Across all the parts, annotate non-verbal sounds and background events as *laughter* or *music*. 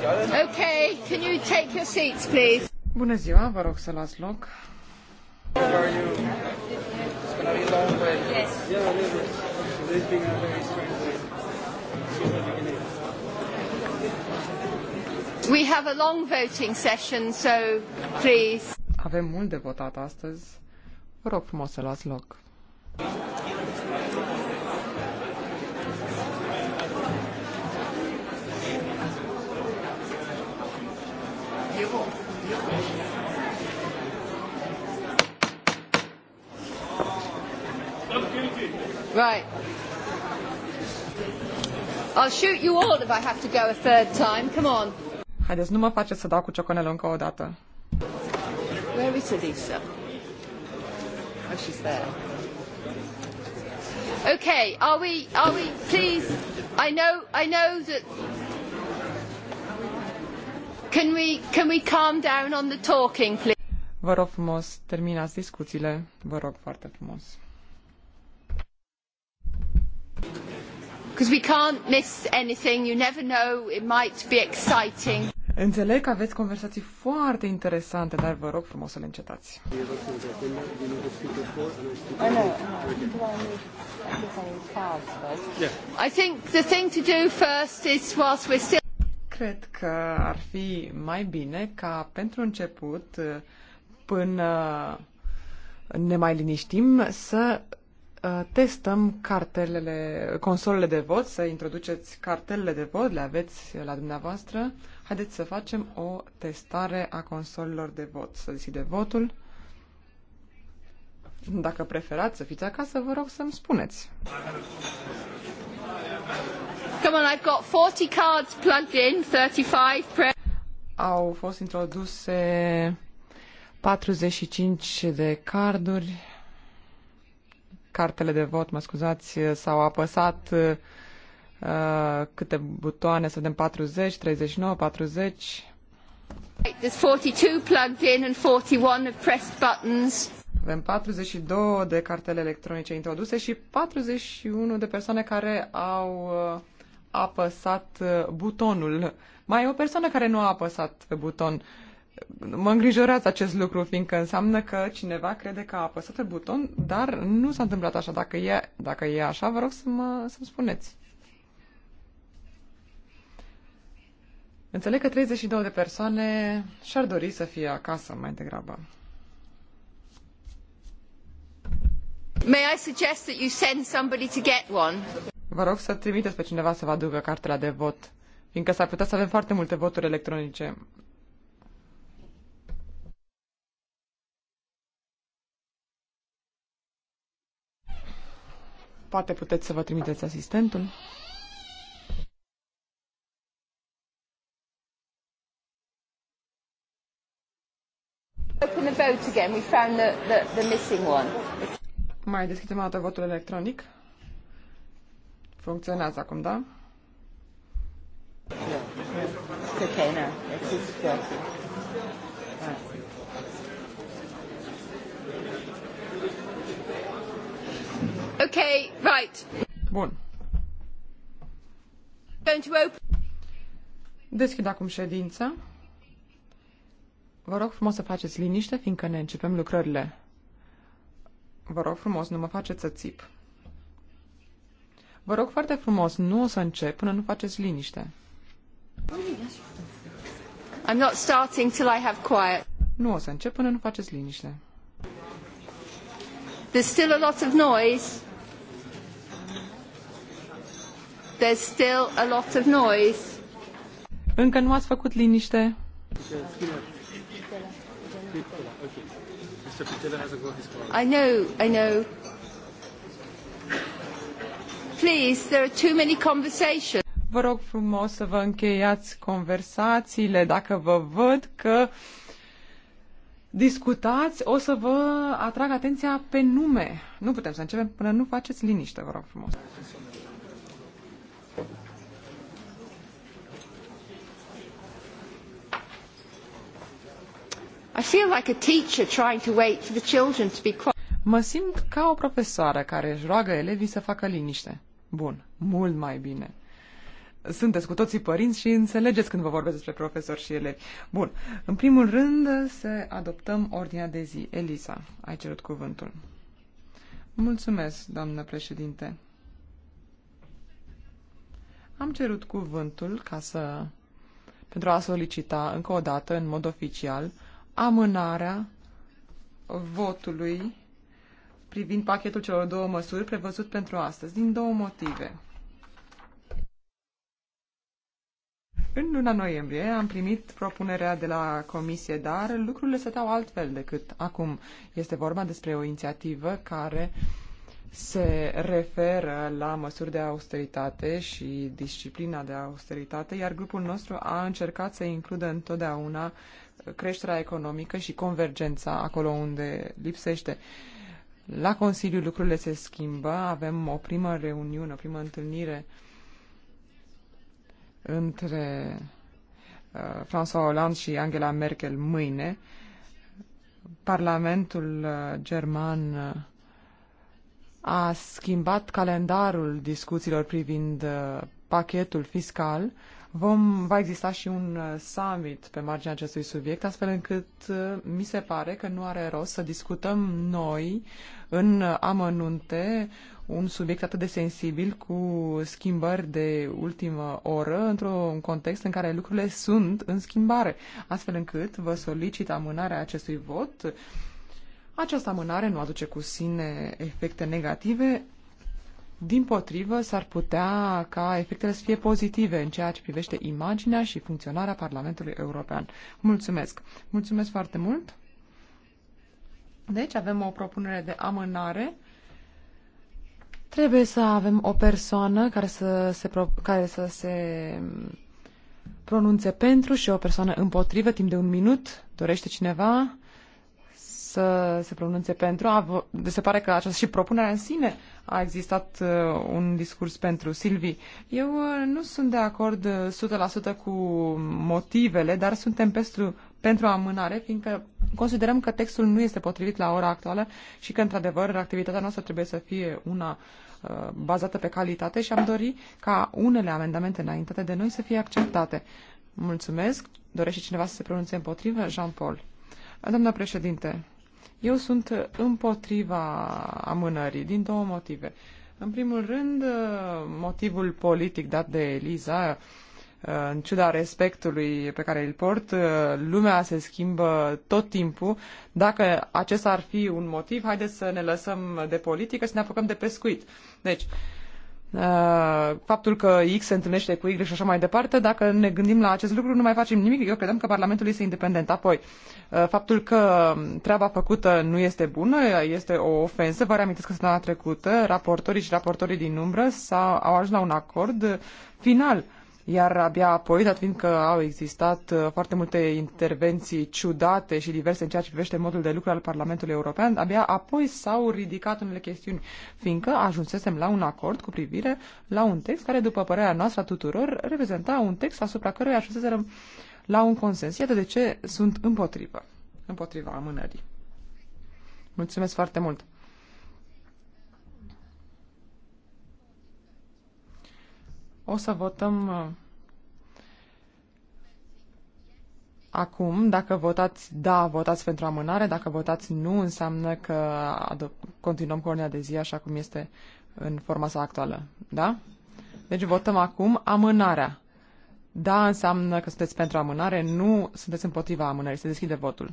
Okay, can you take your seats, please? Bună ziua, vă rog să las loc. We have a long voting session, so please. Avem mult de votat astăzi. Vă rog frumos să las loc. Right. I'll shoot you all if I have to go a third time. Come on. Haideți, nu mă face să dau cu ciocanelul încă o dată. Where is Elisa? Oh, she's there. Okay, are we, are we, please, I know, I know that Can we, can we calm down on the talking, please? Vă rog frumos, terminați discuțiile. Vă rog foarte frumos. Because we can't miss anything. You never know. It might be exciting. Înțeleg că aveți conversații foarte interesante, dar vă rog frumos să le încetați. I think the thing to do first is whilst we're still Cred că ar fi mai bine ca pentru început, până ne mai liniștim, să uh, testăm cartelele, consolele de vot, să introduceți cartelele de vot, le aveți la dumneavoastră. Haideți să facem o testare a consolelor de vot. Să deschide votul. Dacă preferați să fiți acasă, vă rog să-mi spuneți. Come on, I've got 40 cards plugged in, 35 Au fost introduse 45 de carduri. Cartele de vot, mă scuzați, s-au apăsat uh, câte butoane, să vedem 40, 39, 40. There's 42 plugged in and 41 have pressed buttons. Avem 42 de cartele electronice introduse și 41 de persoane care au uh, apăsat uh, butonul. Mai e o persoană care nu a apăsat buton. Mă îngrijorează acest lucru, fiindcă înseamnă că cineva crede că a apăsat pe buton, dar nu s-a întâmplat așa. Dacă e, dacă e așa, vă rog să mă, să-mi spuneți. Înțeleg că 32 de persoane și-ar dori să fie acasă mai degrabă. May I suggest that you send somebody to get one? Vă rog să trimiteți pe cineva să vă aducă cartela de vot, fiindcă s-ar putea să avem foarte multe voturi electronice. Poate puteți să vă trimiteți asistentul. Mai deschidem o dată votul electronic. Funcționează acum, da? Ok, right. Bun. Deschid acum ședința. Vă rog frumos să faceți liniște, fiindcă ne începem lucrările. Vă rog frumos, nu mă faceți să țip. Vă rog foarte frumos, nu o să încep până nu faceți liniște. I'm not starting till I have quiet. Nu o să încep până nu faceți liniște. There's still a lot of noise. There's still a lot of noise. Încă nu ați făcut liniște. I know, I know please, there are too many conversations. Vă rog frumos să vă încheiați conversațiile. Dacă vă văd că discutați, o să vă atrag atenția pe nume. Nu putem să începem până nu faceți liniște, vă rog frumos. I feel like a teacher trying to wait for the children to be quiet. Mă simt ca o profesoară care își roagă elevii să facă liniște. Bun, mult mai bine. Sunteți cu toții părinți și înțelegeți când vă vorbesc despre profesori și elevi. Bun, în primul rând să adoptăm ordinea de zi. Elisa, ai cerut cuvântul. Mulțumesc, doamnă președinte. Am cerut cuvântul ca să pentru a solicita încă o dată, în mod oficial, amânarea votului privind pachetul celor două măsuri prevăzut pentru astăzi, din două motive. În luna noiembrie am primit propunerea de la comisie, dar lucrurile se dau altfel decât acum. Este vorba despre o inițiativă care se referă la măsuri de austeritate și disciplina de austeritate, iar grupul nostru a încercat să includă întotdeauna creșterea economică și convergența acolo unde lipsește. Uh, la Consiliu lucrurile se schimbă, avem o primă reuniune, o primă întâlnire între uh, François Hollande și Angela Merkel mâine. Parlamentul uh, german uh, a schimbat calendarul discuțiilor privind uh, pachetul fiscal. Vom, va exista și un uh, summit pe marginea acestui subiect, astfel încât uh, mi se pare că nu are rost să discutăm noi în amănunte un subiect atât de sensibil cu schimbări de ultimă oră într-un context în care lucrurile sunt în schimbare. Astfel încât vă solicit amânarea acestui vot. Această amânare nu aduce cu sine efecte negative, din potrivă, s-ar putea ca efectele să fie pozitive în ceea ce privește imaginea și funcționarea Parlamentului European. Mulțumesc! Mulțumesc foarte mult! Deci avem o propunere de amânare. Trebuie să avem o persoană care să se, pro- care să se mm, pronunțe pentru și o persoană împotrivă timp de un minut. Dorește cineva? să se pronunțe pentru. A, de se pare că această și propunerea în sine a existat uh, un discurs pentru Silvi. Eu uh, nu sunt de acord 100% uh, cu motivele, dar suntem pentru, pentru amânare, fiindcă considerăm că textul nu este potrivit la ora actuală și că, într-adevăr, activitatea noastră trebuie să fie una bazată pe calitate și am dori ca unele amendamente înaintate de noi să fie acceptate. Mulțumesc. Dorește cineva să se pronunțe împotrivă? Jean-Paul. Doamna președinte, eu sunt împotriva amânării din două motive. În primul rând, motivul politic dat de Eliza, uh, în ciuda respectului pe care îl port, uh, lumea se schimbă tot timpul. Dacă acesta ar fi un motiv, haideți să ne lăsăm de politică, și să ne apucăm de pescuit. Deci, uh, Uh, faptul că X se întâlnește cu Y și așa mai departe, dacă ne gândim la acest lucru, nu mai facem nimic. Eu credeam că Parlamentul este independent. Apoi, uh, faptul că treaba făcută nu este bună, este o ofensă. Vă reamintesc că săptămâna trecută raportorii și raportorii din umbră s-au, au ajuns la un acord final iar abia apoi, dat fiind că au existat uh, foarte multe intervenții ciudate și diverse în ceea ce privește modul de lucru al Parlamentului European, abia apoi s-au ridicat unele chestiuni, fiindcă ajunsesem la un acord cu privire la un text care, după părerea noastră a tuturor, reprezenta un text asupra căruia ajunseserăm la un consens. Iată de ce sunt împotrivă, împotriva amânării. Mulțumesc foarte mult! O să votăm uh, Acum, dacă votați da, votați pentru amânare, dacă votați nu, înseamnă că continuăm cu ordinea de zi așa cum este în forma sa actuală. Da? Deci votăm acum amânarea. Da înseamnă că sunteți pentru amânare, nu sunteți împotriva amânării. Se deschide votul.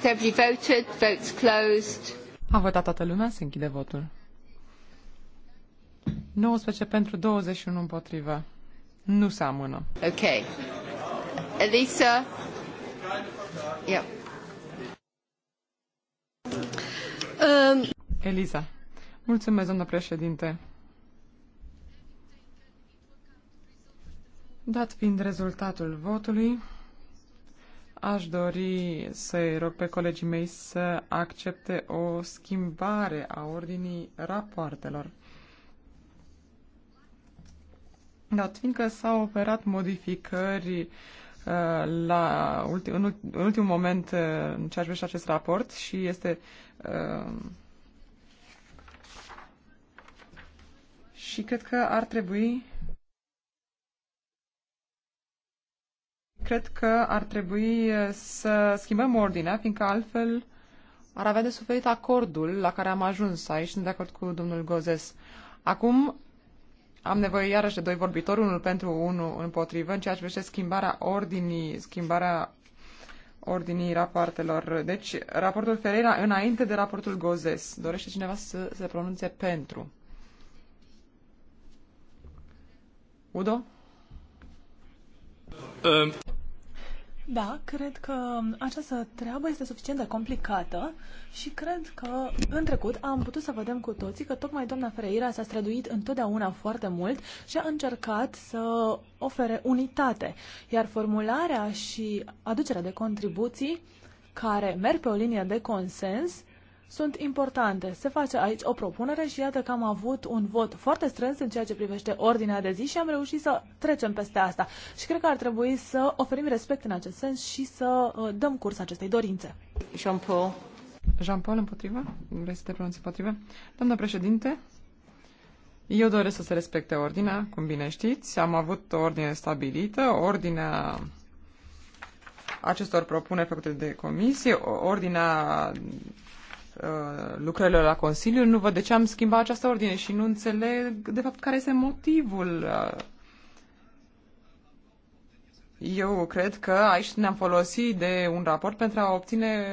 Voted, votes closed. A votat toată lumea, se închide votul. 19 pentru 21 împotrivă. Nu se amână. Ok. Elisa? Yep. Um... Eliza. Mulțumesc, doamnă președinte. Dat fiind rezultatul votului, aș dori să-i rog pe colegii mei să accepte o schimbare a ordinii rapoartelor. Dat fiindcă s-au operat modificări uh, la ulti, în, ultim, în ultimul moment uh, în ceea ce privește acest raport și este uh, și cred că ar trebui cred că ar trebui uh, să schimbăm ordinea, fiindcă altfel ar avea de suferit acordul la care am ajuns aici, sunt de acord cu domnul Gozes. Acum am nevoie iarăși de doi vorbitori, unul pentru unul împotrivă, în ceea ce vește schimbarea ordinii, schimbarea ordinii rapoartelor. Deci, raportul Ferreira înainte de raportul Gozes. Dorește cineva să se pronunțe pentru? Udo? Um. Da, cred că această treabă este suficient de complicată și cred că în trecut am putut să vedem cu toții că tocmai doamna Ferreira s-a străduit întotdeauna foarte mult și a încercat să ofere unitate, iar formularea și aducerea de contribuții care merg pe o linie de consens sunt importante. Se face aici o propunere și iată că am avut un vot foarte strâns în ceea ce privește ordinea de zi și am reușit să trecem peste asta. Și cred că ar trebui să oferim respect în acest sens și să uh, dăm curs acestei dorințe. Jean-Paul. Jean-Paul împotriva? Vrei să te pronunți împotriva? Doamna președinte, eu doresc să se respecte ordinea, cum bine știți. Am avut o ordine stabilită, ordinea acestor propuneri făcute de comisie, ordinea Uh, lucrările la Consiliu, nu văd de ce am schimbat această ordine și nu înțeleg, de fapt, care este motivul. Uh. Eu cred că aici ne-am folosit de un raport pentru a obține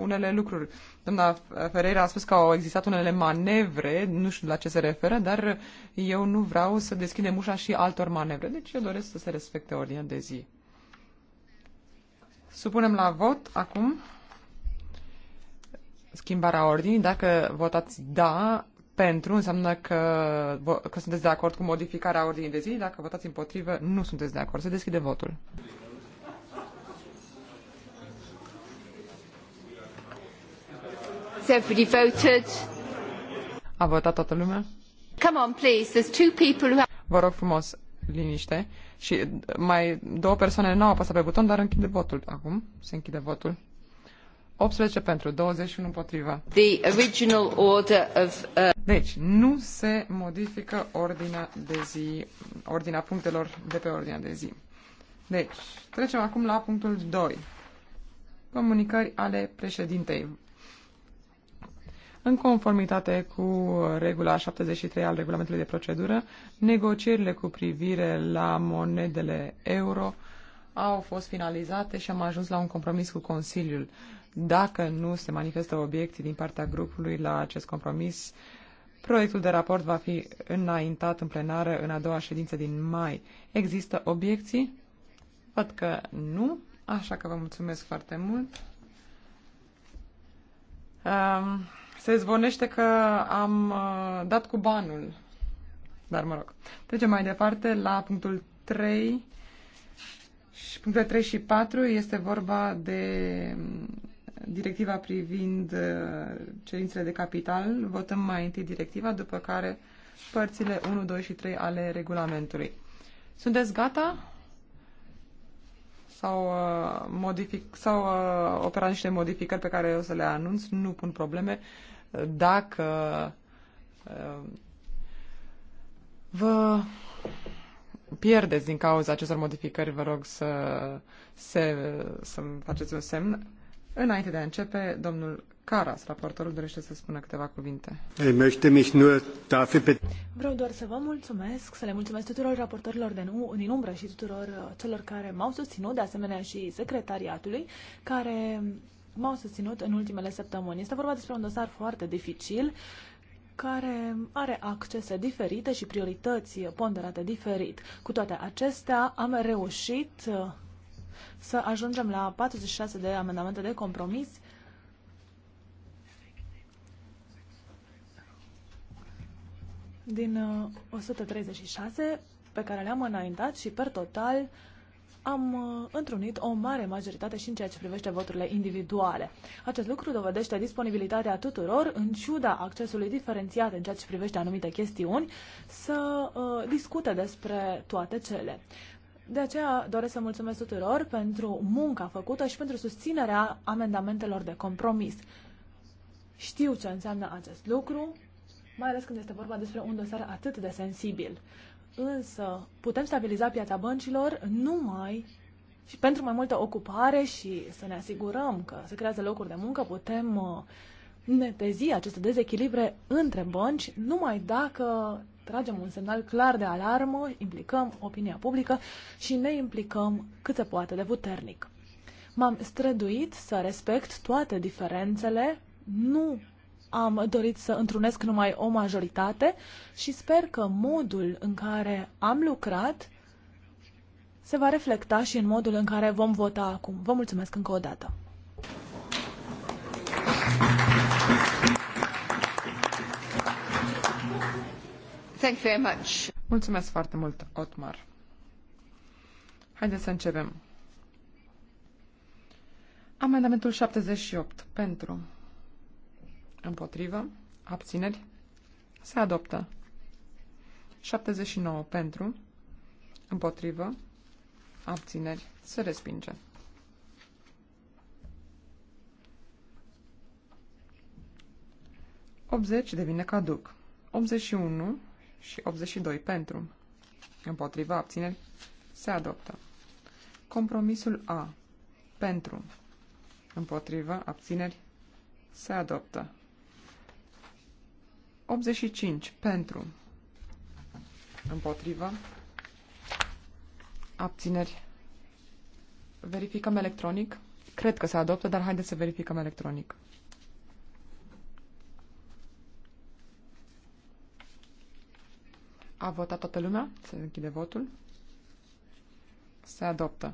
unele lucruri. Doamna Ferreira a spus că au existat unele manevre, nu știu la ce se referă, dar eu nu vreau să deschidem ușa și altor manevre. Deci eu doresc să se respecte ordinea de zi. Supunem la vot acum schimbarea ordinii. Dacă votați da pentru, înseamnă că, că sunteți de acord cu modificarea ordinii de zi. Dacă votați împotrivă, nu sunteți de acord. Se deschide votul. voted. A votat toată lumea? Come on, please. There's two people who have... Vă rog frumos, liniște. Și mai două persoane nu au apăsat pe buton, dar închide votul acum. Se închide votul. 18 pentru, 21 împotriva. The original order of, uh... Deci, nu se modifică ordinea de zi, ordinea punctelor de pe ordinea de zi. Deci, trecem acum la punctul 2. Comunicări ale președintei. În conformitate cu regula 73 al regulamentului de procedură, negocierile cu privire la monedele euro au fost finalizate și am ajuns la un compromis cu Consiliul. Dacă nu se manifestă obiecții din partea grupului la acest compromis, proiectul de raport va fi înaintat în plenară în a doua ședință din mai. Există obiecții? Văd că nu, așa că vă mulțumesc foarte mult. se zvonește că am uh, dat cu banul. Dar mă rog. Trecem mai departe la punctul 3. Și punctele 3 și 4 este vorba de directiva privind uh, cerințele de capital, votăm mai întâi directiva, după care părțile 1, 2 și 3 ale regulamentului. Sunteți gata? Sau, uh, modific, sau uh, opera niște modificări pe care o să le anunț, nu pun probleme. Dacă uh, vă pierdeți din cauza acestor modificări, vă rog să, să, să faceți un semn. Înainte de a începe, domnul Caras, raportorul, dorește să spună câteva cuvinte. Vreau doar să vă mulțumesc, să le mulțumesc tuturor raportorilor de nu, din umbră și tuturor uh, celor care m-au susținut, de asemenea și secretariatului, care m-au susținut în ultimele săptămâni. Este vorba despre un dosar foarte dificil, care are accese diferite și priorități ponderate diferit. Cu toate acestea, am reușit uh, să ajungem la 46 de amendamente de compromis din 136 uh, pe care le-am înaintat și, per total, am uh, întrunit o mare majoritate și în ceea ce privește voturile individuale. Acest lucru dovedește disponibilitatea tuturor, în ciuda accesului diferențiat în ceea ce privește anumite chestiuni, să uh, discute despre toate cele. De aceea doresc să mulțumesc tuturor pentru munca făcută și pentru susținerea amendamentelor de compromis. Știu ce înseamnă acest lucru, mai ales când este vorba despre un dosar atât de sensibil. Însă putem stabiliza piața băncilor numai și pentru mai multă ocupare și să ne asigurăm că se creează locuri de muncă, putem uh, netezi aceste dezechilibre între bănci numai dacă tragem un semnal clar de alarmă, implicăm opinia publică și ne implicăm cât se poate de puternic. M-am străduit să respect toate diferențele, nu am dorit să întrunesc numai o majoritate și sper că modul în care am lucrat se va reflecta și în modul în care vom vota acum. Vă mulțumesc încă o dată! Mulțumesc foarte mult, Otmar. Haideți să începem. Amendamentul 78. Pentru. Împotrivă. Abțineri. Se adoptă. 79. Pentru. Împotrivă. Abțineri. Se respinge. 80 devine caduc. 81 și 82 pentru. Împotriva abțineri se adoptă. Compromisul A. Pentru. Împotriva abțineri se adoptă. 85 pentru. Împotriva abțineri. Verificăm electronic. Cred că se adoptă, dar haideți să verificăm electronic. A votat toată lumea? Se închide votul. Se adoptă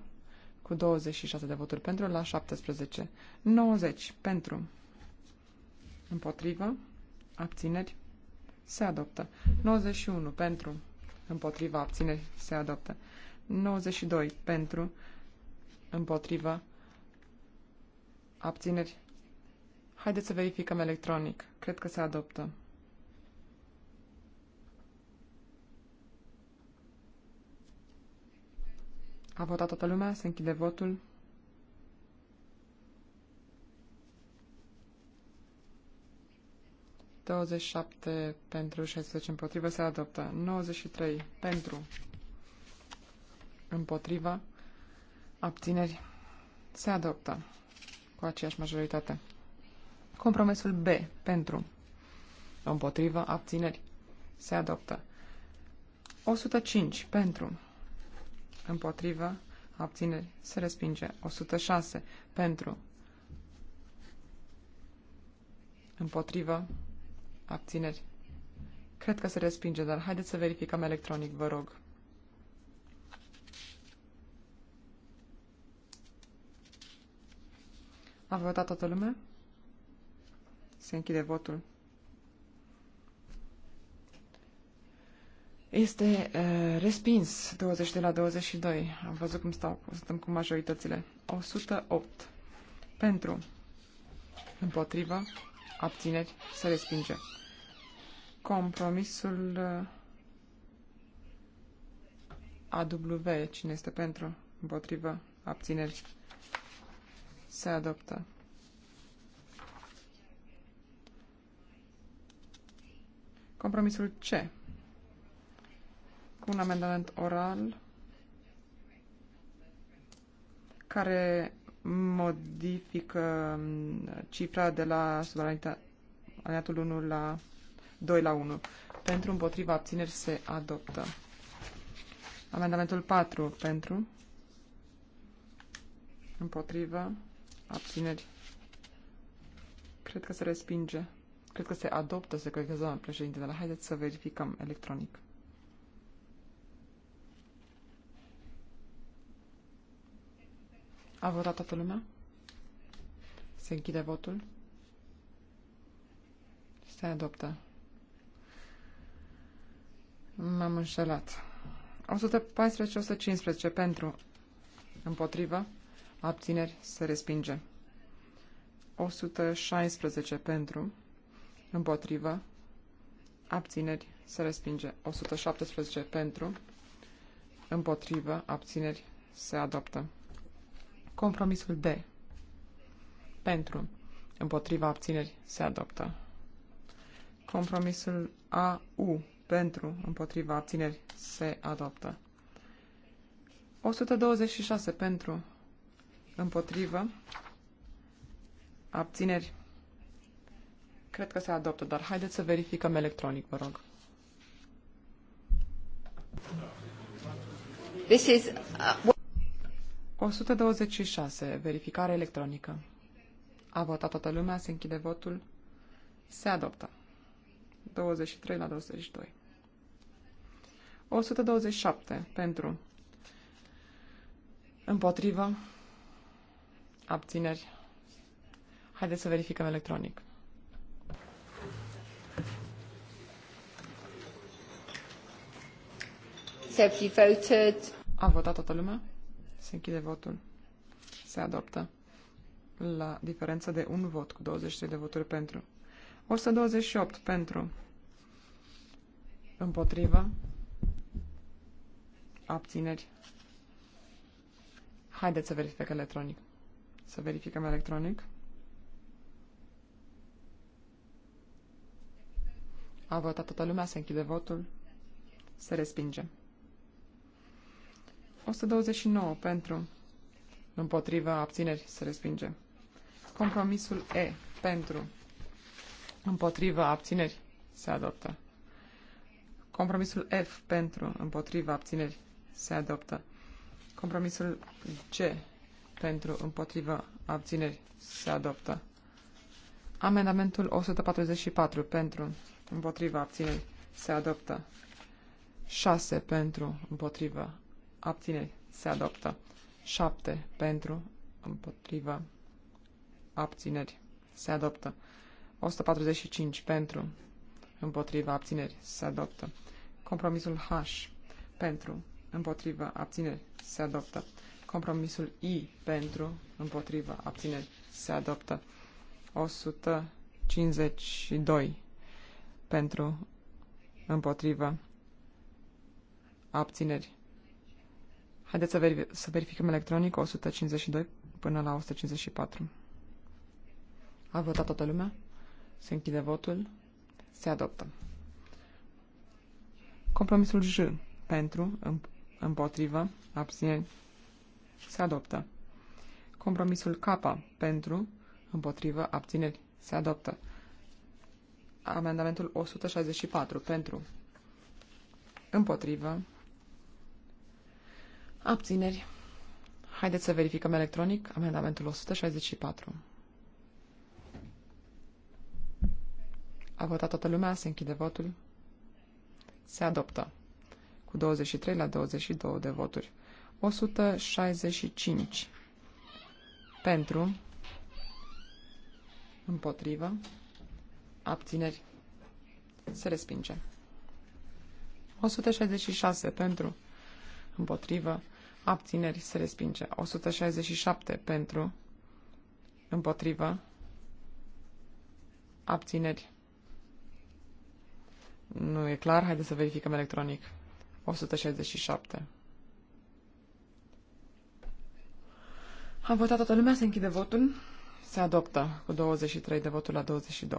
cu 26 de voturi pentru la 17. 90 pentru. Împotrivă. Abțineri. Se adoptă. 91 pentru. Împotrivă. abțineri. Se adoptă. 92 pentru. Împotrivă. Abțineri. Haideți să verificăm electronic. Cred că se adoptă. A votat toată lumea? Se închide votul. ...27 pentru, 16 împotrivă, se adoptă. 93 pentru, împotriva, abțineri, se adoptă cu aceeași majoritate. Compromisul B pentru, împotrivă, abțineri, se adoptă. 105 pentru, împotrivă, abțineri, se respinge. 106 pentru, împotrivă, abțineri. Cred că se respinge, dar haideți să verificăm electronic, vă rog. A votat toată lumea? Se închide votul. Este uh, respins 20 de la 22. Am văzut cum stau, stăm cu majoritățile. 108 pentru, împotriva, abțineri, se respinge. Compromisul AW, cine este pentru, împotriva, abțineri, se adoptă. Compromisul C un amendament oral care modifică um, cifra de la subalineatul 1 la 2 la 1. Pentru împotriva abțineri se adoptă. Amendamentul 4 pentru împotriva abțineri. Cred că se respinge. Cred că se adoptă, se corectează președintele. Haideți să verificăm electronic. A votat toată lumea? Se închide votul? Se adoptă. M-am înșelat. 114-115 pentru, împotrivă, abțineri, se respinge. 116 pentru, împotrivă, abțineri, se respinge. 117 pentru, împotrivă, abțineri, se adoptă. Compromisul D. Pentru. Împotriva abțineri se adoptă. Compromisul AU. Pentru. Împotriva abțineri se adoptă. 126 pentru. Împotrivă. Abțineri. Cred că se adoptă, dar haideți să verificăm electronic, vă rog. This is, uh, 126. Verificare electronică. A votat toată lumea, se închide votul. Se adoptă. 23 la 22. 127 pentru. Împotrivă. Abțineri. Haideți să verificăm electronic. Have you voted? A votat toată lumea? Se închide votul. Se adoptă la diferență de un vot cu 23 de voturi pentru. 128 pentru. Împotrivă. Abțineri. Haideți să verificăm electronic. Să verificăm electronic. A votat toată lumea, se închide votul. Se respinge. 129 pentru, împotriva abțineri se respinge. Compromisul E pentru, împotriva abțineri se adoptă. Compromisul F pentru, împotriva abțineri se adoptă. Compromisul G pentru, împotriva abțineri se adoptă. Amendamentul 144 pentru, împotriva abțineri se adoptă. 6 pentru, împotriva abțineri, se adoptă. 7 pentru, împotrivă, abțineri, se adoptă. 145 pentru, împotrivă, abțineri, se adoptă. Compromisul H pentru, împotrivă, abțineri, se adoptă. Compromisul I pentru, împotrivă, abțineri, se adoptă. 152 pentru, împotrivă, abțineri, Haideți să, ver- să verificăm electronic 152 până la 154. A votat toată lumea? Se închide votul. Se adoptă. Compromisul J pentru, împotrivă, abțineri, se adoptă. Compromisul K pentru, împotrivă, abțineri, se adoptă. Amendamentul 164 pentru, împotrivă, Abțineri. Haideți să verificăm electronic amendamentul 164. A votat toată lumea, se închide votul. Se adoptă. Cu 23 la 22 de voturi. 165. Pentru. Împotrivă. Abțineri. Se respinge. 166. Pentru. Împotrivă abțineri se respinge. 167 pentru, împotrivă, abțineri. Nu e clar, haideți să verificăm electronic. 167. Am votat toată lumea, se închide votul. Se adoptă cu 23 de voturi la 22.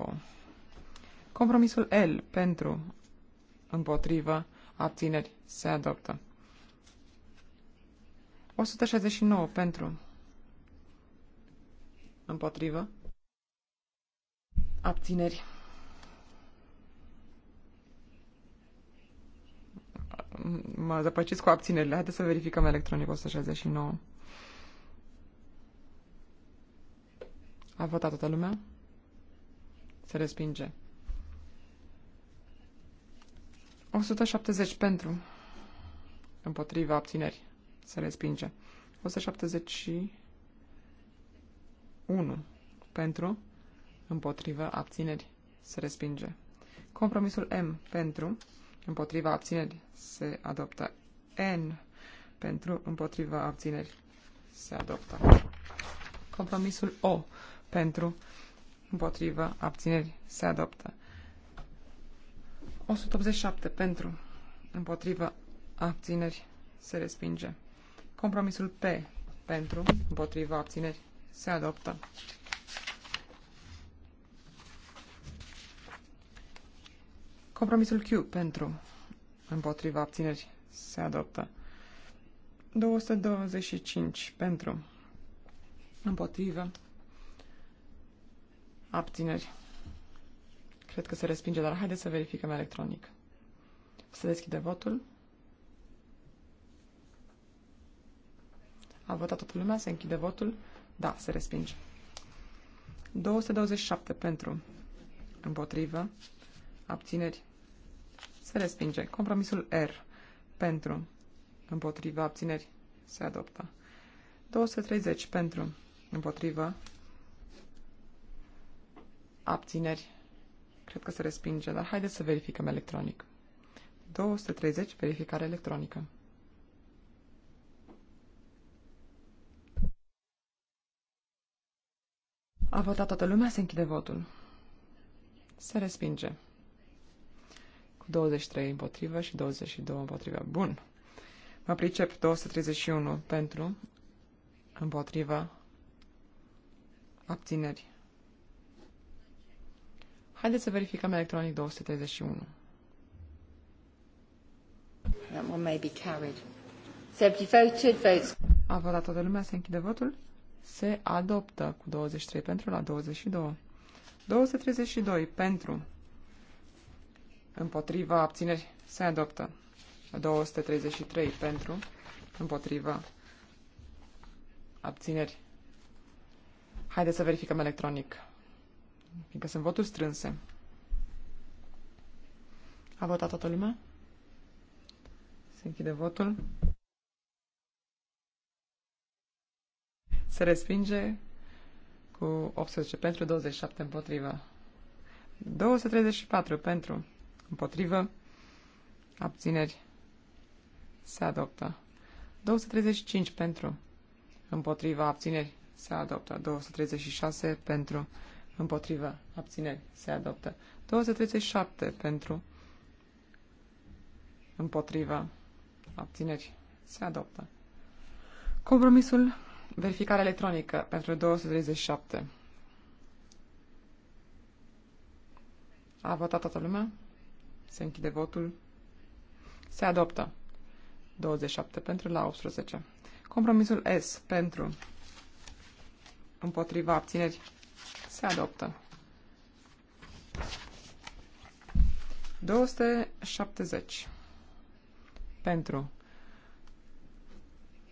Compromisul L pentru împotrivă abțineri se adoptă. 169 pentru. Împotrivă. Abțineri. Mă zăpăciți cu abținerile. Haideți să verificăm electronic 169. A votat toată lumea? Se respinge. 170 pentru. Împotriva abțineri se respinge. 171 pentru, împotrivă, abțineri, se respinge. Compromisul M pentru, împotriva abțineri, se adoptă. N pentru, împotriva abțineri, se adoptă. Compromisul O pentru, împotriva abțineri, se adoptă. 187 pentru, împotriva abțineri, se respinge. Compromisul P pentru, împotriva abțineri, se adoptă. Compromisul Q pentru, împotriva abțineri, se adoptă. 225 pentru, împotrivă, abțineri. Cred că se respinge, dar haideți să verificăm electronic. Să deschide votul. A votat toată lumea, se închide votul. Da, se respinge. 227 pentru, împotrivă, abțineri, se respinge. Compromisul R, pentru, împotrivă, abțineri, se adoptă. 230 pentru, împotrivă, abțineri, cred că se respinge, dar haideți să verificăm electronic. 230, verificare electronică. A votat toată lumea, se închide votul. Se respinge. Cu 23 împotrivă și 22 împotrivă. Bun. Mă pricep 231 pentru, împotriva, abțineri. Haideți să verificăm electronic 231. That one may be carried. So if you voted, votes. A votat toată lumea, se închide votul se adoptă cu 23 pentru la 22. 232 pentru împotriva abțineri se adoptă. 233 pentru împotriva abțineri. Haideți să verificăm electronic, fiindcă sunt voturi strânse. A votat toată lumea? Se închide votul. Se respinge cu 18 pentru, 27 împotrivă. 234 pentru, împotrivă, abțineri, se adoptă. 235 pentru, împotrivă, abțineri, se adoptă. 236 pentru, împotrivă, abțineri, se adoptă. 237 pentru, împotrivă, abțineri, se adoptă. Compromisul Verificare electronică pentru 237. A votat toată lumea? Se închide votul. Se adoptă. 27 pentru la 18. Compromisul S pentru împotriva abțineri se adoptă. 270 pentru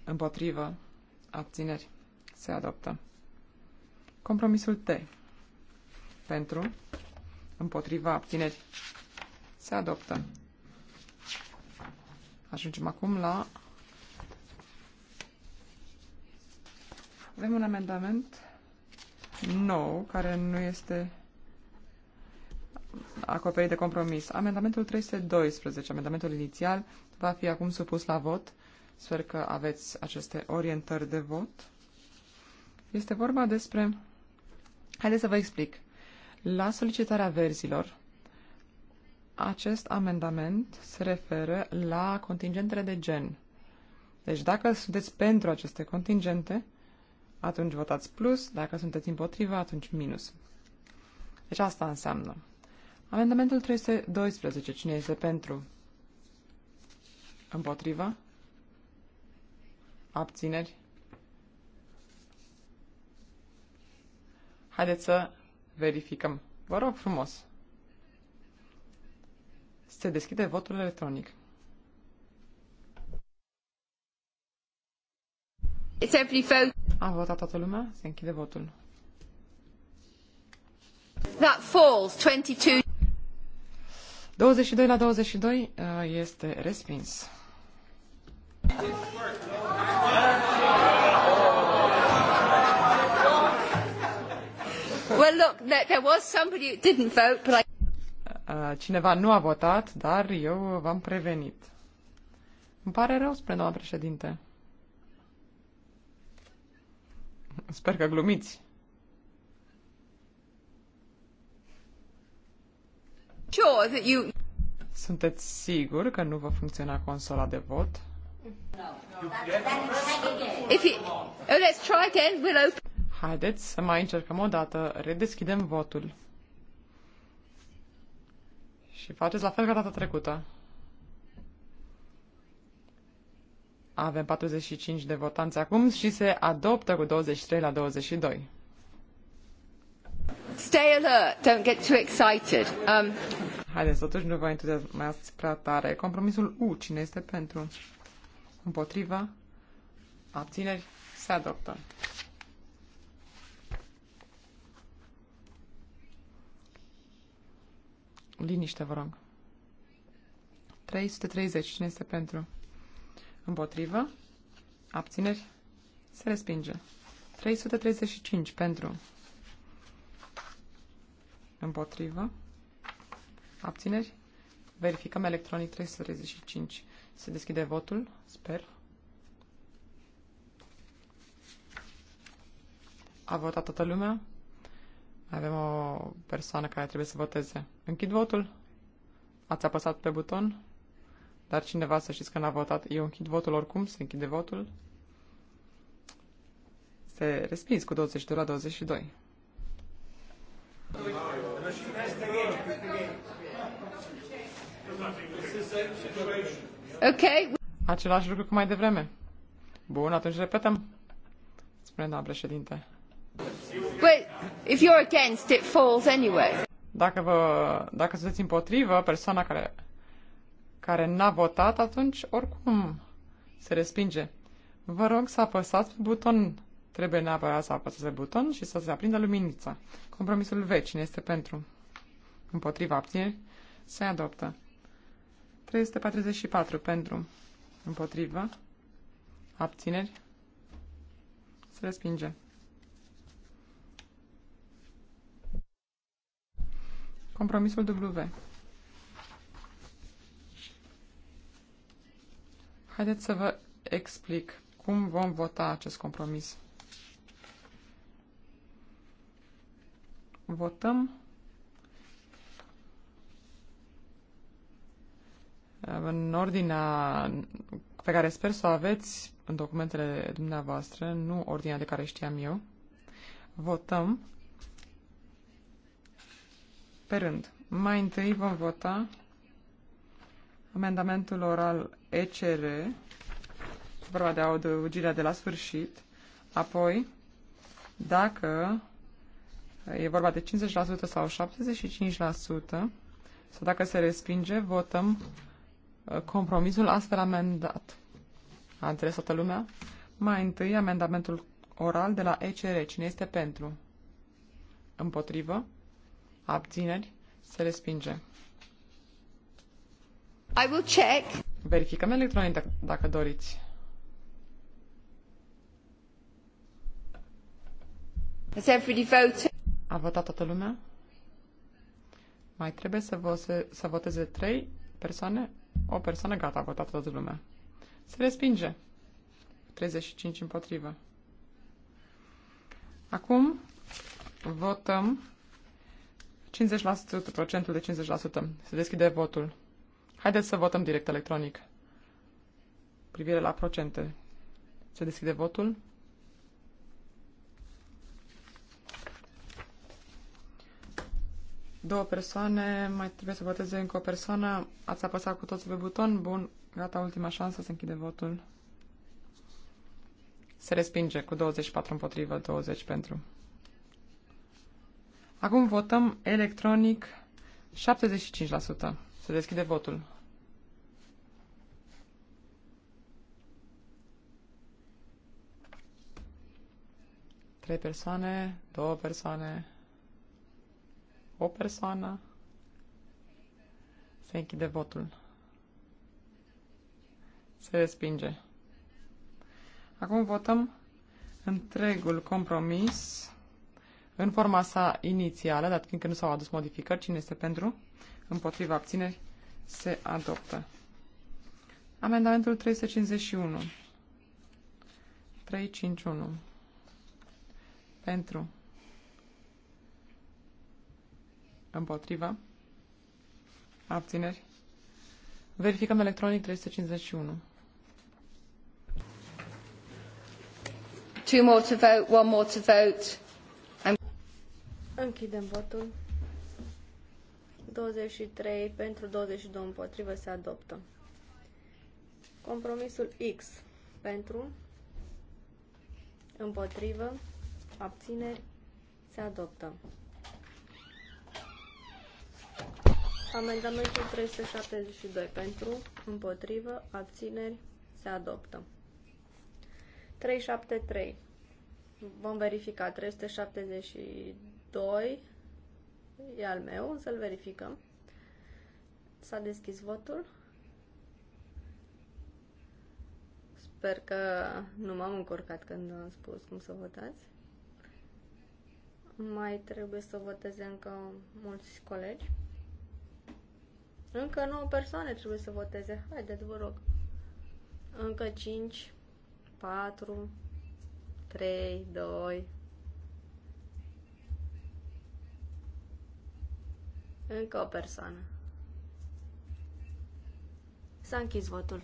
împotrivă abțineri, se adoptă. Compromisul T. Pentru, împotriva, abțineri, se adoptă. Ajungem acum la... Avem un amendament nou, care nu este acoperit de compromis. Amendamentul 312, amendamentul inițial, va fi acum supus la vot Sper că aveți aceste orientări de vot. Este vorba despre... Haideți să vă explic. La solicitarea verzilor, acest amendament se referă la contingentele de gen. Deci dacă sunteți pentru aceste contingente, atunci votați plus, dacă sunteți împotriva, atunci minus. Deci asta înseamnă. Amendamentul 312. Cine este pentru? Împotriva? Abțineri. Haideți să verificăm. Vă rog frumos. Se deschide votul electronic. A votat toată lumea? Se închide votul. That falls 22. 22 la 22 uh, este respins. look, Cineva nu a votat, dar eu v-am prevenit. Îmi pare rău, spre doamna președinte. Sper că glumiți. Sure that you... Sunteți sigur că nu va funcționa consola de vot? No. no. If you... oh, let's try again. We'll open... Haideți să mai încercăm o dată. Redeschidem votul. Și faceți la fel ca data trecută. Avem 45 de votanți acum și se adoptă cu 23 la 22. Stay alert, don't get too excited. Um... Haideți, totuși nu vă entuziasmați prea tare. Compromisul U, cine este pentru? Împotriva? Abțineri? Se adoptă. Liniște, vă rog. 330. Cine este pentru? Împotrivă. Abțineri. Se respinge. 335. Pentru. Împotrivă. Abțineri. Verificăm electronic 335. Se deschide votul. Sper. A votat toată lumea. Avem o persoană care trebuie să voteze. Închid votul. Ați apăsat pe buton. Dar cineva să știți că n-a votat. Eu închid votul oricum. Se închide votul. Se respins cu 22 la 22. Ok. Același lucru cu mai devreme. Bun, atunci repetăm. Spune doamna președinte. But if you're against, it falls anyway. Dacă, vă, dacă sunteți împotrivă, persoana care, care n-a votat, atunci oricum se respinge. Vă rog să apăsați buton. Trebuie neapărat să apăsați buton și să se aprindă luminița. Compromisul V, cine este pentru? Împotriva abțineri, se adoptă. 344 pentru. Împotrivă. Abțineri. Se respinge. Compromisul W. Haideți să vă explic cum vom vota acest compromis. Votăm în ordinea pe care sper să o aveți în documentele dumneavoastră, nu ordinea de care știam eu. Votăm pe rând. Mai întâi vom vota amendamentul oral ECR, vorba de adăugirea de la sfârșit, apoi dacă e vorba de 50% sau 75%, sau dacă se respinge, votăm uh, compromisul astfel amendat. A înțeles toată lumea? Mai întâi amendamentul oral de la ECR. Cine este pentru? Împotrivă? Abțineri? Se respinge. I will check. Verificăm electronic dacă doriți. Has everybody voted? A votat toată lumea? Mai trebuie să, vose, să voteze trei persoane? O persoană gata, a votat toată lumea. Se respinge. 35 împotrivă. Acum votăm 50%, procentul de 50%. Se deschide votul. Haideți să votăm direct electronic. Privire la procente. Se deschide votul. Două persoane, mai trebuie să voteze încă o persoană. Ați apăsat cu toți pe buton. Bun, gata, ultima șansă, se închide votul. Se respinge cu 24 împotrivă, 20 pentru. Acum votăm electronic 75%. Se deschide votul. Trei persoane, două persoane, o persoană. Se închide votul. Se respinge. Acum votăm întregul compromis în forma sa inițială, dat fiindcă nu s-au adus modificări. Cine este pentru? Împotriva abțineri se adoptă. Amendamentul 351. 351. Pentru. Împotriva. Abțineri. Verificăm electronic 351. Two more to vote, one more to vote. Închidem votul. 23 pentru 22 împotrivă se adoptă. Compromisul X pentru împotrivă abțineri se adoptă. Amendamentul 372 pentru împotrivă abțineri se adoptă. 373 Vom verifica 372 2 e al meu, să-l verificăm. S-a deschis votul. Sper că nu m-am încurcat când am spus cum să votați. Mai trebuie să voteze încă mulți colegi. Încă 9 persoane trebuie să voteze. Haideți, vă rog. Încă 5, 4, 3, 2, Încă o persoană. S-a închis votul.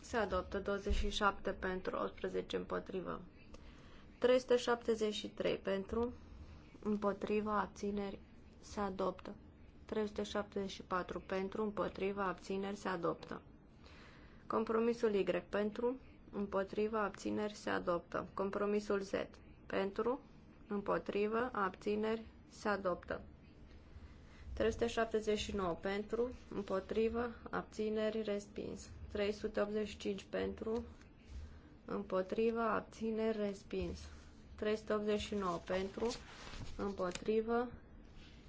Se adoptă 27 pentru, 18 împotrivă. 373 pentru, împotriva, abțineri, se adoptă. 374 pentru, împotriva, abțineri, se adoptă. Compromisul Y pentru, împotriva, abțineri, se adoptă. Compromisul Z pentru, împotrivă, abțineri, se adoptă. 379 pentru, împotrivă, abțineri, respins. 385 pentru, împotrivă, abțineri, respins. 389 pentru, împotrivă,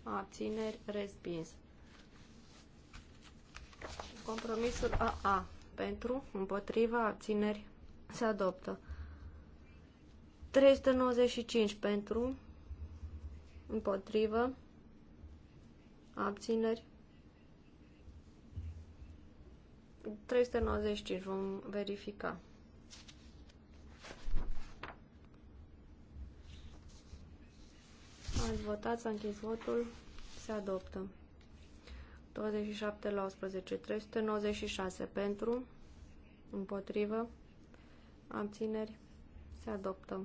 abțineri, respins. Compromisul AA pentru, împotrivă, abțineri, se adoptă. 395 pentru, împotrivă, abțineri. 395 vom verifica. Ați votat, s-a închis votul, se adoptă. 27 la 11, 396 pentru, împotrivă, abțineri, se adoptă.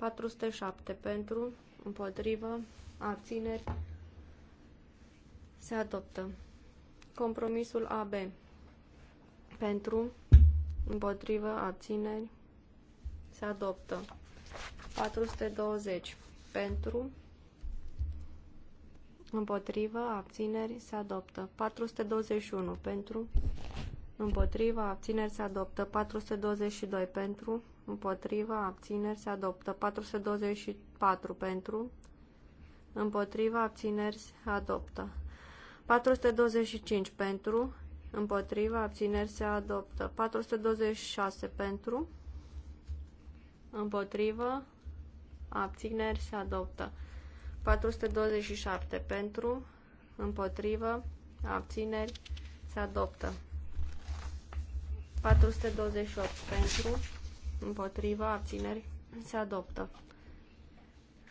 407 pentru, împotrivă, abțineri, se adoptă. Compromisul AB pentru, împotrivă, abțineri, se adoptă. 420 pentru, împotrivă, abțineri, se adoptă. 421 pentru, împotrivă, abțineri, se adoptă. 422 pentru, împotriva, abțineri, se adoptă. 424 pentru, împotriva, abțineri, se adoptă. 425 pentru, împotriva, abțineri, se adoptă. 426 pentru, împotriva, abțineri, se adoptă. 427 pentru, împotriva, abțineri, se adoptă. 428 pentru, împotriva, abțineri, se adoptă.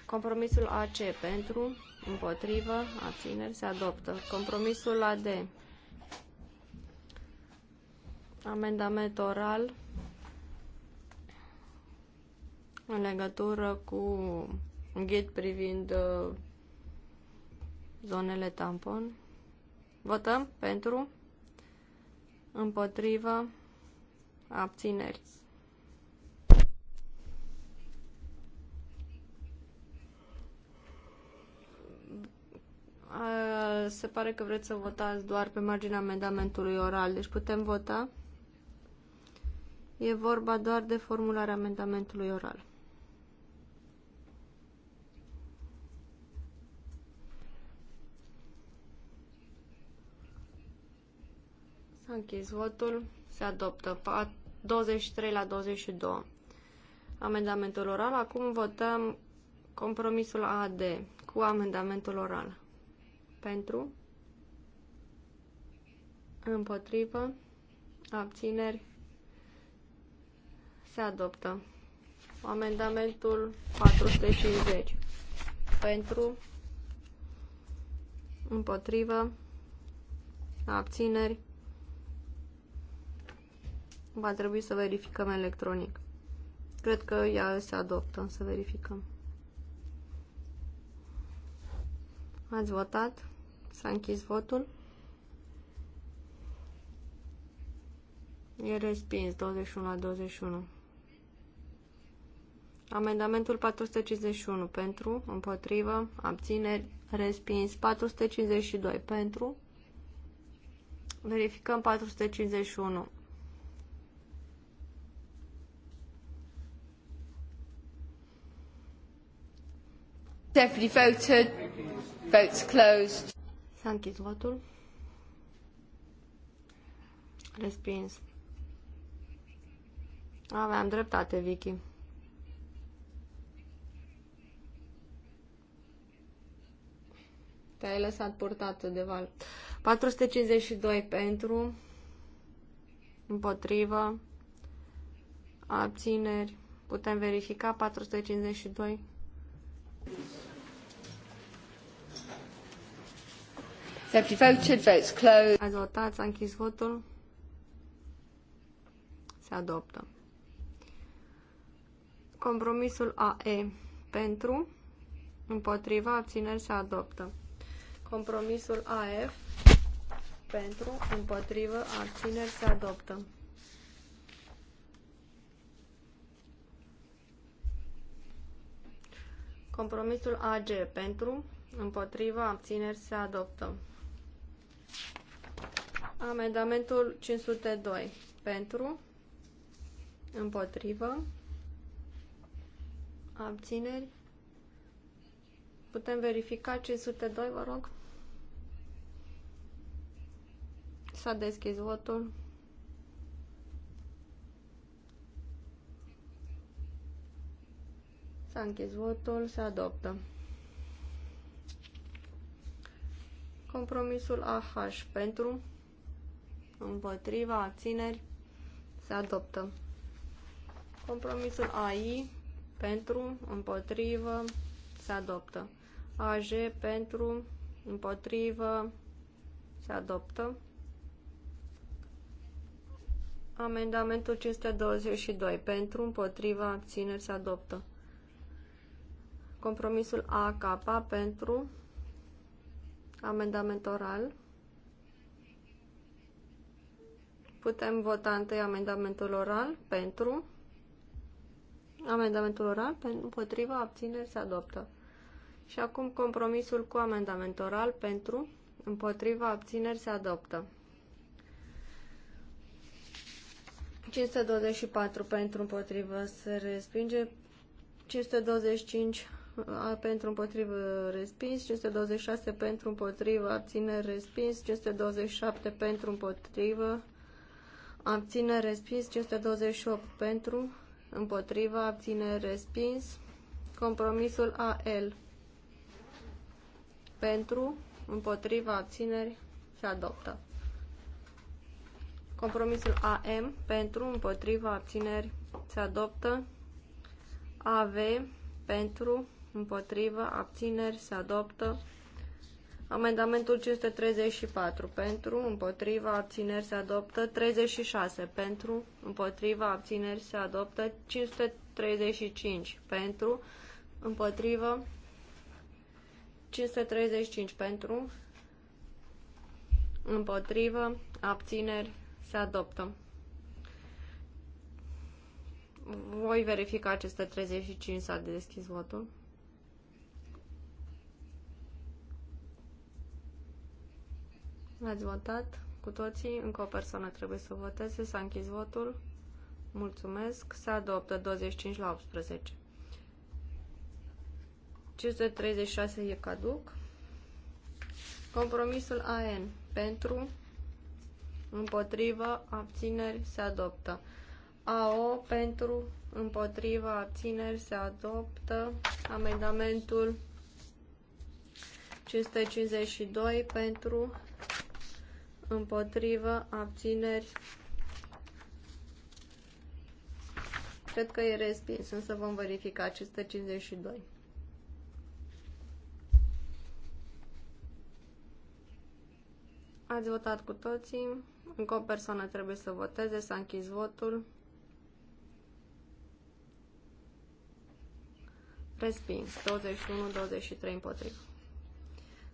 Compromisul AC pentru, împotrivă, abțineri, se adoptă. Compromisul AD, amendament oral în legătură cu un ghid privind uh, zonele tampon. Votăm pentru, împotrivă, abțineri. se pare că vreți să votați doar pe marginea amendamentului oral, deci putem vota. E vorba doar de formularea amendamentului oral. S-a închis votul. Se adoptă 23 la 22. Amendamentul oral. Acum votăm compromisul AD cu amendamentul oral pentru, împotrivă, abțineri, se adoptă. Amendamentul 450 pentru, împotrivă, abțineri, va trebui să verificăm electronic. Cred că ea se adoptă, să verificăm. Ați votat? S-a închis votul. E respins, 21 la 21. Amendamentul 451 pentru, împotrivă, abțineri, respins. 452 pentru. Verificăm 451. Deputy voted. Votes closed. S-a închis votul. Respins. Aveam dreptate, Vicky. Te-ai lăsat purtată de val. 452 pentru, împotrivă, abțineri. Putem verifica 452. Deputy voted, votes closed. Ați votat, s-a închis votul. Se adoptă. Compromisul AE pentru, împotriva, abțineri se adoptă. Compromisul AF pentru, împotrivă, abțineri se adoptă. Compromisul AG pentru, împotriva, abțineri se adoptă. Amendamentul 502 pentru, împotrivă, abțineri. Putem verifica 502, vă rog. S-a deschis votul. S-a închis votul, se adoptă. Compromisul AH pentru, împotriva, abțineri, se adoptă. Compromisul AI pentru, împotrivă, se adoptă. AJ pentru, împotrivă, se adoptă. Amendamentul 522 pentru, împotriva, abțineri, se adoptă. Compromisul AK pentru, amendament oral. Putem vota întâi amendamentul oral pentru. Amendamentul oral pentru, împotriva abțineri se adoptă. Și acum compromisul cu amendament oral pentru împotriva abțineri se adoptă. 524 pentru împotrivă se respinge, 525 pentru împotrivă respins, 526 pentru împotrivă abțineri respins, 527 pentru împotrivă Abține respins 528 pentru, împotriva, abține respins. Compromisul AL pentru, împotriva, abțineri se adoptă. Compromisul AM pentru, împotriva, abțineri se adoptă. AV pentru, împotriva, abțineri se adoptă. Amendamentul 534 pentru, împotriva, abțineri se adoptă. 36 pentru, împotriva, abțineri se adoptă. 535 pentru, împotriva 535 pentru, împotriva abțineri se adoptă. Voi verifica aceste 35, s-a deschis votul. ați votat cu toții? Încă o persoană trebuie să voteze. S-a închis votul. Mulțumesc. Se adoptă 25 la 18. 536 e caduc. Compromisul AN pentru, împotrivă, abțineri se adoptă. AO pentru, împotrivă, abțineri se adoptă. Amendamentul 552 pentru, împotrivă, abțineri. Cred că e respins, însă vom verifica 552. Ați votat cu toții. Încă o persoană trebuie să voteze. S-a închis votul. Respins. 21-23 împotrivă.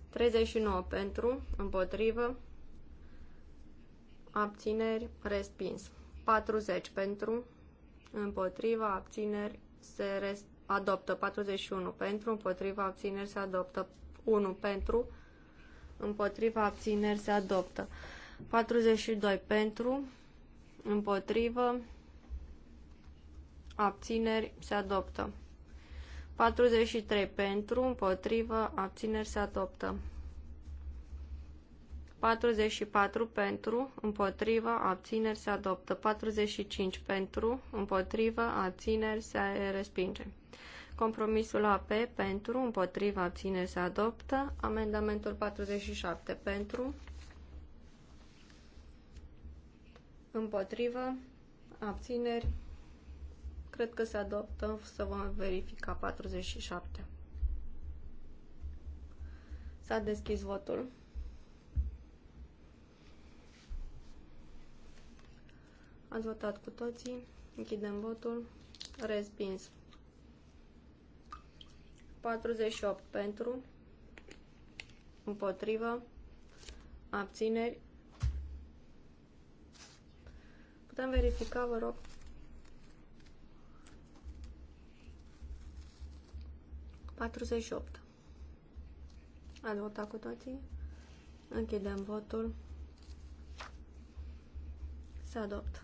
39 pentru, împotrivă, abțineri, respins. 40 pentru, împotriva, abțineri, se res adoptă. 41 pentru, împotriva, abțineri, se adoptă. 1 pentru, împotriva, abțineri, se adoptă. 42 pentru, împotrivă, abțineri, se adoptă. 43 pentru, împotrivă, abțineri, se adoptă. 44 pentru, împotrivă, abțineri se adoptă. 45 pentru, împotrivă, abțineri se respinge. Compromisul AP pentru, împotrivă, abțineri se adoptă. Amendamentul 47 pentru, împotrivă, abțineri. Cred că se adoptă, să vom verifica 47. S-a deschis votul. Ați votat cu toții. Închidem votul. Respins. 48 pentru. Împotrivă. Abțineri. Putem verifica, vă rog. Patruzeci și opt. Ați votat cu toții? Închidem votul. Se adoptă.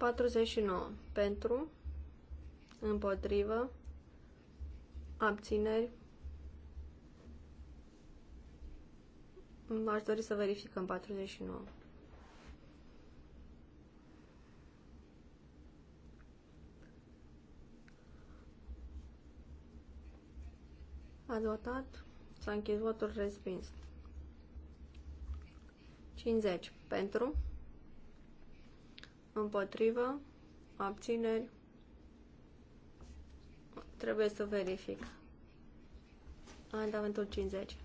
49. Pentru, împotrivă, abțineri. Aș dori să verificăm 49. A votat? S-a închis votul respins. 50. Pentru? împotrivă, abțineri, trebuie să verific. Amendamentul 50.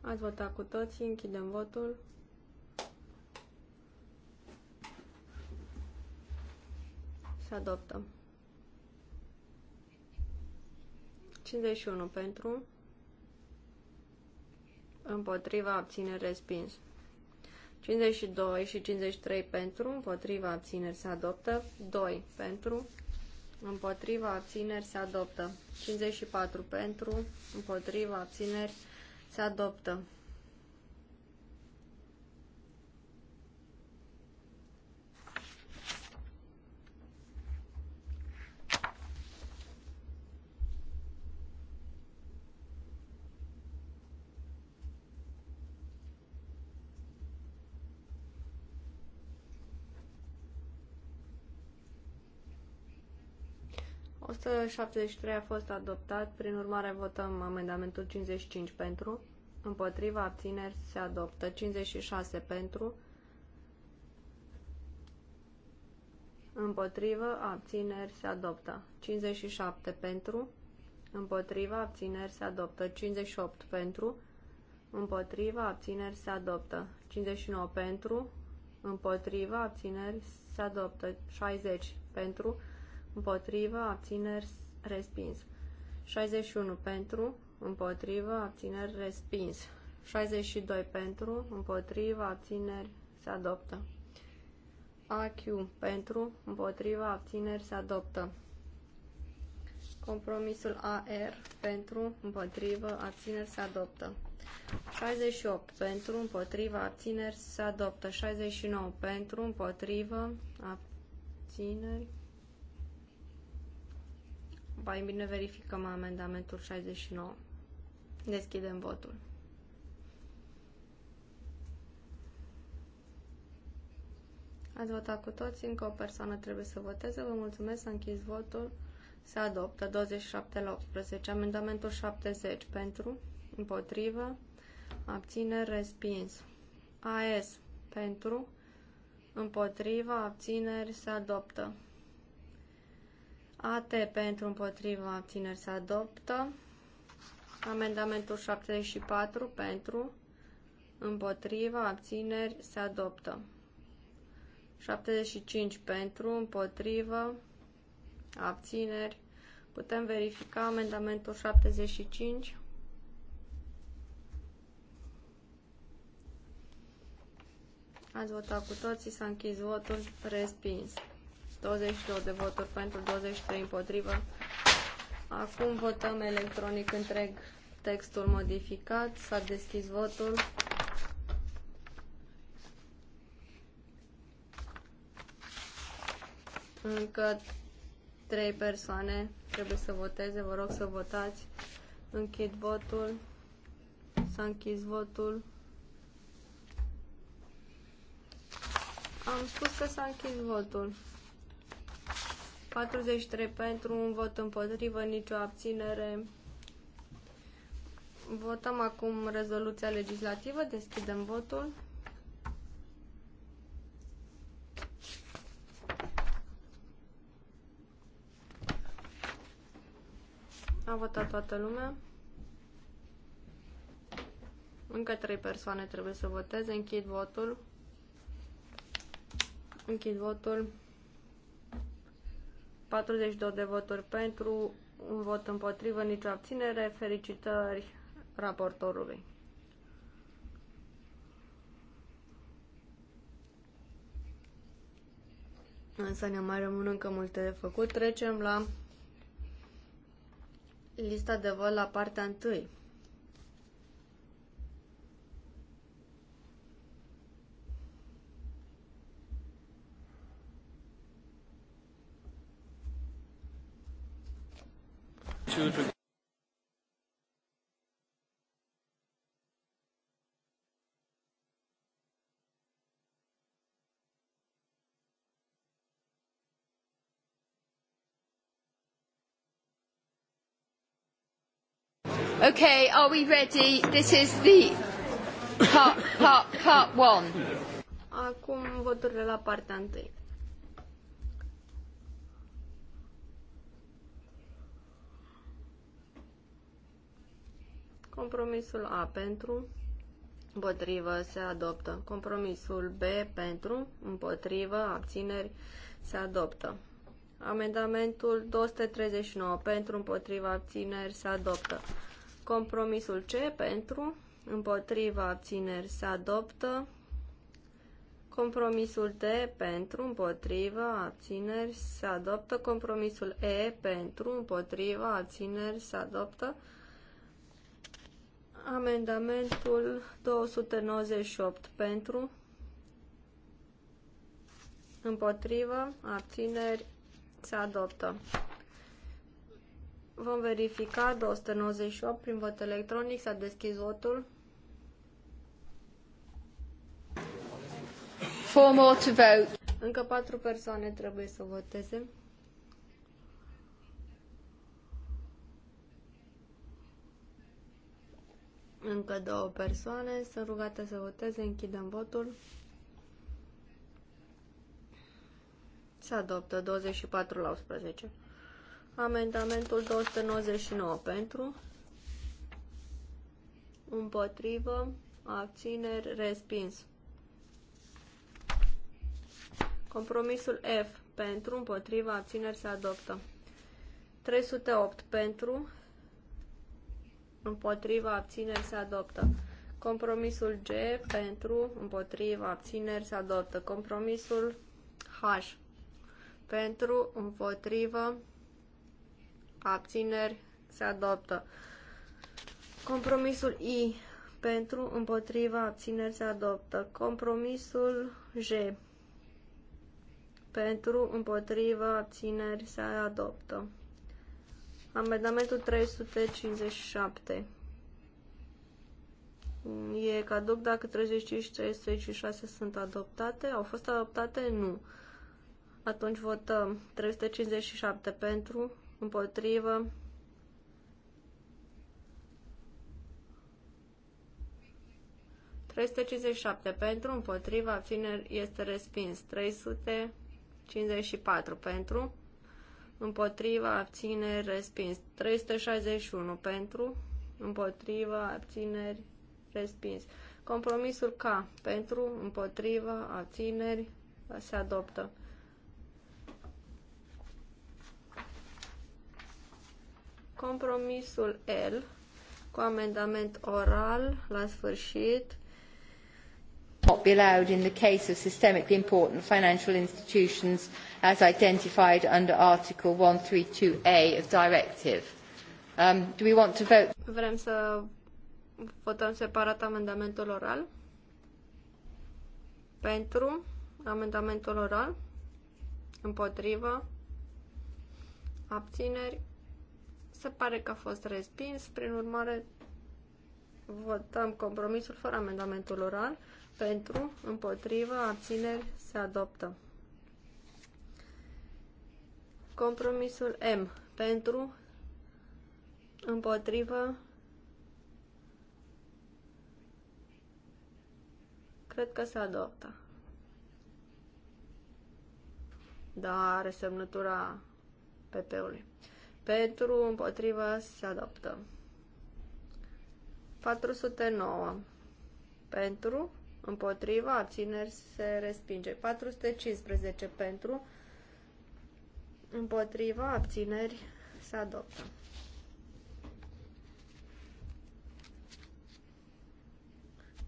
Ați votat cu toții, închidem votul. Se adoptă. 51 pentru, împotriva abține respins. 52 și 53 pentru, împotriva abțineri se adoptă, 2 pentru, împotriva abțineri se adoptă, 54 pentru, împotriva abțineri se adoptă, 173 a fost adoptat, prin urmare votăm amendamentul 55 pentru, împotriva abțineri se adoptă, 56 pentru, împotriva abțineri se adoptă, 57 pentru, împotriva abțineri se adoptă, 58 pentru, împotriva abțineri se adoptă, 59 pentru, împotriva abțineri se adoptă, 60 pentru, împotrivă, abțineri, respins. 61 pentru, împotrivă, abțineri, respins. 62 pentru, împotrivă, abțineri, se adoptă. AQ pentru, împotrivă, abțineri, se adoptă. Compromisul AR pentru, împotrivă, abțineri, se adoptă. 68 pentru, împotrivă, abțineri, se adoptă. 69 pentru, împotrivă, abțineri, mai bine verificăm amendamentul 69. Deschidem votul. Ați votat cu toți, încă o persoană trebuie să voteze. Vă mulțumesc, s-a închis votul. Se adoptă 27 la 18. Amendamentul 70 pentru, împotrivă, abține, respins. AS pentru, împotrivă, abțineri, se adoptă. AT pentru împotriva abțineri se adoptă. Amendamentul 74 pentru împotriva abțineri se adoptă. 75 pentru împotriva abțineri. Putem verifica amendamentul 75. Ați votat cu toții, s-a închis votul, respins. 22 de voturi pentru, 23 împotrivă. Acum votăm electronic întreg textul modificat. S-a deschis votul. Încă trei persoane trebuie să voteze. Vă rog să votați. Închid votul. S-a închis votul. Am spus că s-a închis votul. 43 pentru, un vot împotrivă, nicio abținere. Votăm acum rezoluția legislativă, deschidem votul. A votat toată lumea. Încă trei persoane trebuie să voteze. Închid votul. Închid votul. 42 de voturi pentru, un vot împotrivă, nicio abținere. Felicitări raportorului. Însă ne mai rămân încă multe de făcut. Trecem la lista de vot la partea întâi. children Okay, are we ready? This is the part, part, part one. Acum voturile la partea întâi. Compromisul A pentru, împotrivă, se adoptă. Compromisul B pentru, împotrivă, abțineri, se adoptă. Amendamentul 239 pentru, împotriva, abțineri, se adoptă. Compromisul C pentru, împotriva, abțineri, se adoptă. Compromisul D pentru, împotriva, abțineri, se adoptă. Compromisul E pentru, împotriva, abțineri, se adoptă. Amendamentul 298 pentru, împotrivă, abțineri, se adoptă. Vom verifica 298 prin vot electronic, s-a deschis votul. Four more to vote. Încă patru persoane trebuie să voteze. Încă două persoane sunt rugate să voteze. Închidem votul. Se adoptă 24 la 11. Amendamentul 299 pentru. Împotrivă. Abțineri. Respins. Compromisul F pentru. Împotrivă. Abțineri. Se adoptă. 308 pentru împotriva abțineri se adoptă. Compromisul G pentru, împotriva abțineri se adoptă. Compromisul H pentru, împotriva abțineri se adoptă. Compromisul I pentru, împotriva abțineri se adoptă. Compromisul J pentru, împotriva abțineri se adoptă. Amendamentul 357. E caduc dacă 35 și 356 sunt adoptate. Au fost adoptate? Nu. Atunci votăm 357 pentru, împotrivă. ...357 pentru, împotriva, abțineri, este respins. 354 pentru, împotriva, abțineri, respins. 361 pentru, împotriva, abțineri, respins. Compromisul K pentru, împotriva, abțineri, se adoptă. Compromisul L cu amendament oral la sfârșit not be allowed in the case of systemically important financial institutions as identified under Article 132A of Directive. Um, do we want to vote? Vrem să votăm separat amendamentul oral. Pentru amendamentul oral. Împotrivă. Abțineri. Se pare că a fost respins. Prin urmare, votăm compromisul fără amendamentul oral. Pentru, împotrivă, abțineri, se adoptă. Compromisul M pentru, împotrivă, cred că se adoptă. Da, are semnătura PP-ului. Pentru, împotrivă, se adoptă. 409. Pentru, împotrivă, abțineri, se respinge. 415 pentru, împotriva, abțineri, se adoptă.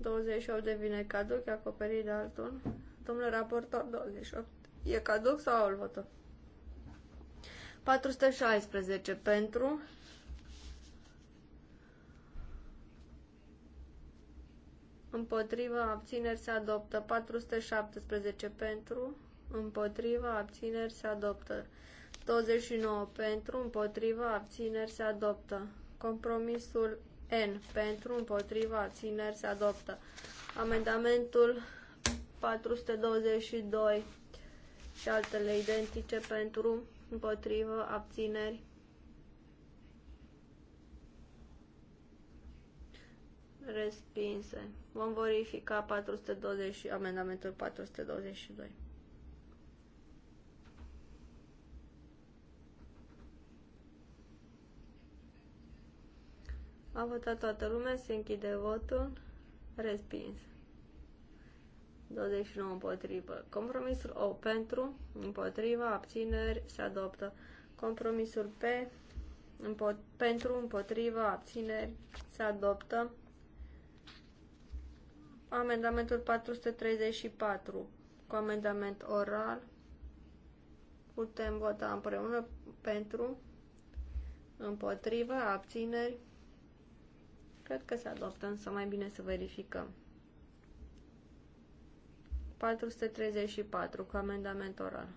Douăzeci devine caduc, e acoperit de altul. Domnule raportor, 28. E caduc sau îl votăm? 416 pentru... Împotriva abțineri se adoptă 417 pentru, împotriva, abțineri se adoptă. 29 pentru, împotriva, abțineri se adoptă. Compromisul N pentru, împotriva, abțineri se adoptă. Amendamentul 422 și altele identice pentru, împotrivă, abțineri. Respinse. Vom verifica 420, amendamentul 422. A votat toată lumea, se închide votul. Respins. 29 împotrivă. Compromisul O pentru, împotriva, abțineri, se adoptă. Compromisul P împo pentru, împotriva, abțineri, se adoptă. Amendamentul 434 cu amendament oral putem vota împreună pentru, împotriva, abțineri, Cred că se adoptă, însă mai bine să verificăm. 434 cu amendament oral.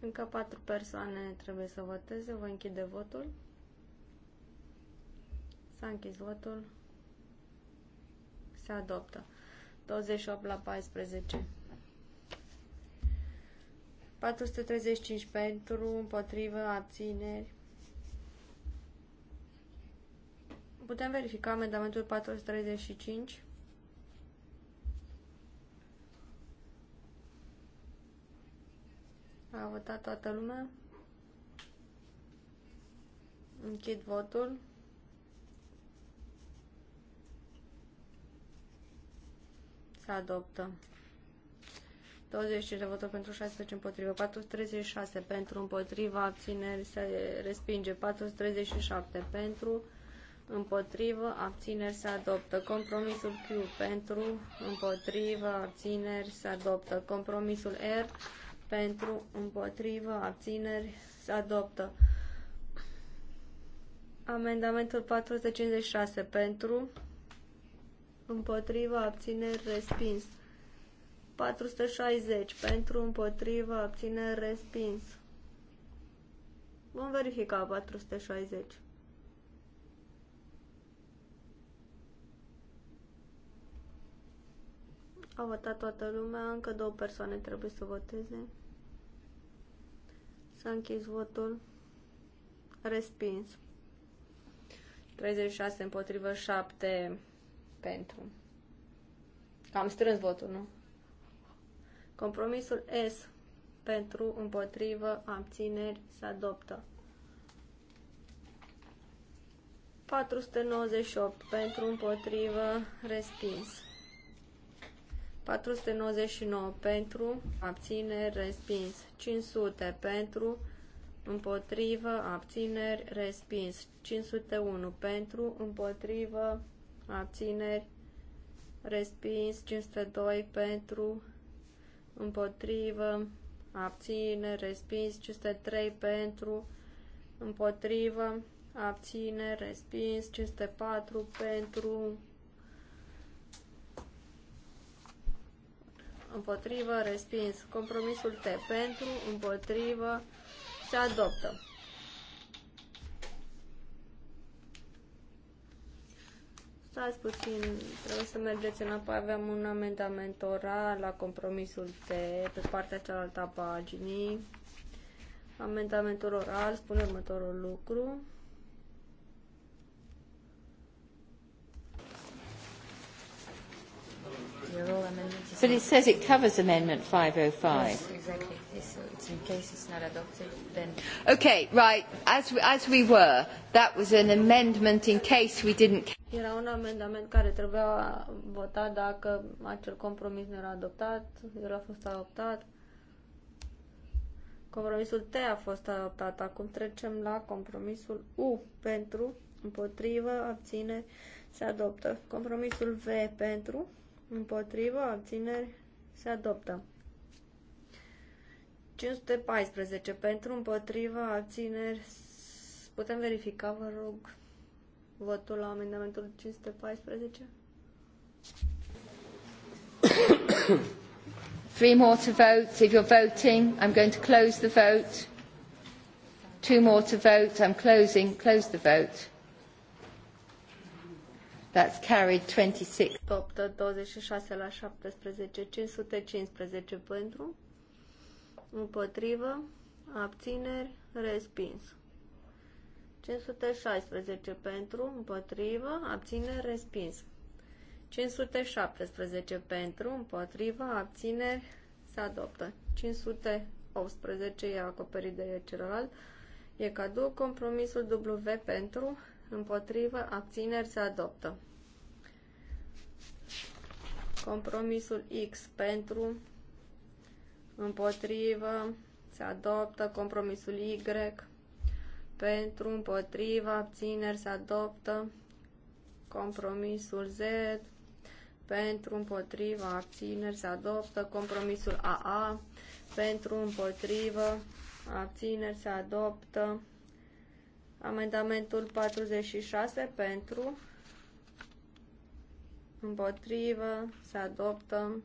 Încă patru persoane trebuie să voteze. Vă închide votul. S-a închis votul. Se adoptă. 28 la 14. 435 pentru, împotrivă, abțineri. Putem verifica amendamentul 435. A votat toată lumea. Închid votul. se adoptă. 25 de voturi pentru 16 împotrivă, 436 pentru împotriva, abțineri se respinge, 437 pentru împotrivă, abțineri se adoptă. Compromisul Q pentru împotrivă, abțineri se adoptă. Compromisul R pentru împotrivă, abțineri se adoptă. Amendamentul 456 pentru împotriva, abțineri, respins. 460 pentru, împotriva, abțineri, respins. Vom verifica 460. A votat toată lumea, încă două persoane trebuie să voteze. S-a închis votul. Respins. 36 împotrivă 7 pentru. Am strâns votul, nu? Compromisul S pentru, împotrivă, abțineri se adoptă. 498 pentru, împotrivă, respins. 499 pentru, abțineri, respins. 500 pentru, împotrivă, abțineri, respins. 501 pentru, împotrivă, abțineri, respins 502 pentru, împotrivă, abțineri, respins 503 pentru, împotrivă, abțineri, respins 504 pentru, împotrivă, respins. Compromisul T pentru, împotrivă, se adoptă. Stați puțin, trebuie să mergeți înapoi. Aveam un amendament oral la compromisul T pe partea cealaltă a paginii. Amendamentul oral spune următorul lucru. But it says it covers Amendment 505. Yes, exactly. So it's in case it's not adopted, then. Okay, right. As we, as we were, that was an amendment in case we didn't. Era un amendament care trebuia votat dacă acel compromis nu era adoptat, el a fost adoptat. Compromisul T a fost adoptat. Acum trecem la compromisul U pentru, împotrivă, abține, se adoptă. Compromisul V pentru, împotrivă, abține, se adoptă. 514 pentru, împotrivă, abține, putem verifica, vă rog votul la amendamentul 514? *coughs* Three more to vote. If you're voting, I'm going to close the vote. Two more to vote. I'm closing. Close the vote. That's carried 26. 8, 26 la 17, 515 pentru, împotrivă, abțineri, respins. 516 pentru, împotrivă, abțineri, respins. 517 pentru, împotrivă, abțineri, se adoptă. 518 e acoperit de celălalt. E cadou compromisul W pentru, împotrivă, abțineri, se adoptă. Compromisul X pentru, împotrivă, se adoptă. Compromisul Y pentru, împotriva, abțineri se adoptă. Compromisul Z pentru, împotriva, abțineri se adoptă. Compromisul AA pentru, împotriva, abțineri se adoptă. Amendamentul 46 pentru, împotriva, se adoptă.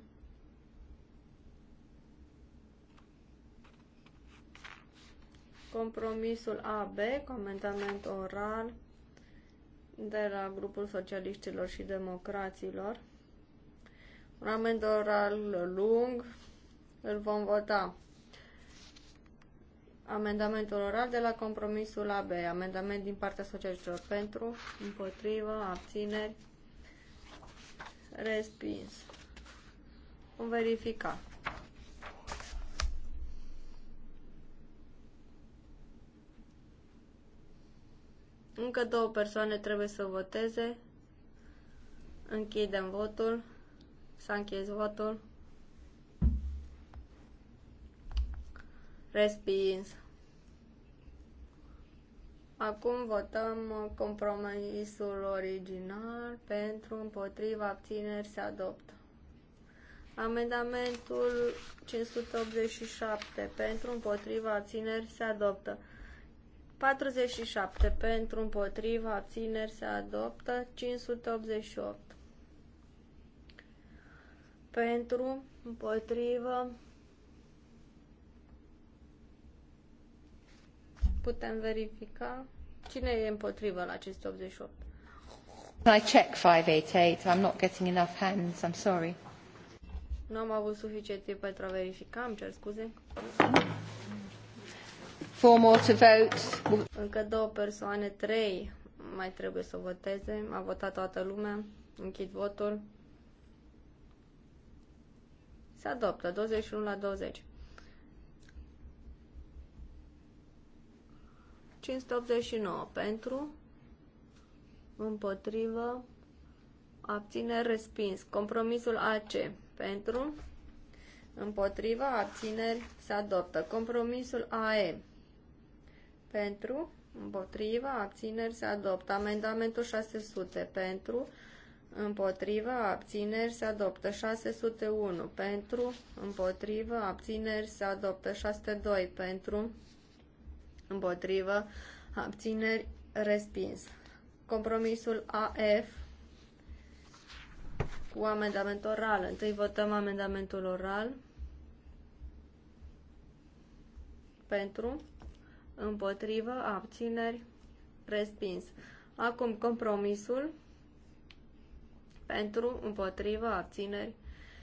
Compromisul AB, comentament oral de la grupul socialiștilor și democraților. Un amend oral lung, îl vom vota. Amendamentul oral de la compromisul AB. Amendament din partea socialiștilor pentru, împotrivă, abțineri, respins. Vom verifica. Încă două persoane trebuie să voteze. Închidem votul. S-a închis votul. Respins. Acum votăm compromisul original pentru împotriva abțineri se adoptă. Amendamentul 587 pentru împotriva abțineri se adoptă. 47 pentru, împotriva, abțineri se adoptă. 588 pentru, împotrivă. Putem verifica. Cine e împotrivă la acest 88? I check 588. I'm not getting enough hands. I'm sorry. Nu am avut suficient timp pentru a verifica, îmi cer scuze. Four more to vote. Încă două persoane, trei mai trebuie să voteze. A votat toată lumea. Închid votul. Se adoptă 21 la 20. 589 pentru, împotrivă, abține respins. Compromisul AC pentru, împotrivă, abțineri se adoptă. Compromisul AE pentru, împotriva, abțineri se adoptă. Amendamentul 600 pentru, împotriva, abțineri se adoptă. 601 pentru, împotriva, abțineri se adoptă. 602 pentru, împotriva, abțineri respins. Compromisul AF cu amendament oral. Întâi votăm amendamentul oral. Pentru împotrivă, abțineri, respins. Acum compromisul pentru, împotrivă, abțineri,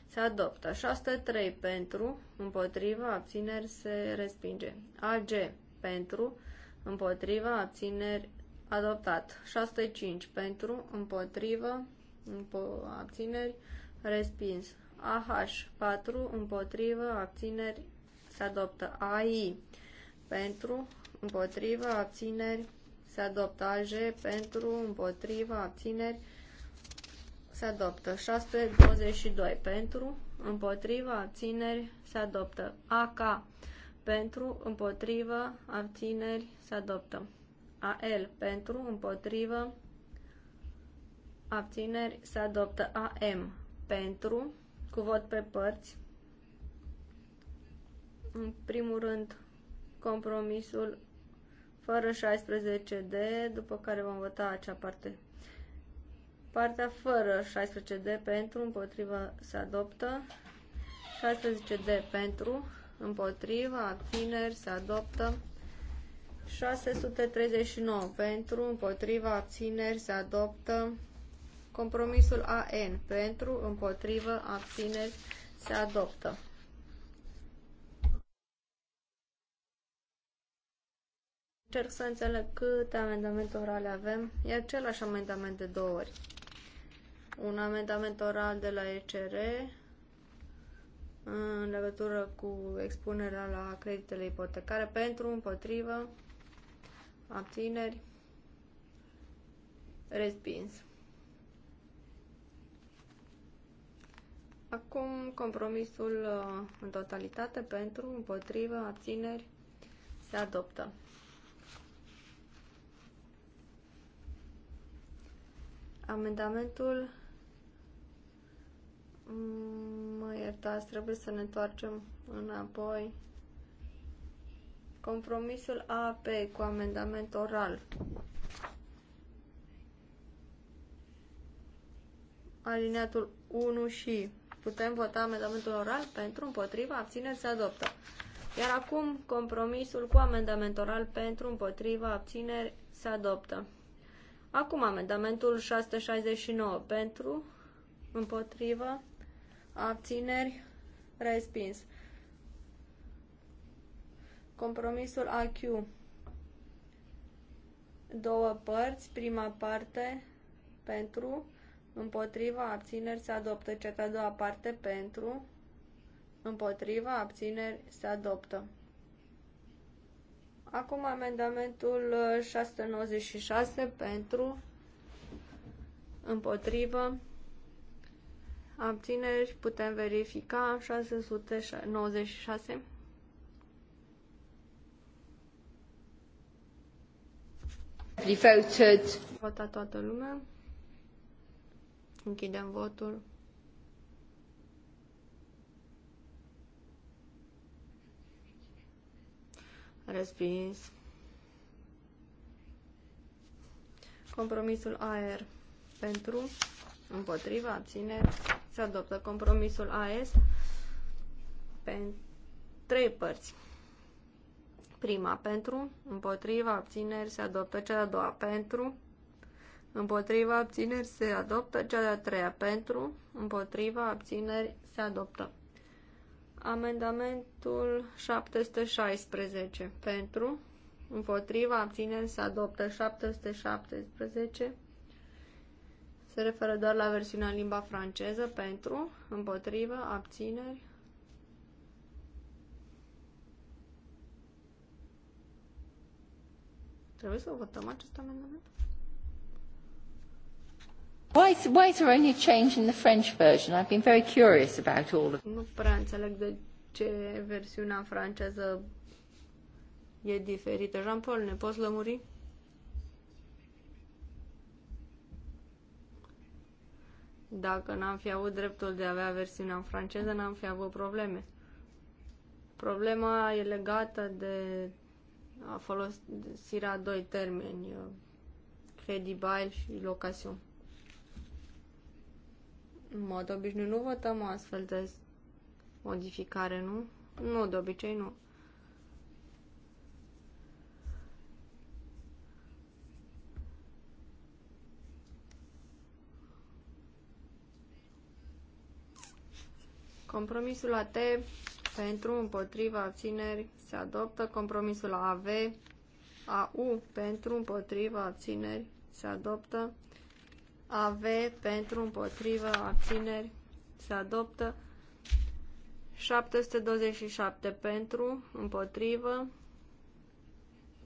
se adoptă. 603 pentru, împotrivă, abțineri, se respinge. AG pentru, împotrivă, abțineri, adoptat. 605 pentru, împotrivă, împo- abțineri, respins. AH 4 împotrivă, abțineri, se adoptă. AI pentru, împotriva abțineri, se adoptă AJ pentru, împotriva abțineri, se adoptă 622 pentru, împotriva abțineri, se adoptă AK pentru, împotriva abțineri, se adoptă AL pentru, împotriva abțineri, se adoptă AM pentru, cu vot pe părți, în primul rând compromisul fără 16D, după care vom vota acea parte. Partea fără 16D pentru, împotriva, se adoptă. 16D pentru, împotriva, abțineri, se adoptă. 639 pentru, împotriva, abțineri, se adoptă. Compromisul AN pentru, împotrivă, abțineri, se adoptă. încerc să înțeleg câte amendamente orale avem. E același amendament de două ori. Un amendament oral de la ECR în legătură cu expunerea la creditele ipotecare pentru, împotrivă, abțineri, respins. Acum compromisul uh, în totalitate pentru, împotrivă, abțineri se adoptă. Amendamentul mm, Mă iertați, trebuie să ne întoarcem înapoi. Compromisul AP cu amendament oral. Alineatul 1 și putem vota amendamentul oral pentru, împotriva, abțineți, se adoptă. Iar acum compromisul cu amendament oral pentru, împotriva, abțineri, se adoptă. Acum amendamentul 669 pentru, împotrivă, abțineri, respins. Compromisul AQ. Două părți, prima parte pentru, împotrivă abțineri, se adoptă. Cea de-a doua parte pentru, împotrivă abțineri, se adoptă. Acum amendamentul 696 uh, pentru, împotrivă, abțineri, putem verifica 696. Voted. Votat toată lumea. Închidem votul. Respins. Compromisul AR pentru, împotriva, abține, se adoptă. Compromisul AS pentru trei părți. Prima pentru, împotriva, abțineri, se adoptă. Cea de-a doua pentru, Împotriva abțineri se adoptă cea de-a treia pentru, împotriva abțineri se adoptă. Amendamentul 716 pentru, împotriva, abțineri să adoptă 717. Se referă doar la versiunea în limba franceză pentru, împotriva, abțineri. Trebuie să votăm acest amendament? Why is, why is there only a change in the French version? I've been very curious about all of Nu prea înțeleg de ce versiunea franceză e diferită. Jean-Paul, ne poți lămuri? Dacă n-am fi avut dreptul de a avea versiunea în franceză, n-am fi avut probleme. Problema e legată de a folosirea doi termeni, uh, credibil și location. În mod obișnuit nu votăm o astfel de modificare, nu? Nu, de obicei nu. Compromisul AT pentru, împotriva, abțineri se adoptă. Compromisul AV, AU pentru, împotriva, abțineri se adoptă. AV pentru împotriva abțineri se adoptă 727 pentru împotrivă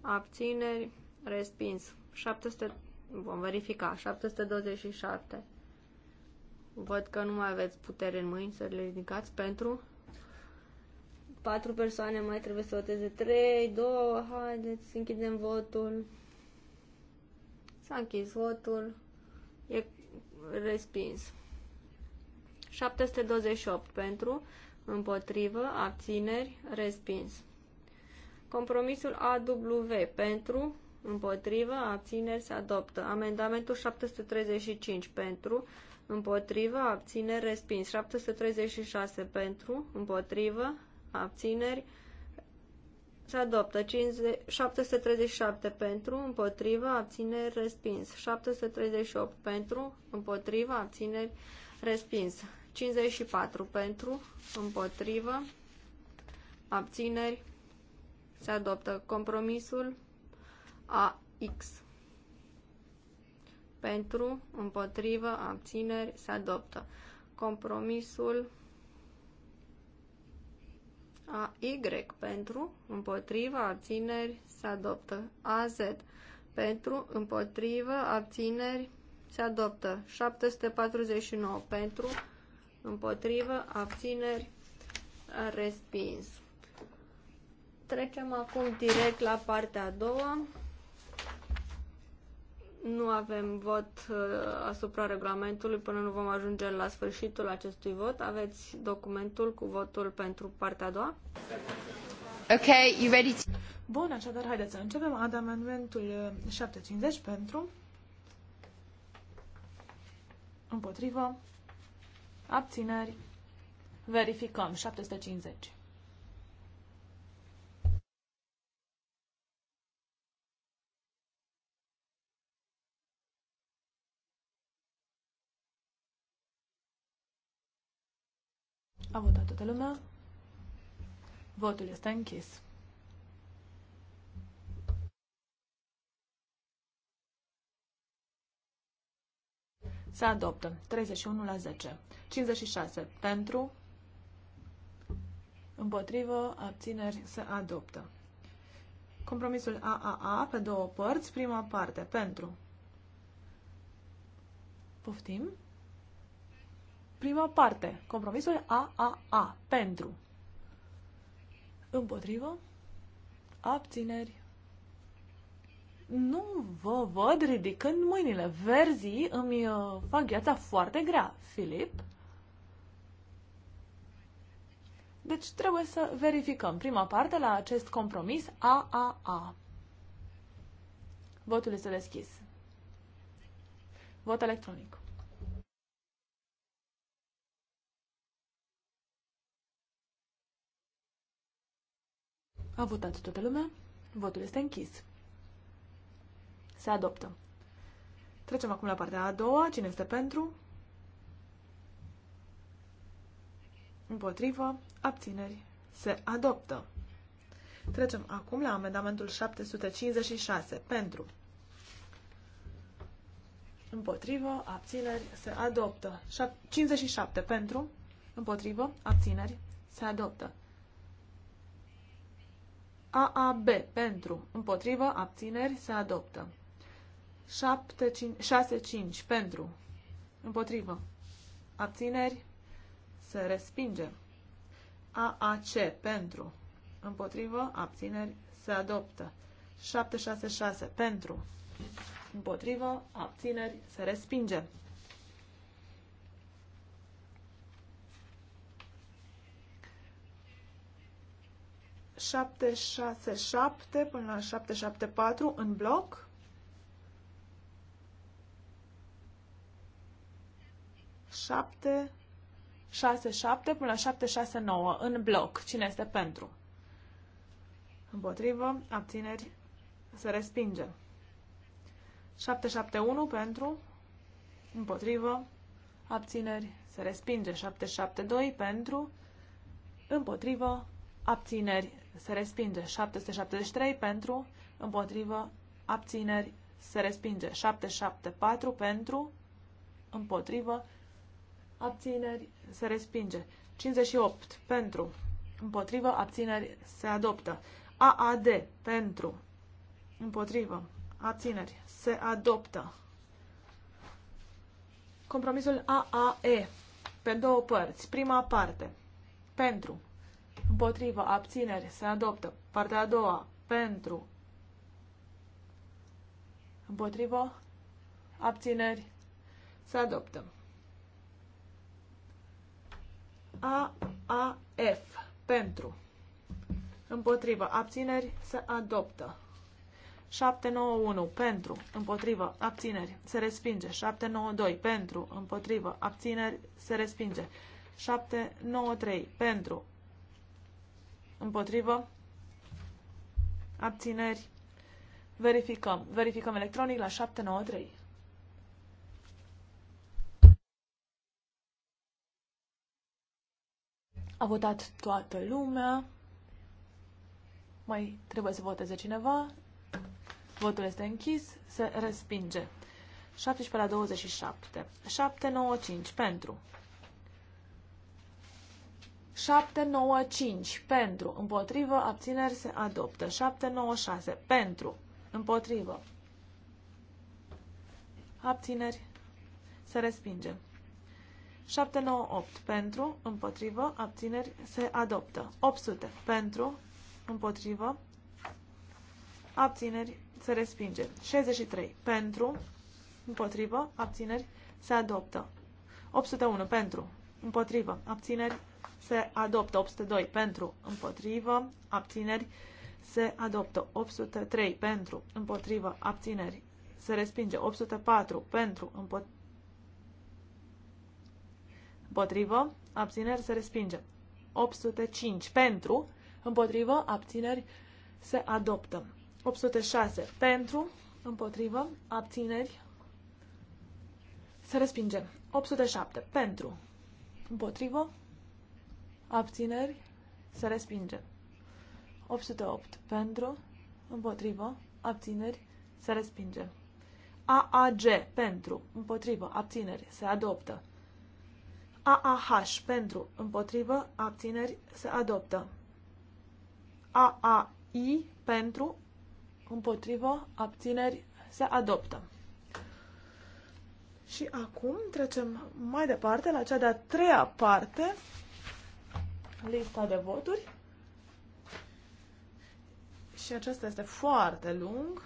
abțineri respins 700 vom verifica 727 văd că nu mai aveți putere în mâini să le ridicați pentru patru persoane mai trebuie să voteze 3, 2, haideți, să închidem votul. S-a închis votul. E respins. 728 pentru, împotrivă, abțineri, respins. Compromisul AW pentru, împotrivă, abțineri, se adoptă. Amendamentul 735 pentru, împotrivă, abțineri, respins. 736 pentru, împotrivă, abțineri, respins se adoptă 50, 737 pentru, împotriva, abțineri, respins. 738 pentru, împotriva, abțineri, respins. 54 pentru, împotrivă, abțineri, se adoptă compromisul AX. Pentru, împotrivă, abțineri, se adoptă compromisul a Y pentru, împotriva abțineri, se adoptă. A Z pentru, împotriva abțineri, se adoptă. 749 pentru, împotriva abțineri, respins. Trecem acum direct la partea a doua nu avem vot uh, asupra regulamentului până nu vom ajunge la sfârșitul acestui vot. Aveți documentul cu votul pentru partea a doua? Ok, you ready? To... Bun, așadar, haideți să începem. Amendamentul 750 uh, pentru. Împotrivă. Abțineri. Verificăm. 750. A votat toată lumea. Votul este închis. Se adoptă. 31 la 10. 56. Pentru. Împotrivă. Abțineri. Se adoptă. Compromisul AAA pe două părți. Prima parte. Pentru. Poftim. Prima parte. Compromisul AAA. Pentru. Împotrivă. Abțineri. Nu vă văd ridicând mâinile. Verzii îmi uh, fac gheața foarte grea. Filip? Deci trebuie să verificăm prima parte la acest compromis AAA. Votul este deschis. Vot electronic. A votat toată lumea. Votul este închis. Se adoptă. Trecem acum la partea a doua. Cine este pentru? Împotrivă. Abțineri. Se adoptă. Trecem acum la amendamentul 756. Pentru. Împotrivă. Abțineri. Se adoptă. 57. Pentru. Împotrivă. Abțineri. Se adoptă. AAB pentru, împotrivă, abțineri, se adoptă. 6-5 pentru, împotrivă, abțineri, se respinge. AAC pentru, împotrivă, abțineri, se adoptă. 7-6-6 pentru, împotrivă, abțineri, se respinge. 767 până la 774 în bloc. Șapte, șapte până la nouă, în bloc. Cine este pentru? Împotrivă, abțineri, se respinge. unu, pentru, împotrivă, abțineri, se respinge. doi, pentru, împotrivă, abțineri, se respinge. 773 pentru, împotrivă, abțineri, se respinge. 774 pentru, împotrivă, abțineri, se respinge. 58 pentru, împotrivă, abțineri, se adoptă. AAD pentru, împotrivă, abțineri, se adoptă. Compromisul AAE pe două părți. Prima parte, pentru, Împotrivă. Abțineri. Se adoptă. Partea a doua. Pentru. Împotrivă. Abțineri. Se adoptă. A, A, F. Pentru. Împotrivă. Abțineri. Se adoptă. 791 pentru, împotrivă, abțineri, se respinge. 792 pentru, împotrivă, abțineri, se respinge. 793 pentru, Împotrivă. Abțineri. Verificăm. Verificăm electronic la 793. A votat toată lumea. Mai trebuie să voteze cineva. Votul este închis. Se respinge. 17 la 27. 795 pentru. 795 pentru, împotrivă, abțineri se adoptă. 796 pentru, împotrivă, abțineri se respinge. 798 pentru, împotrivă, abțineri se adoptă. 800 pentru, împotrivă, abțineri se respinge. 63 pentru, împotrivă, abțineri se adoptă. 801 pentru, împotrivă, abțineri, se adoptă 802 pentru, împotrivă, abțineri, se adoptă 803 pentru, împotrivă, abțineri, se respinge 804 pentru, împotrivă, abțineri, se respinge 805 pentru, împotrivă, abțineri, se adoptă 806 pentru, împotrivă, abțineri, se respinge 807 pentru, Împotrivă? Abțineri? Se respinge. 808. Pentru? Împotrivă? Abțineri? Se respinge. AAG. Pentru? Împotrivă? Abțineri? Se adoptă. AAH. Pentru? Împotrivă? Abțineri? Se adoptă. AAI. Pentru? Împotrivă? Abțineri? Se adoptă. Și acum trecem mai departe la cea de-a treia parte, lista de voturi. Și acesta este foarte lung.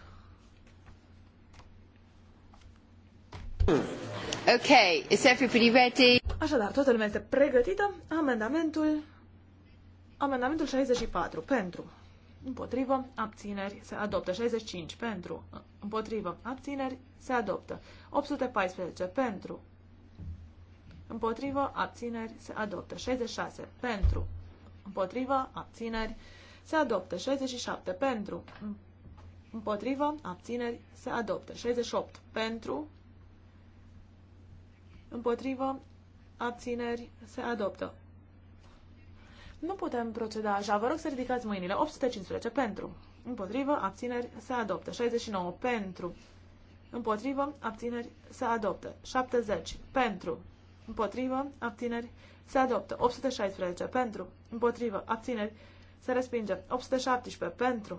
Ok, is everybody ready? Așadar, toată lumea este pregătită. Amendamentul, amendamentul 64 pentru împotrivă, abțineri, se adoptă. 65 pentru, împotrivă, abțineri, se adoptă. 814 pentru, împotrivă, abțineri, se adoptă. 66 pentru, împotrivă, abțineri, se adoptă. 67 pentru, împotrivă, abțineri, se adoptă. 68 pentru, împotrivă, abțineri, se adoptă. Nu putem proceda așa. Vă rog să ridicați mâinile. 815 pentru. Împotrivă, abțineri, se adoptă. 69 pentru. Împotrivă, abțineri, se adoptă. 70 pentru. Împotrivă, abțineri, se adoptă. 816 pentru. Împotrivă, abțineri, se respinge. 817 pentru.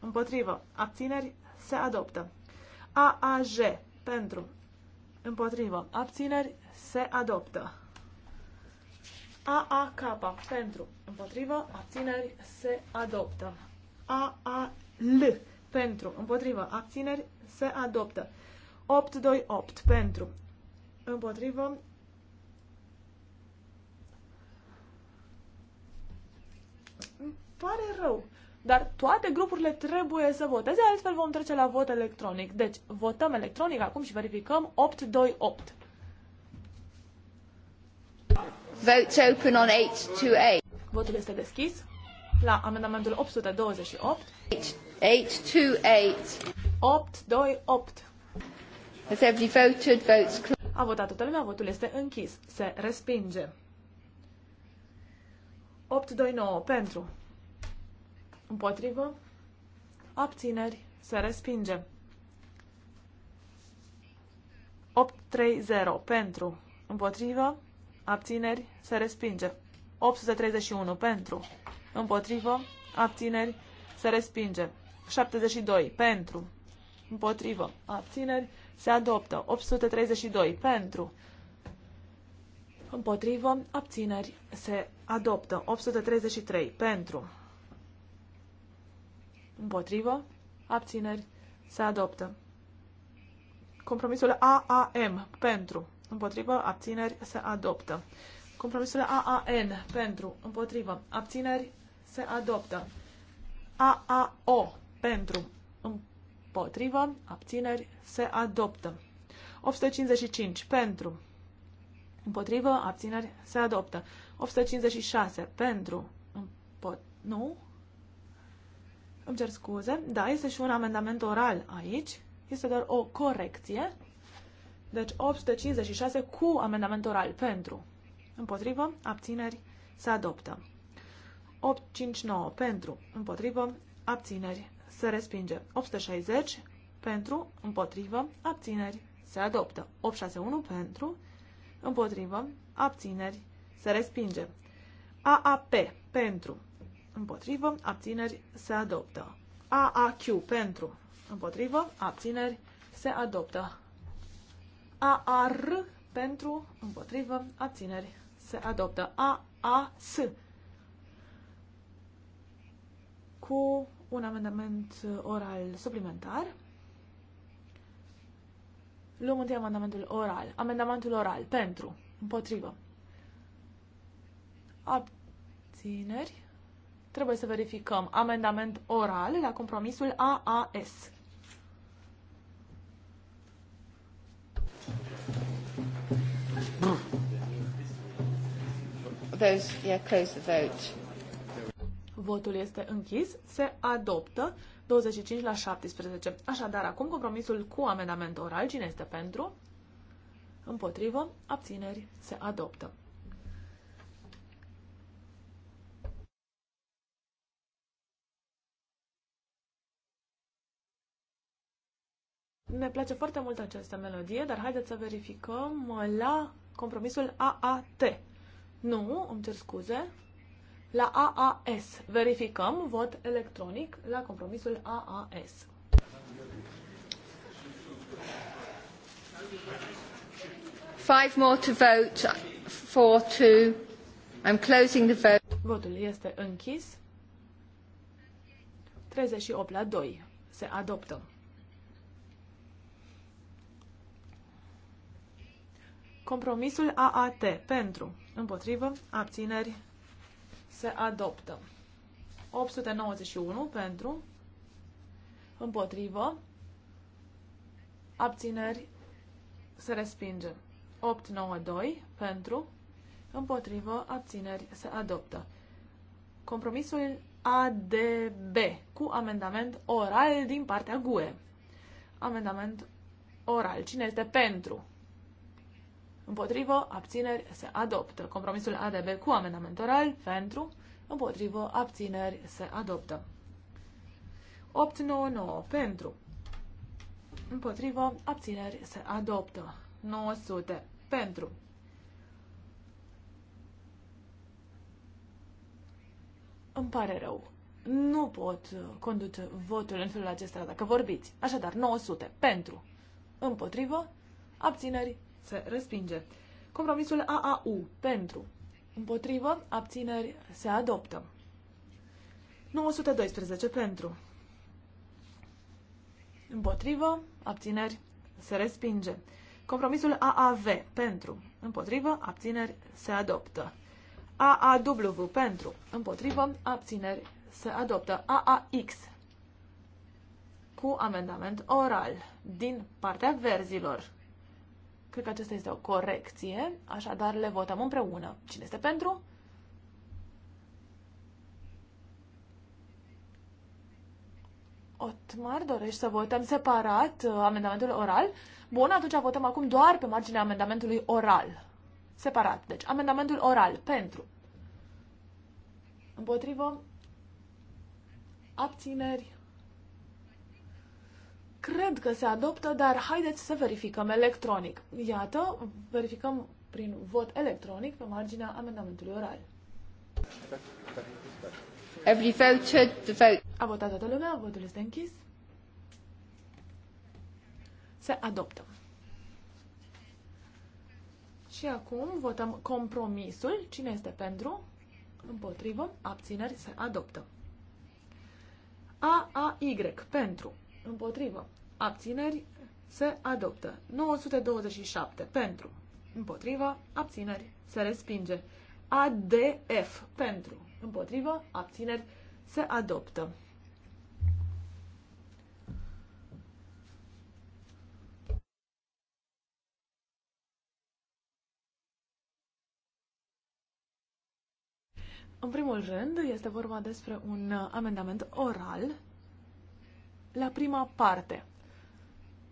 Împotrivă, abțineri, se adoptă. AAJ pentru. Împotrivă, abțineri, se adoptă. AAK pentru, împotrivă, abțineri, se adoptă. AAL pentru, împotrivă, abțineri, se adoptă. 828 pentru, împotrivă, pare rău, dar toate grupurile trebuie să voteze, altfel vom trece la vot electronic. Deci, votăm electronic acum și verificăm 828. Votes open on 828. Votul este deschis la amendamentul 828. 828. 828. Has every voted? Votes A votat toată lumea, votul este închis. Se respinge. 829 pentru. Împotrivă. Abțineri. Se respinge. 830 pentru. Împotrivă abțineri, se respinge. 831 pentru, împotrivă, abțineri, se respinge. 72 pentru, împotrivă, abțineri, se adoptă. 832 pentru, împotrivă, abțineri, se adoptă. 833 pentru, împotrivă, abțineri, se adoptă. Compromisul AAM pentru, împotrivă, abțineri, se adoptă. Compromisurile AAN, pentru, împotrivă, abțineri, se adoptă. AAO, pentru, împotrivă, abțineri, se adoptă. 855, pentru, împotrivă, abțineri, se adoptă. 856, pentru, împotrivă, nu, îmi cer scuze, da, este și un amendament oral aici, este doar o corecție deci 856 cu amendament oral pentru. Împotrivă, abțineri, se adoptă. 859 pentru, împotrivă, abțineri, se respinge. 860 pentru, împotrivă, abțineri, se adoptă. 861 pentru, împotrivă, abțineri, se respinge. AAP pentru, împotrivă, abțineri, se adoptă. AAQ pentru, împotrivă, abțineri, se adoptă. A AR pentru, împotrivă, abțineri. Se adoptă A A S cu un amendament oral suplimentar. Luăm întâi amendamentul oral. Amendamentul oral pentru, împotrivă, abțineri. Trebuie să verificăm amendament oral la compromisul AAS. Those, yeah, close the vote. Votul este închis. Se adoptă 25 la 17. Așadar, acum compromisul cu amendament oral. Cine este pentru? Împotrivă. Abțineri. Se adoptă. Ne place foarte mult această melodie, dar haideți să verificăm la compromisul AAT. Nu, îmi cer scuze. La AAS. Verificăm vot electronic la compromisul AAS. Five more to vote, four to. I'm closing the vote. Votul este închis. 38 la 2. Se adoptă. Compromisul AAT pentru, împotrivă, abțineri se adoptă. 891 pentru, împotrivă, abțineri se respinge. 892 pentru, împotrivă, abțineri se adoptă. Compromisul ADB cu amendament oral din partea GUE. Amendament oral. Cine este pentru? Împotrivă, abțineri, se adoptă. Compromisul ADB cu amendament oral, pentru, împotrivă, abțineri, se adoptă. 899, pentru, împotrivă, abțineri, se adoptă. 900, pentru. Îmi pare rău. Nu pot conduce votul în felul acesta dacă vorbiți. Așadar, 900, pentru, împotrivă, abțineri, se respinge. Compromisul AAU pentru. Împotrivă, abțineri, se adoptă. 912 pentru. Împotrivă, abțineri, se respinge. Compromisul AAV pentru. Împotrivă, abțineri, se adoptă. AAW pentru. Împotrivă, abțineri, se adoptă. AAX cu amendament oral din partea verzilor. Cred că acesta este o corecție, așadar le votăm împreună. Cine este pentru? Otmar, dorești să votăm separat uh, amendamentul oral? Bun, atunci votăm acum doar pe marginea amendamentului oral. Separat. Deci, amendamentul oral pentru. Împotrivă. Abțineri. Cred că se adoptă, dar haideți să verificăm electronic. Iată, verificăm prin vot electronic pe marginea amendamentului oral. Every A votat toată lumea, votul este închis. Se adoptă. Și acum votăm compromisul. Cine este pentru? Împotrivă. Abțineri. Se adoptă. A, A, Y. Pentru. Împotrivă. Abțineri. Se adoptă. 927. Pentru. Împotrivă. Abțineri. Se respinge. ADF. Pentru. Împotrivă. Abțineri. Se adoptă. În primul rând, este vorba despre un amendament oral la prima parte.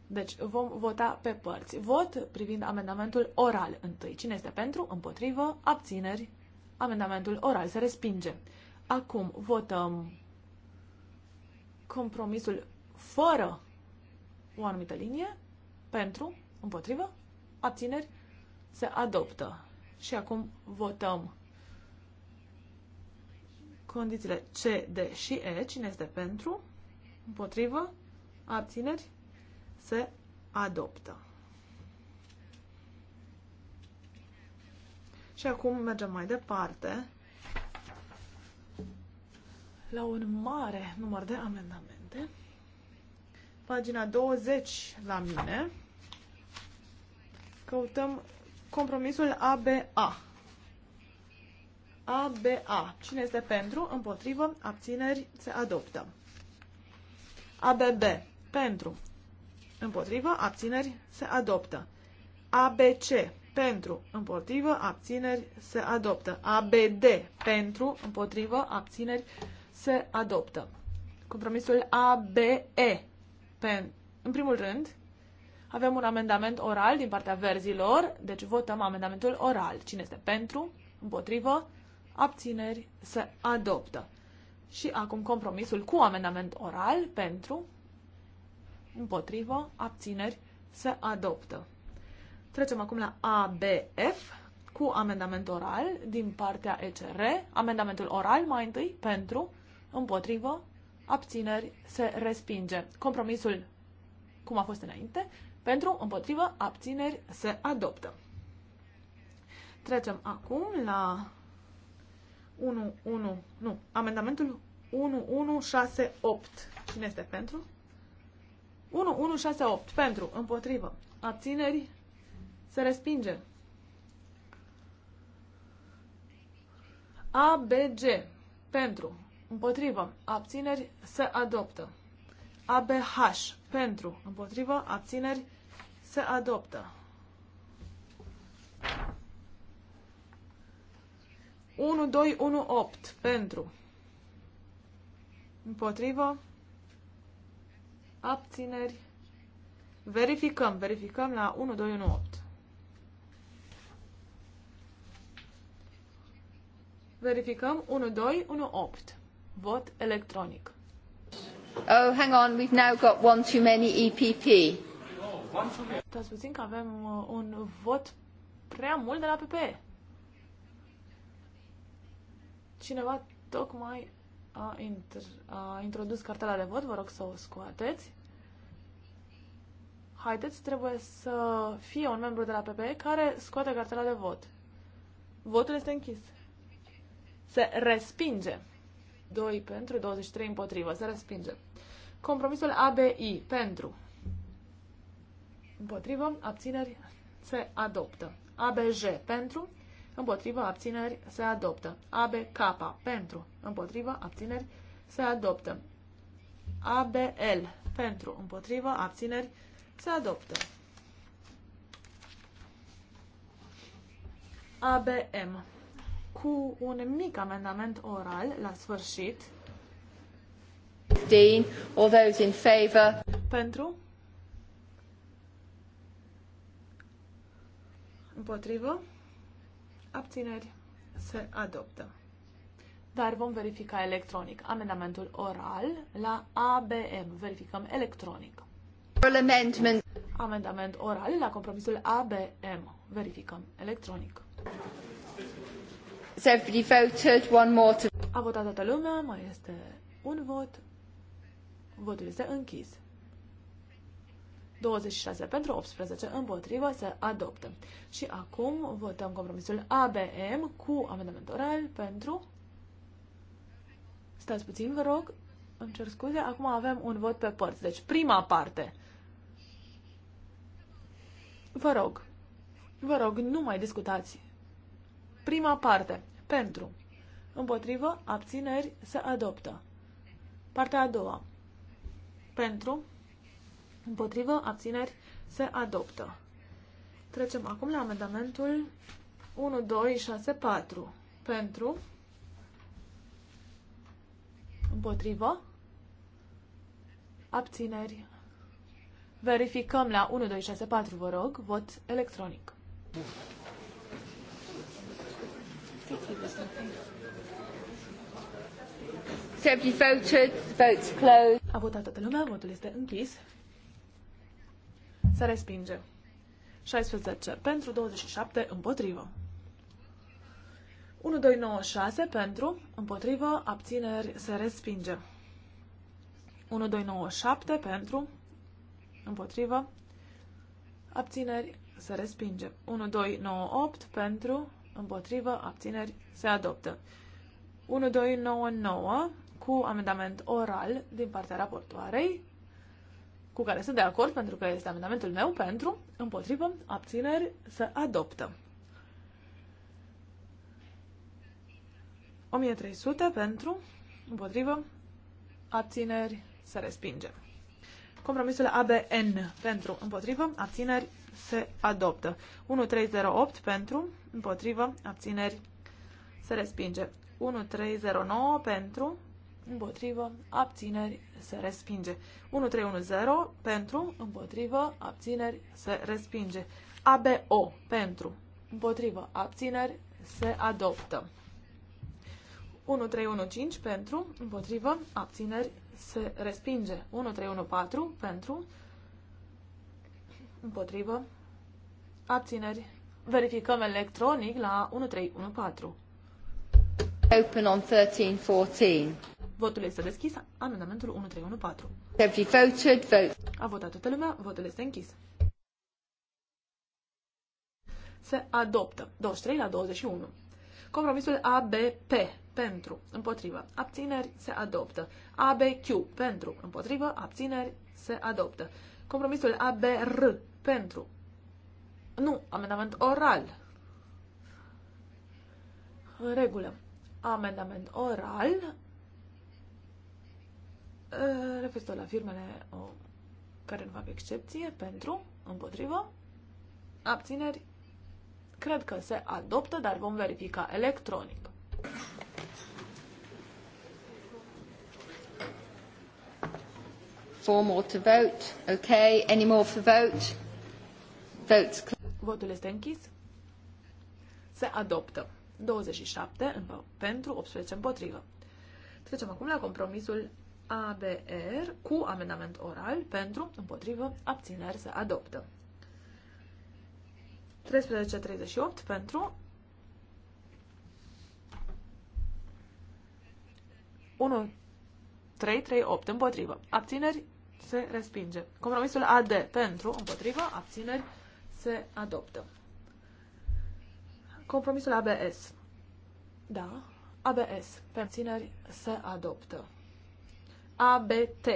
Deci vom vota pe părți. Vot privind amendamentul oral întâi. Cine este pentru? Împotrivă? Abțineri? Amendamentul oral se respinge. Acum votăm compromisul fără o anumită linie. Pentru? Împotrivă? Abțineri? Se adoptă. Și acum votăm condițiile C, D și E. Cine este pentru? Împotrivă? Abțineri? Se adoptă. Și acum mergem mai departe la un mare număr de amendamente. Pagina 20 la mine. Căutăm compromisul ABA. ABA. Cine este pentru, împotrivă, abțineri, se adoptă. ABB pentru, împotrivă, abțineri, se adoptă. ABC pentru, împotrivă, abțineri, se adoptă. ABD pentru, împotrivă, abțineri, se adoptă. Compromisul ABE. Pen... În primul rând, avem un amendament oral din partea verzilor, deci votăm amendamentul oral. Cine este pentru, împotrivă, abțineri, se adoptă. Și acum compromisul cu amendament oral pentru, împotrivă, abțineri se adoptă. Trecem acum la ABF cu amendament oral din partea ECR. Amendamentul oral mai întâi pentru, împotrivă, abțineri se respinge. Compromisul cum a fost înainte, pentru, împotrivă, abțineri se adoptă. Trecem acum la 1, 1, nu, amendamentul 8. Cine este pentru? 8. Pentru, împotrivă. Abțineri, se respinge. a b g, Pentru, împotrivă. Abțineri, se adoptă. ABH. Pentru, împotrivă. Abțineri, se adoptă. 8 pentru împotrivă abțineri verificăm, verificăm la 8. verificăm 8. vot electronic Oh, hang on, we've now got one too many EPP. Stați puțin că avem uh, un vot prea mult de la PPE. Cineva tocmai a, intr- a introdus cartela de vot, vă rog să o scoateți. Haideți, trebuie să fie un membru de la PPE care scoate cartela de vot. Votul este închis. Se respinge. 2 pentru, 23 împotrivă. Se respinge. Compromisul ABI pentru. Împotrivă, abțineri, se adoptă. ABJ pentru, împotrivă, abțineri, se adoptă. ABK, pentru, împotrivă, abțineri, se adoptă. ABL, pentru, împotrivă, abțineri, se adoptă. ABM, cu un mic amendament oral la sfârșit. 15, all those in favor. Pentru, împotrivă, abțineri, se adoptă. Dar vom verifica electronic amendamentul oral la ABM. Verificăm electronic. Amendment. Amendament oral la compromisul ABM. Verificăm electronic. voted one more to... A votat toată lumea, mai este un vot. Votul este închis. 26 pentru, 18 împotrivă, se adoptă. Și acum votăm compromisul ABM cu amendament oral pentru... Stați puțin, vă rog, îmi cer scuze, acum avem un vot pe părți. Deci, prima parte. Vă rog, vă rog, nu mai discutați. Prima parte. Pentru. Împotrivă, abțineri, se adoptă. Partea a doua. Pentru, Împotrivă, abțineri, se adoptă. Trecem acum la amendamentul 1, 2, 6, 4. Pentru, împotrivă, abțineri. Verificăm la 1, 2, 6, 4, vă rog, vot electronic. Voted, votes closed. A votat toată lumea, votul este închis se respinge. 16 pentru, 27 împotrivă. 1, 2, 9, 6 pentru, împotrivă, abțineri, se respinge. 1, 2, 9, 7 pentru, împotrivă, abțineri, se respinge. 1, 2, 9, 8 pentru, împotrivă, abțineri, se adoptă. 1, 2, 9, 9 cu amendament oral din partea raportoarei cu care sunt de acord pentru că este amendamentul meu pentru, împotrivă, abțineri, să adoptă. 1300 pentru, împotrivă, abțineri, să respinge. Compromisul ABN pentru, împotrivă, abțineri, se adoptă. 1308 pentru, împotrivă, abțineri, se respinge. 1309 pentru, împotrivă, abțineri, se respinge. 1310 pentru, împotrivă, abțineri, se respinge. ABO pentru, împotrivă, abțineri, se adoptă. 1315 pentru, împotrivă, abțineri, se respinge. 1314 pentru, împotrivă, abțineri. Verificăm electronic la 1314. Open on 1314. Votul este deschis. Amendamentul 1314. Have you voted? Vote. A votat toată lumea. Votul este închis. Se adoptă. 23 la 21. Compromisul ABP. Pentru. Împotrivă. Abțineri. Se adoptă. ABQ. Pentru. Împotrivă. Abțineri. Se adoptă. Compromisul ABR. Pentru. Nu. Amendament oral. În regulă. Amendament oral Eh, referitor la firmele o, care nu fac excepție, pentru, împotrivă, abțineri, cred că se adoptă, dar vom verifica electronic. Four more to vote. Okay, any more for vote? Votes. Votul este închis. Se adoptă. 27 pentru, 18 împotrivă. Trecem acum la compromisul ABR cu amendament oral pentru, împotrivă, abțineri se adoptă. 13.38 pentru 1, 3, 3, 8 împotrivă. Abțineri se respinge. Compromisul AD pentru, împotrivă, abțineri se adoptă. Compromisul ABS. Da, ABS. Pe abțineri se adoptă. ABT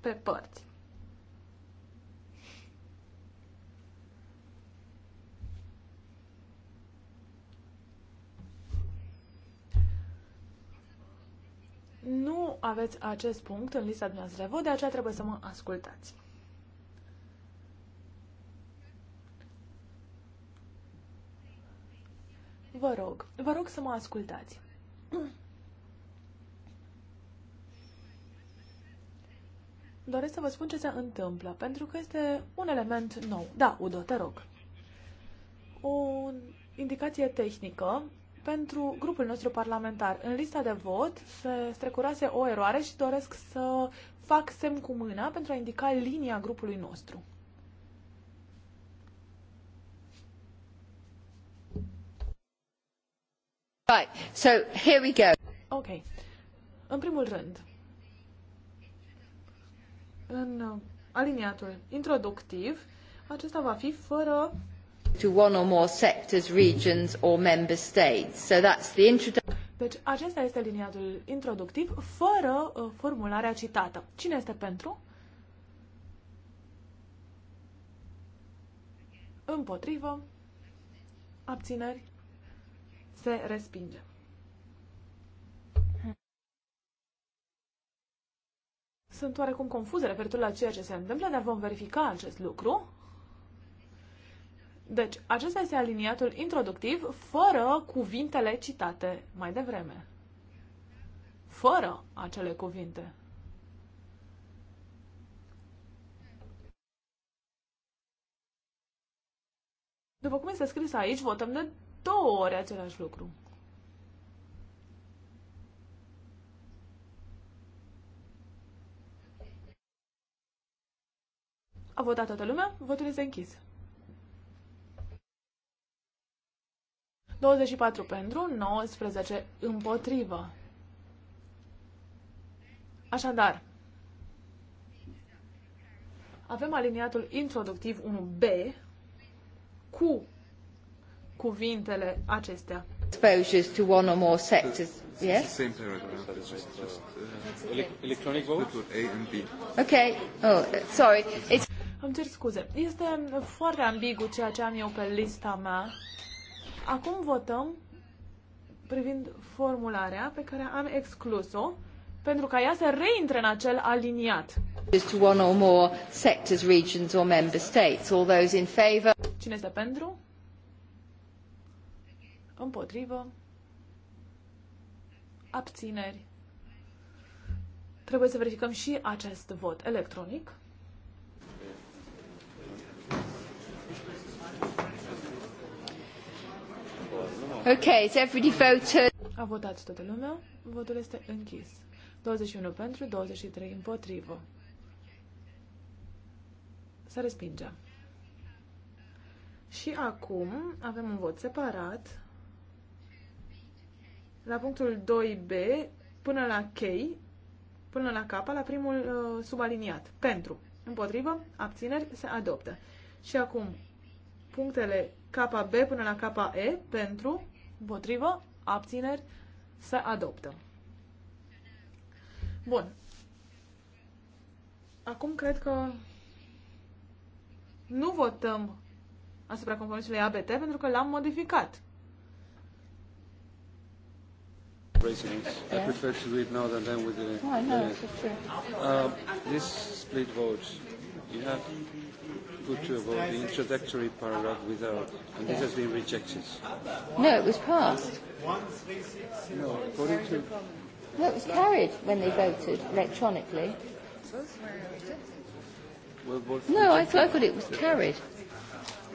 pe părți. Nu aveți acest punct în lista dumneavoastră de vot, de aceea trebuie să mă ascultați. Vă rog, vă rog să mă ascultați. doresc să vă spun ce se întâmplă, pentru că este un element nou. Da, Udo, te rog. O indicație tehnică pentru grupul nostru parlamentar. În lista de vot se strecurase o eroare și doresc să fac semn cu mâna pentru a indica linia grupului nostru. Right, so here we go. Ok. În primul rând, în uh, aliniatul introductiv, acesta va fi fără to one or more sectors, regions or member states. So that's the introduction. Deci acesta este liniatul introductiv fără uh, formularea citată. Cine este pentru? Împotrivă? Abțineri? Se respinge. sunt oarecum confuză referitor la ceea ce se întâmplă, dar vom verifica acest lucru. Deci, acesta este aliniatul introductiv fără cuvintele citate mai devreme. Fără acele cuvinte. După cum este scris aici, votăm de două ori același lucru. A votat toată lumea? Votul este închis. 24 pentru, 19 împotrivă. Așadar, avem aliniatul introductiv 1B cu cuvintele acestea. Exposures to one or more sectors. Yes? Uh, electronic vote? A and B. Okay. Oh, sorry. It's îmi cer scuze. Este foarte ambigu ceea ce am eu pe lista mea. Acum votăm privind formularea pe care am exclus-o pentru ca ea să reintre în acel aliniat. to one or more sectors, regions or member states. All those in Cine este pentru? Împotrivă. Abțineri. Trebuie să verificăm și acest vot electronic. Ok, is everybody voted? A votat toată lumea. Votul este închis. 21 pentru, 23 împotrivă. Se respinge. Și acum avem un vot separat la punctul 2b până la K, până la K, la primul uh, subaliniat. Pentru, împotrivă, abțineri, se adoptă. Și acum punctele KB până la KE pentru, Împotrivă? Abțineri? Se adoptă. Bun. Acum cred că nu votăm asupra compromisului ABT pentru că l-am modificat. Yeah. I prefer to now than then with the. Oh, I know, Uh, this split vote, you have put to a vote the introductory paragraph without, and this has been rejected. No, it was passed. No, according to... No, it was carried when they voted electronically. Well, no, I thought, I thought it was carried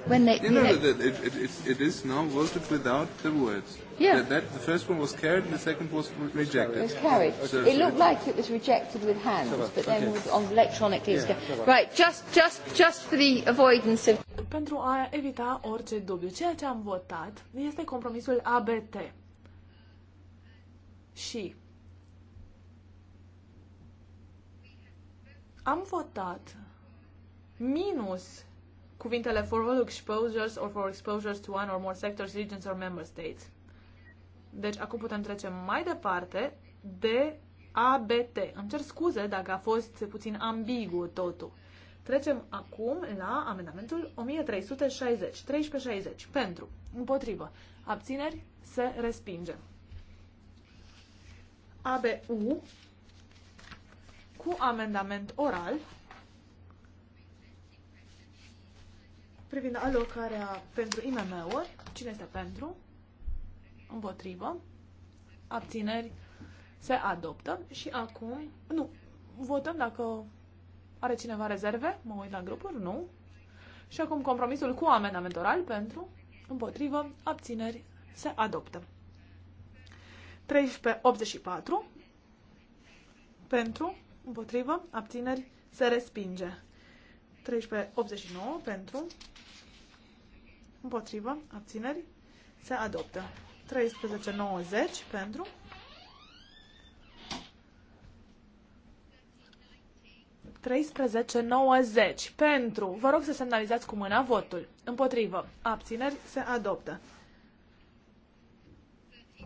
when they. No, no, no it, it, it, it is now voted without the words. Yeah. That, that the first one was carried, and the second was rejected. It was carried. So, it looked like it was rejected with hands, but then okay. with, on electronically. Yeah. Right. Just, just, just for the avoidance of. Pentru a evita orice dubiu, ceea ce am votat este compromisul ABT. Și am votat minus cuvintele for all exposures or for exposures to one or more sectors, regions or member states. Deci acum putem trece mai departe de ABT. Îmi cer scuze dacă a fost puțin ambigu totul. Trecem acum la amendamentul 1360. 1360. Pentru. Împotrivă. Abțineri. Se respinge. ABU cu amendament oral privind alocarea pentru IMM-uri. Cine este pentru? Împotrivă. Abțineri se adoptă și acum, nu, votăm dacă are cineva rezerve, mă uit la grupuri, nu. Și acum compromisul cu amendament oral pentru, împotrivă, abțineri se adoptă. 1384 pentru, împotrivă, abțineri se respinge. 1389 pentru, împotrivă, abțineri, se adoptă. 1390 pentru, 1390 pentru, vă rog să semnalizați cu mâna votul, împotrivă, abțineri, se adoptă.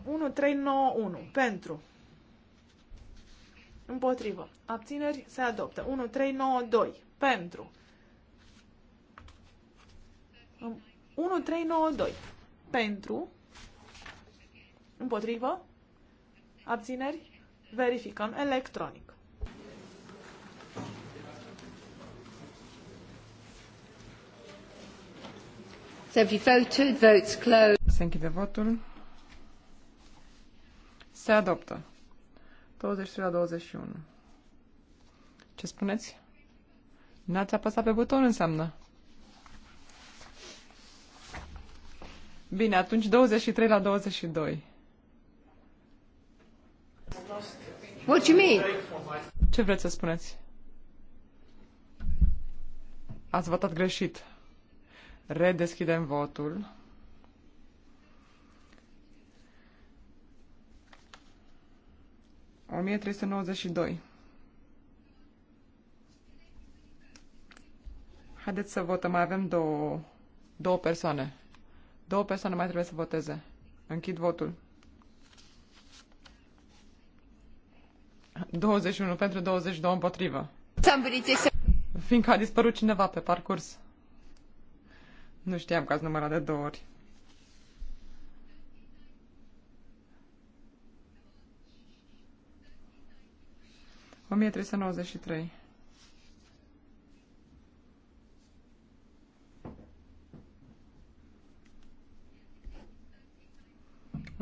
1391 pentru, Împotrivă. Abțineri se adoptă. 1392 Pentru. 1392. Pentru. Împotrivă. Abțineri. Verificăm electronic. Se închide votul. Se adoptă. 23 la 21. Ce spuneți? N-ați apăsat pe buton înseamnă. Bine, atunci 23 la 22. Mulțumim! Ce vreți să spuneți? Ați votat greșit. Redeschidem votul. O mie trei nouăzeci doi. Haideți să votăm. Mai avem două, două persoane. Două persoane mai trebuie să voteze. Închid votul. 21 pentru 22 împotrivă. Fiindcă a dispărut cineva pe parcurs. Nu știam că ați numărat de două ori. O mie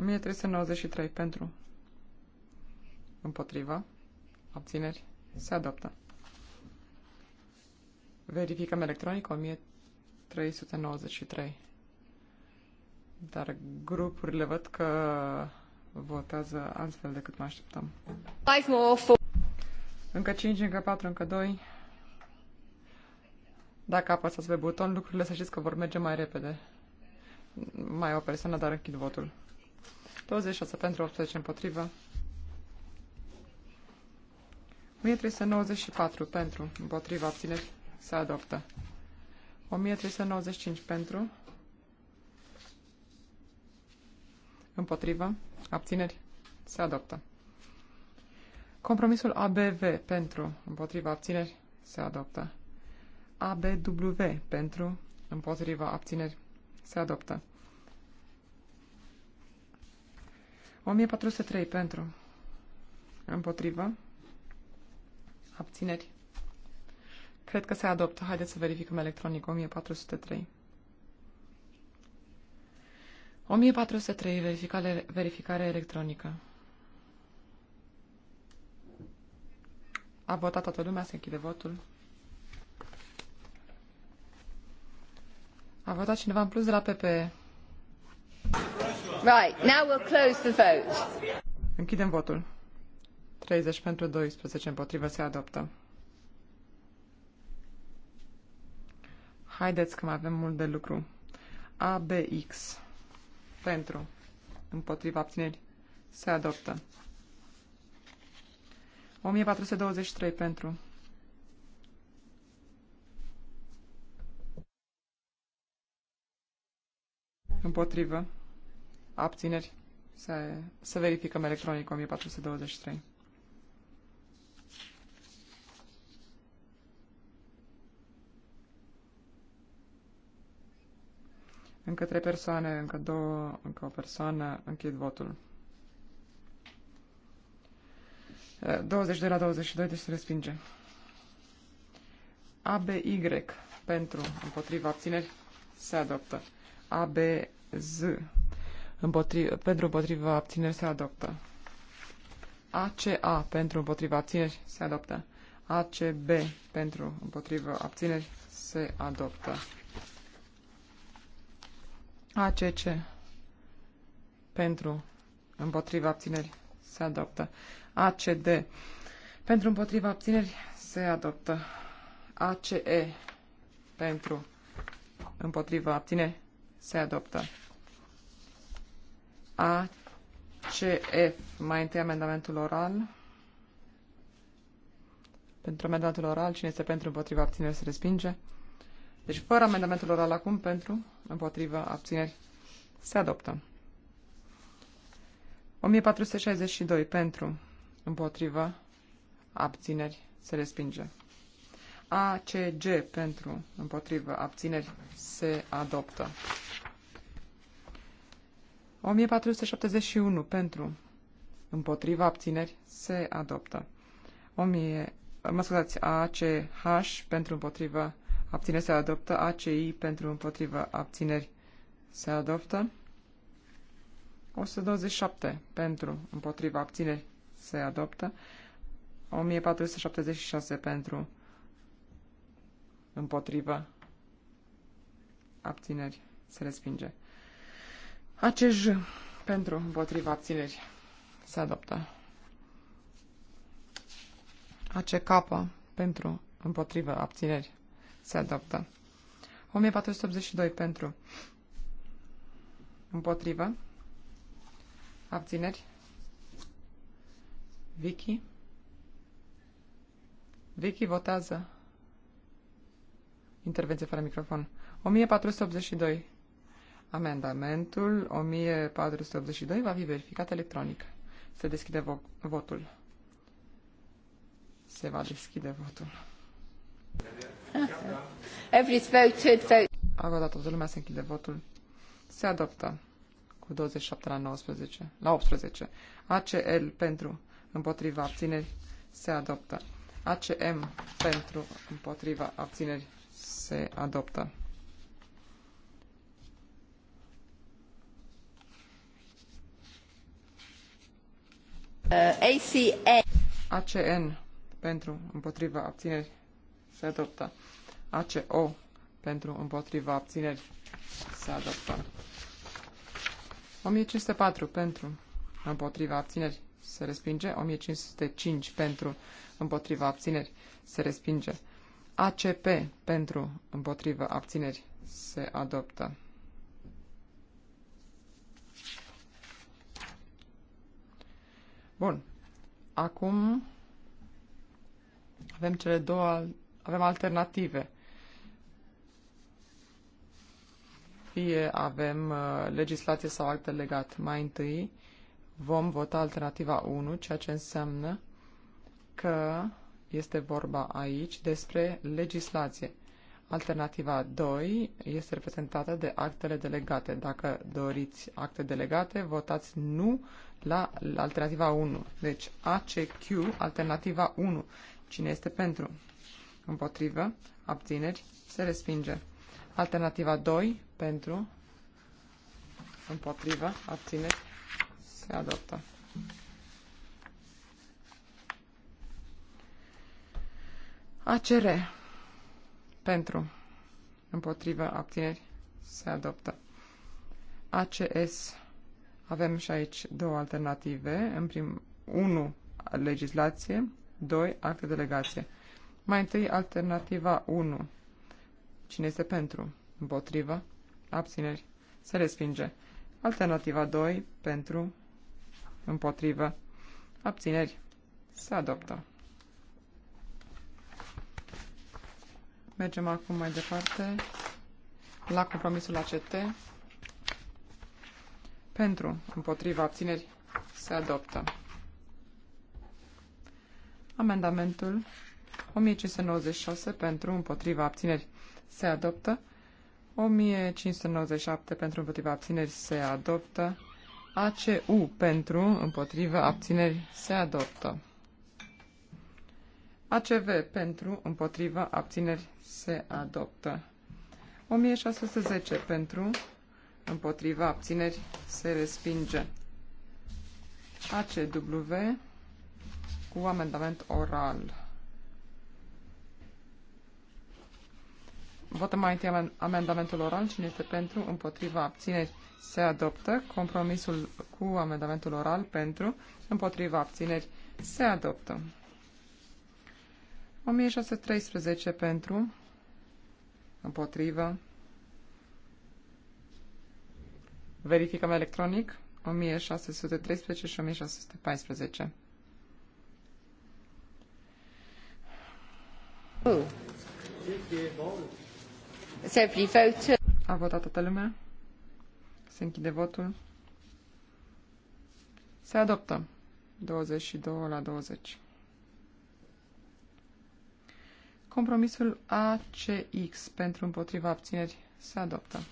1393 pentru. Împotriva. Abțineri. Se adoptă. Verificăm electronic 1393. Dar grupurile văd că votează altfel decât mă așteptam. Încă 5, încă 4, încă 2. Dacă apăsați pe buton, lucrurile să știți că vor merge mai repede. Mai e o persoană, dar închid votul. 26 pentru 18 împotrivă. 1394 pentru împotriva abțineri se adoptă. 1395 pentru împotriva abțineri se adoptă. Compromisul ABV pentru împotriva abțineri se adoptă. ABW pentru împotriva abțineri se adoptă. 1403 pentru. Împotrivă. Abțineri. Cred că se adoptă. Haideți să verificăm electronic. 1403. 1403. Verificare, verificare electronică. A votat toată lumea. Se închide votul. A votat cineva în plus de la PP. Right, now we'll close the vote. Închidem votul. 30 pentru 12 împotrivă se adoptă. Haideți că mai avem mult de lucru. ABX. Pentru. Împotriva abțineri. Se adoptă. 1423 pentru. Împotrivă abțineri, să, să verificăm electronic 1423. Încă trei persoane, încă două, încă o persoană, închid votul. 22 eh, la 22, deci se respinge. ABY pentru împotriva abțineri se adoptă. ABZ împotriva, pentru împotriva abțineri se adoptă. ACA pentru împotriva abțineri se adoptă. ACB pentru împotriva abțineri se adoptă. ACC pentru împotriva abțineri se adoptă. ACD pentru împotriva abțineri se adoptă. ACE pentru împotriva abțineri se adoptă. ACF. Mai întâi amendamentul oral. Pentru amendamentul oral, cine este pentru, împotriva, abțineri, se respinge. Deci, fără amendamentul oral acum, pentru, împotriva, abțineri, se adoptă. 1462 pentru, împotriva, abțineri, se respinge. ACG pentru, împotriva, abțineri, se adoptă. 1471 pentru, împotriva abțineri se adoptă. 1000, mă scuzați, ACH pentru împotriva abțineri se adoptă, ACI pentru împotriva abțineri se adoptă. 127 pentru împotriva abțineri se adoptă. 1476 pentru împotriva abțineri se respinge. ACJ pentru împotriva abțineri se adoptă. ACK pentru împotriva abțineri se adoptă. 1482 pentru împotriva abțineri Vicky Vicky votează intervenție fără microfon 1482 Amendamentul 1482 va fi verificat electronic. Se deschide vo votul. Se va deschide votul. *laughs* Every voted vote. A toată lumea, se închide votul. Se adoptă cu 27 la 19, la 18. ACL pentru împotriva abțineri se adoptă. ACM pentru împotriva abțineri se adoptă. Uh, ACN. pentru împotriva abțineri se adoptă. ACO pentru împotriva abțineri se adoptă. 1504 pentru împotriva abțineri se respinge. 1505 pentru împotriva abțineri se respinge. ACP pentru împotriva abțineri se adoptă. Bun. Acum avem cele două, avem alternative. Fie avem uh, legislație sau acte legat. Mai întâi vom vota alternativa 1, ceea ce înseamnă că este vorba aici despre legislație. Alternativa 2 este reprezentată de actele delegate. Dacă doriți acte delegate, votați nu la, alternativa 1. Deci ACQ, alternativa 1. Cine este pentru? Împotrivă, abțineri, se respinge. Alternativa 2, pentru, împotrivă, abțineri, se adoptă. ACR pentru. Împotrivă. Abțineri. Se adoptă. ACS. Avem și aici două alternative. În prim, 1. Legislație. 2. Acte de delegație. Mai întâi, alternativa 1. Cine este pentru? Împotrivă. Abțineri. Se respinge. Alternativa 2. Pentru. Împotrivă. Abțineri. Se adoptă. Mergem acum mai departe la compromisul ACT. Pentru, împotriva, abțineri, se adoptă. Amendamentul 1596 pentru, împotriva, abțineri, se adoptă. 1597 pentru, împotriva, abțineri, se adoptă. ACU pentru, împotriva, abțineri, se adoptă. ACV pentru, împotriva, abțineri se adoptă. 1610 pentru, împotriva, abțineri se respinge. ACW cu amendament oral. Votăm mai întâi amendamentul oral. Cine este pentru, împotriva, abțineri se adoptă. Compromisul cu amendamentul oral pentru, împotriva, abțineri se adoptă. 1613 pentru, împotrivă. Verificăm electronic. 1613 și 1614. A votat toată lumea? Se închide votul. Se adoptă. 22 la 20. Compromisul ACX pentru împotriva abțineri se adoptă.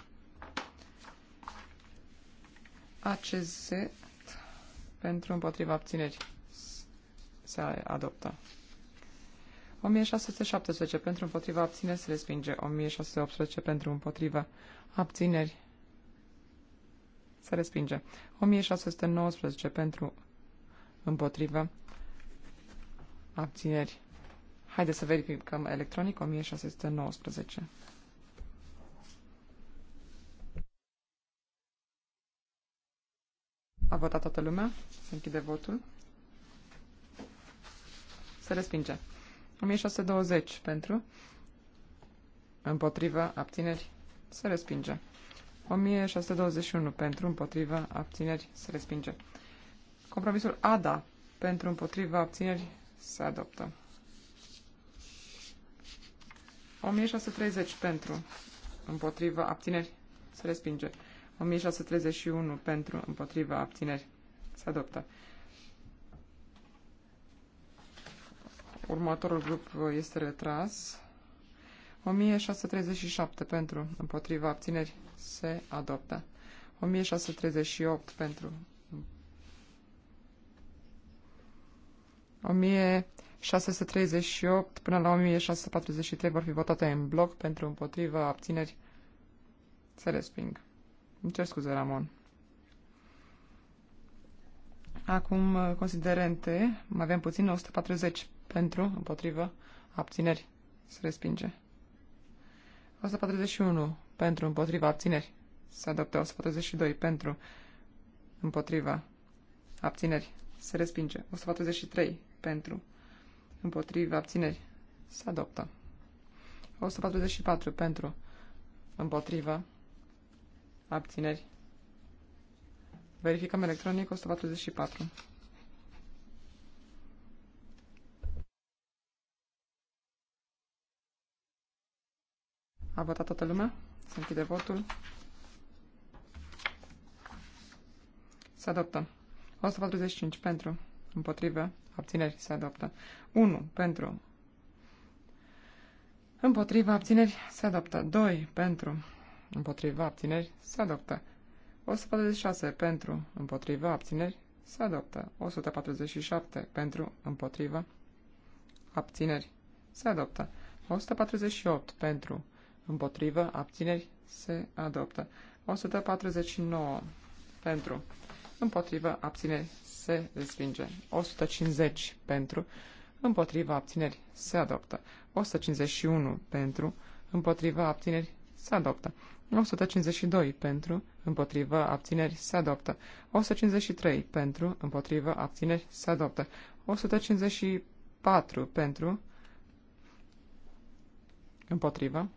ACZ pentru împotriva abțineri se adoptă. 1617 pentru împotriva abțineri se respinge. 1618 pentru împotriva abțineri se respinge. 1619 pentru împotriva abțineri Haideți să verificăm electronic 1619. A votat toată lumea? Se închide votul. Se respinge. 1620 pentru. Împotriva abțineri. Se respinge. 1621 pentru. Împotriva abțineri. Se respinge. Compromisul ADA pentru. Împotriva abțineri. Se adoptă. 1630 pentru, împotriva, abțineri, se respinge. 1631 pentru, împotriva, abțineri, se adoptă. Următorul grup este retras. 1637 pentru, împotriva, abțineri, se adoptă. 1638 pentru, 1638 638 până la 1643 vor fi votate în bloc pentru împotriva abțineri se resping. Îmi cer scuze, Ramon. Acum, uh, considerente, mai avem puțin 140 pentru, împotrivă, abțineri, se respinge. 141 pentru, împotriva, abțineri, se adoptă. 142 pentru, împotriva, abțineri, se respinge. 143 pentru, împotriva abțineri se adoptă. 144 pentru împotriva abțineri. Verificăm electronic 144. A votat toată lumea? Se închide votul. Se adoptă. 145 pentru, împotrivă, abțineri se adoptă. 1 pentru, împotriva abțineri se adoptă. 2 pentru, împotriva abțineri se adoptă. 146 pentru, împotriva abțineri se adoptă. 147 pentru, împotriva abțineri se adoptă. 148 pentru, Împotriva abțineri, se adoptă. 149 pentru, împotrivă, abțineri, se respinge. 150 pentru, împotrivă, abțineri, se adoptă. 151 pentru, împotrivă, abțineri, se adoptă. 152 pentru, împotrivă, abțineri, se adoptă. 153 pentru, împotrivă, abțineri, se adoptă. 154 pentru, împotrivă.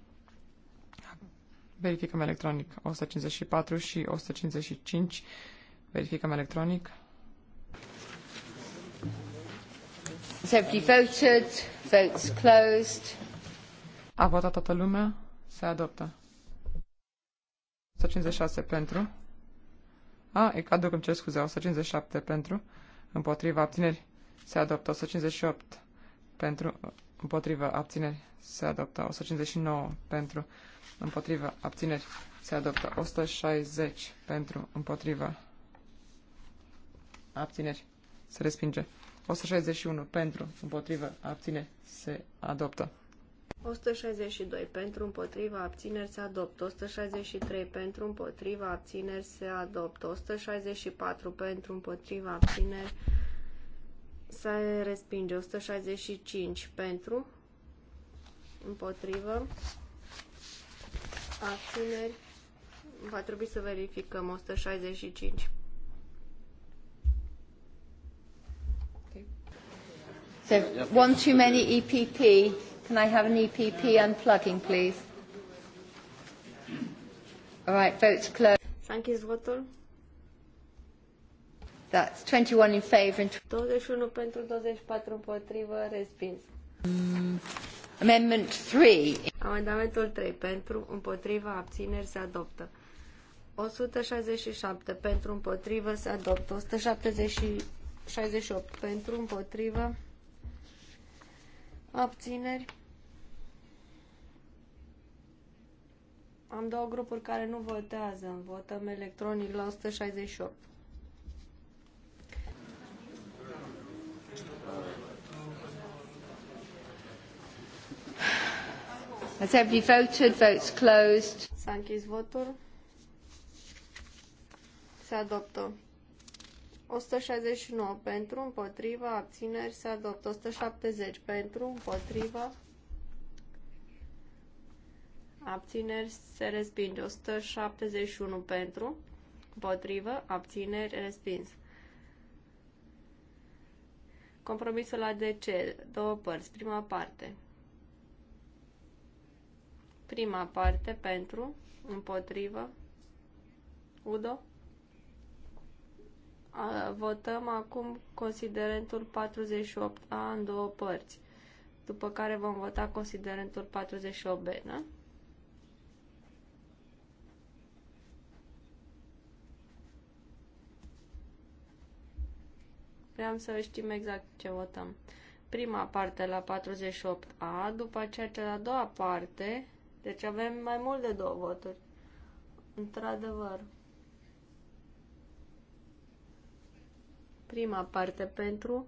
Verificăm electronic 154 și 155 Verificăm electronic. Everybody voted. Votes closed. A votat toată lumea. Se adoptă. 156 pentru. A, e caduc, îmi cer scuze. 157 pentru. Împotriva abțineri. Se adoptă 158 pentru. Împotriva abțineri. Se adoptă 159 pentru. Împotriva abțineri. Se adoptă 160 pentru. Împotriva abțineri, se respinge. 161 pentru, împotrivă, abține, se adoptă. 162 pentru împotriva abțineri se adoptă, 163 pentru împotriva abțineri se adoptă, 164 pentru împotriva abțineri se respinge, 165 pentru împotrivă abțineri va trebui să verificăm 165. So one too many EPP. Can I have an EPP unplugging, please? All right, votes closed. Thank you, închis That's 21 in favor and 21 pentru 24 împotrivă, respins. Amendment 3. Amendamentul 3 pentru împotrivă abțineri se adoptă. 167 pentru împotrivă se adoptă. 168 pentru împotrivă Abțineri. Am două grupuri care nu votează. Votăm electronic la 168. Has everybody voted? Votes closed. S-a închis votul. Se adoptă. 169 pentru, împotriva, abțineri se adoptă. 170 pentru, împotriva, abțineri se respinge. 171 pentru, împotrivă, abțineri, respins. Compromisul la DC, două părți, prima parte. Prima parte pentru, împotrivă, Udo, Votăm acum considerentul 48A în două părți, după care vom vota considerentul 48B, da? Vreau să știm exact ce votăm. Prima parte la 48A, după aceea cea de-a doua parte, deci avem mai mult de două voturi. Într-adevăr. Prima parte pentru,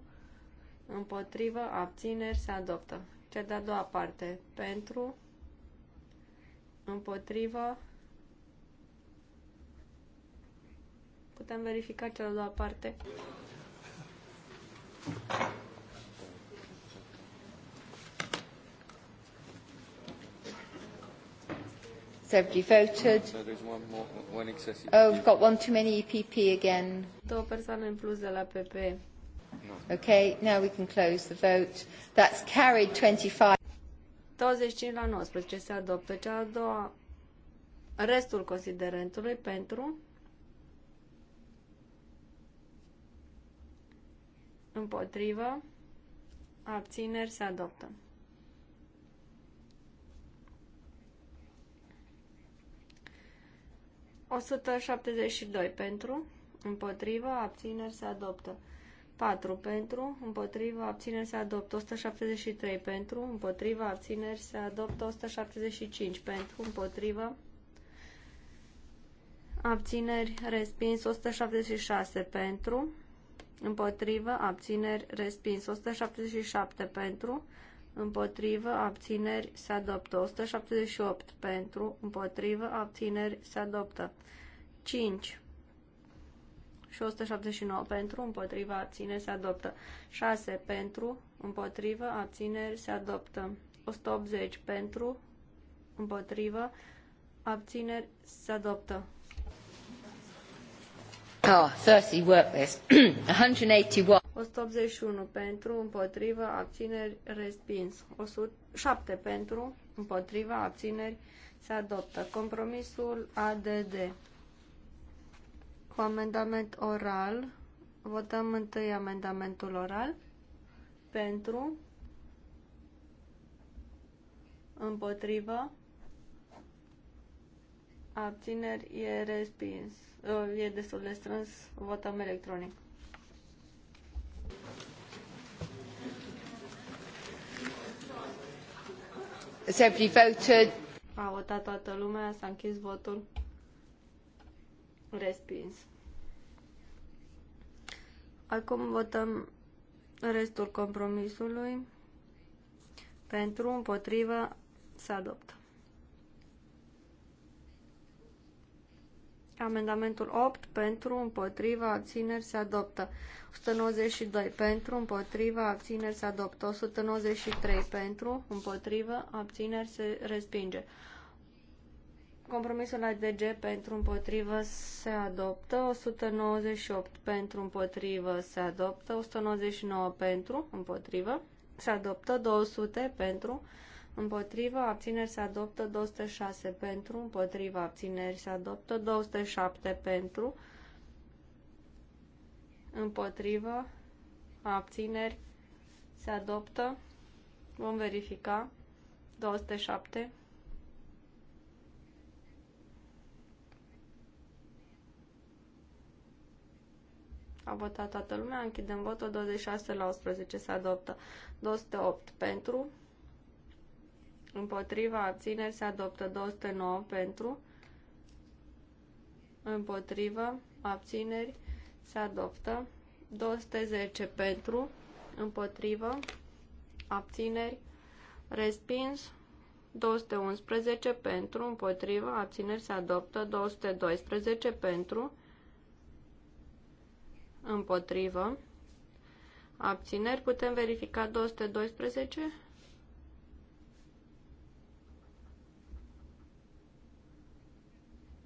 împotrivă, abțineri, se adoptă. Cea de-a doua parte pentru, împotrivă, putem verifica cea de-a doua parte. Thank you. Has voted? Oh, we've got one too many EPP again. Două persoane în plus de la PP. Okay, now we can close the vote. That's carried 25. 25 la 19 se adoptă. Cea a doua, restul considerentului pentru, împotrivă, abțineri se adoptă. 172 pentru, împotrivă, abțineri se adoptă. 4 pentru, împotrivă, abțineri se adoptă. 173 pentru, împotrivă, abțineri se adoptă. 175 pentru, împotrivă, abțineri respins. 176 pentru, împotrivă, abțineri respins. 177 pentru, împotrivă, abțineri, se adoptă. 178 pentru, împotrivă, abțineri, se adoptă. 5 și 179 pentru, împotrivă, abțineri, se adoptă. 6 pentru, împotrivă, abțineri, se adoptă. 180 pentru, împotrivă, abțineri, se adoptă. Oh, 30 work this. 181. 181 pentru, împotrivă, abțineri, respins. 107 pentru, împotrivă, abțineri, se adoptă. Compromisul ADD. Cu amendament oral, votăm întâi amendamentul oral. Pentru, împotrivă, Abțineri e respins. Uh, e destul de strâns. Votăm electronic. Simply voted. A votat toată lumea, s-a închis votul. Respins. Acum votăm restul compromisului. Pentru, împotrivă, se adoptă. Amendamentul 8 pentru, împotriva, abțineri se adoptă. 192 pentru, împotriva, abțineri se adoptă. 193 pentru, împotriva, abțineri se respinge. Compromisul ADG pentru împotrivă se adoptă, 198 pentru împotrivă se adoptă, 199 pentru împotrivă se adoptă, 200 pentru împotrivă împotrivă, abțineri se adoptă 206 pentru, împotrivă, abțineri se adoptă 207 pentru, împotrivă, abțineri se adoptă, vom verifica, 207 A votat toată lumea, închidem votul, 26 la 11 se adoptă, 208 pentru, Împotriva abțineri se adoptă 209 pentru. Împotriva abțineri se adoptă 210 pentru. Împotrivă abțineri respins 211 pentru. Împotriva abțineri se adoptă 212 pentru. Împotrivă abțineri putem verifica 212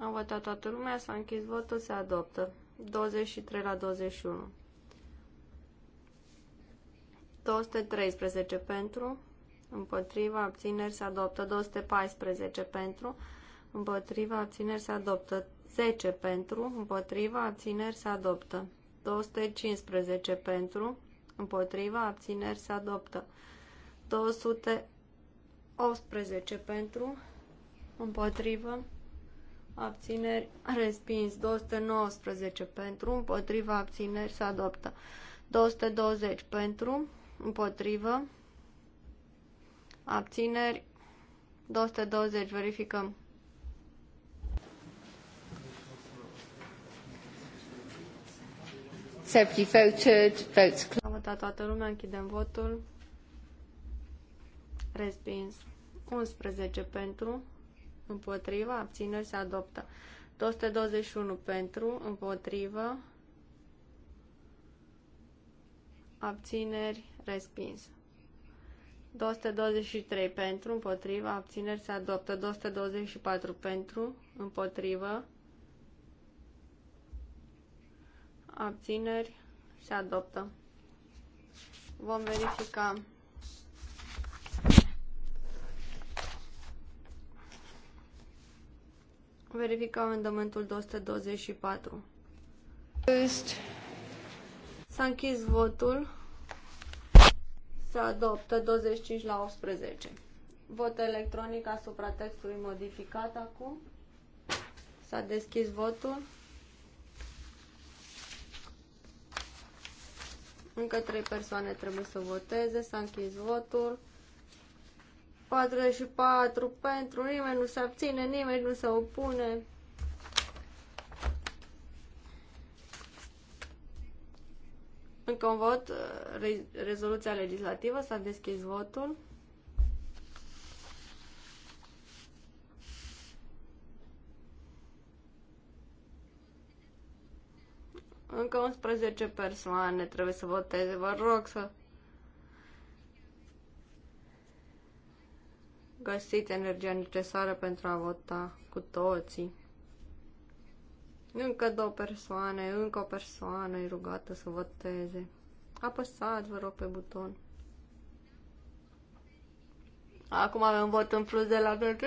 Am votat toată lumea, s-a închis votul, se adoptă. 23 la 21. 213 pentru, împotriva, abțineri, se adoptă. 214 pentru, împotriva, abțineri, se adoptă. 10 pentru, împotriva, abțineri, se adoptă. 215 pentru, împotriva, abțineri, se adoptă. 218 pentru, Împotriva abțineri, respins. 219 pentru, împotriva, abțineri, se adoptă. 220 pentru, împotrivă, abțineri, 220, verificăm. Safety voted, votes closed. A votat toată lumea, închidem votul. Respins. 11 pentru, împotriva, abțineri se adoptă. 221 pentru, împotrivă, abțineri respins. 223 pentru, împotrivă, abțineri se adoptă. 224 pentru, împotrivă, abțineri se adoptă. Vom verifica Verifică amendamentul 224. S-a închis votul. Se adoptă 25 la 18. Vot electronic asupra textului modificat acum. S-a deschis votul. Încă trei persoane trebuie să voteze. S-a închis votul. 44 pentru, nimeni nu se abține, nimeni nu se opune. Încă un vot, uh, re rezoluția legislativă, s-a deschis votul. Încă 11 persoane trebuie să voteze, vă rog să găsit energia necesară pentru a vota cu toții. Încă două persoane, încă o persoană e rugată să voteze. Apăsați, vă rog, pe buton. Acum avem vot în plus de la DG.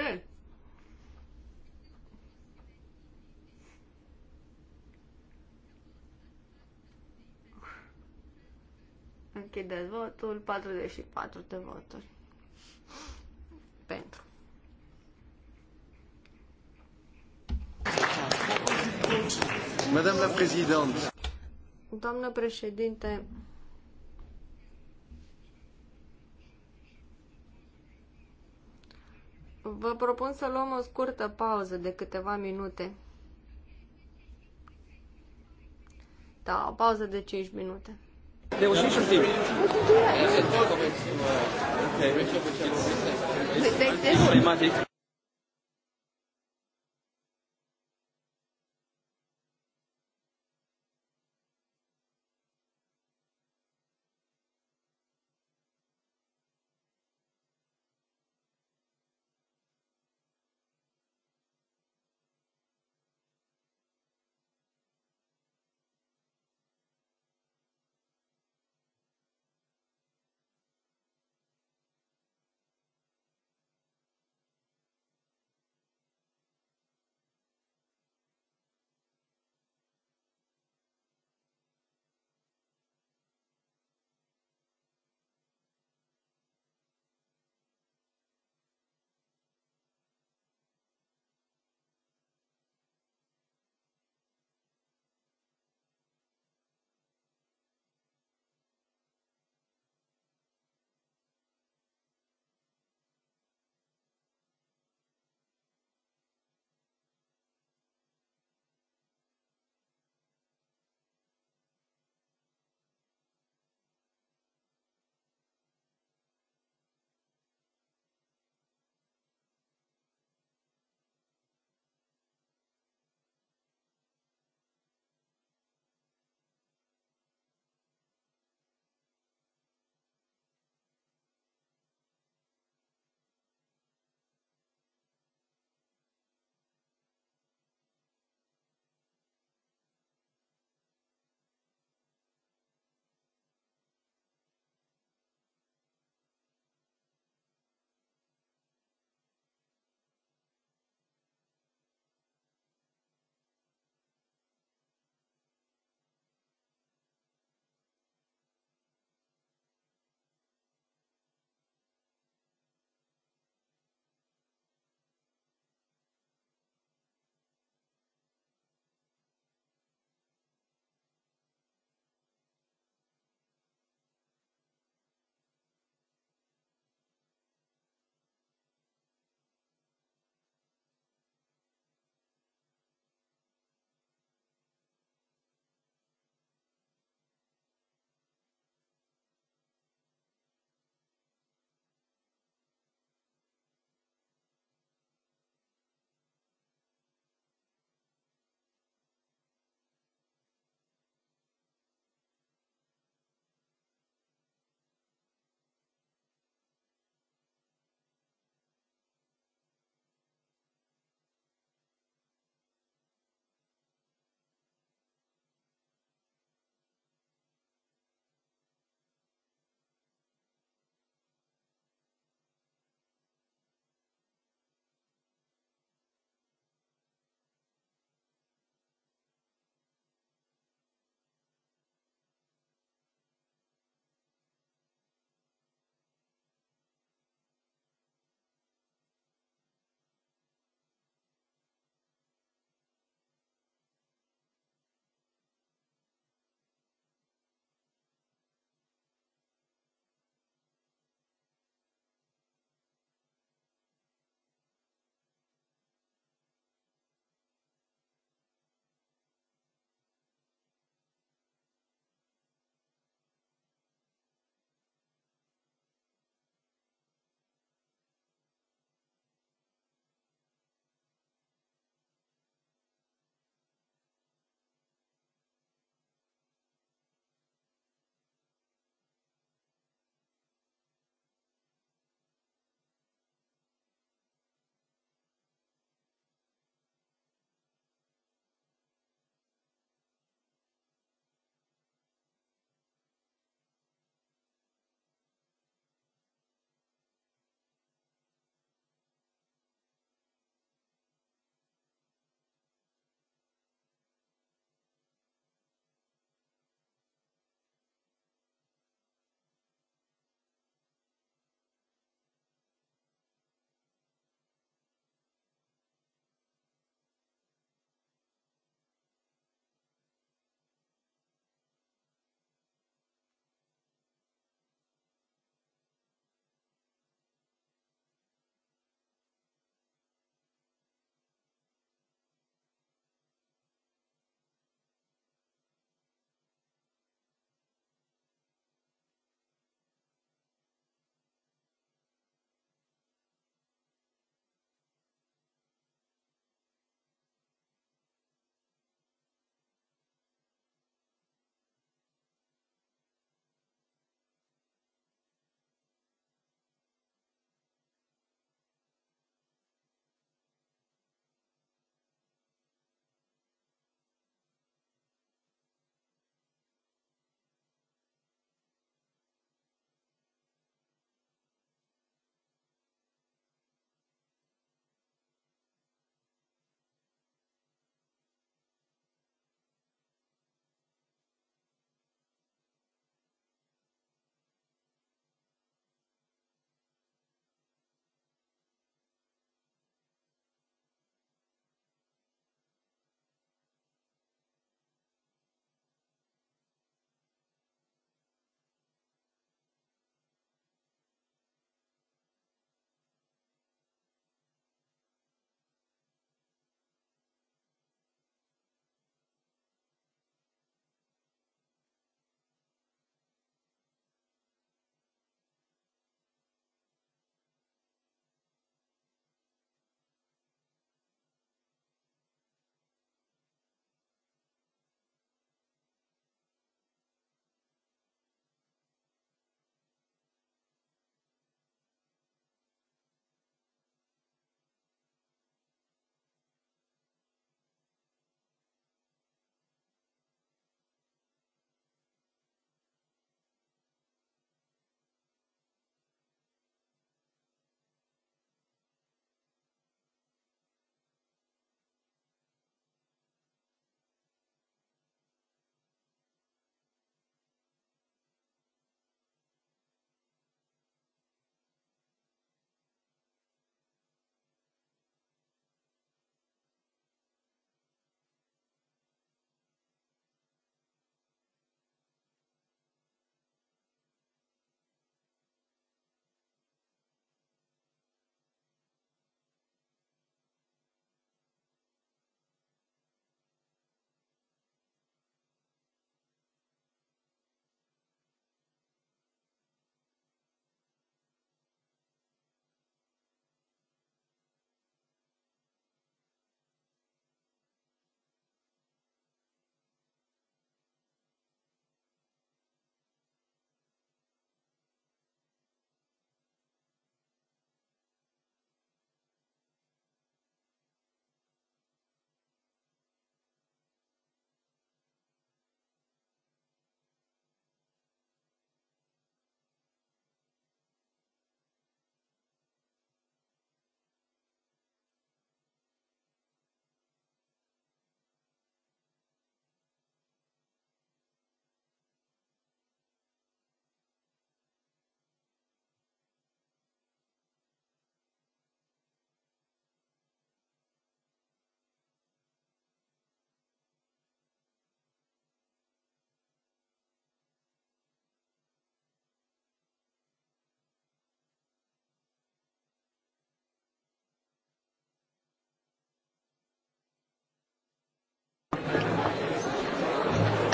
Închideți votul, 44 de voturi pentru. Madame la Présidente. Doamnă președinte, vă propun să luăm o scurtă pauză de câteva minute. Da, o pauză de 5 minute. There was something. What you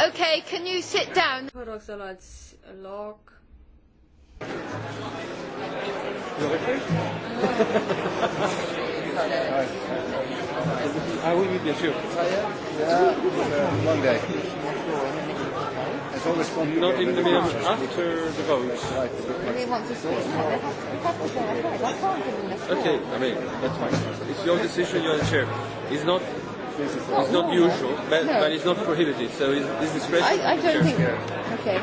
Okay, can you sit down? Vă rog să luați loc. I will meet you too. Yeah, one day. It's always fun. Not in the middle, after the vote. We want to speak. Okay, I mean, that's fine. It's your decision, you're the chair. It's not It's not usual, but, no. but it's not prohibited, so it's, it's discretionary. I, I don't think. Okay.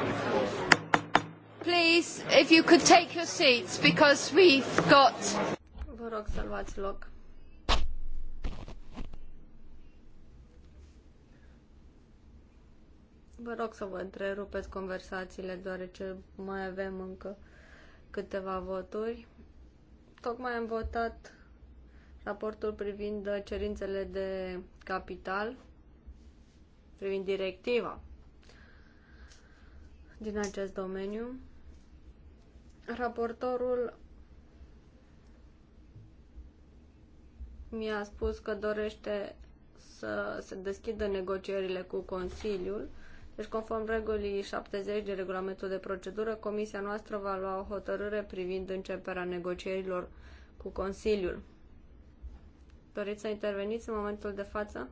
Please, if you could take your seats, because we've got. Vă rog să luați loc. Vă rog să vă întrerupeți conversațiile, deoarece mai avem încă câteva voturi. Tocmai am votat raportul privind cerințele de capital privind directiva din acest domeniu. Raportorul mi-a spus că dorește să se deschidă negocierile cu Consiliul. Deci, conform regulii 70 de regulamentul de procedură, Comisia noastră va lua o hotărâre privind începerea negocierilor cu Consiliul. Doriți să interveniți în momentul de față?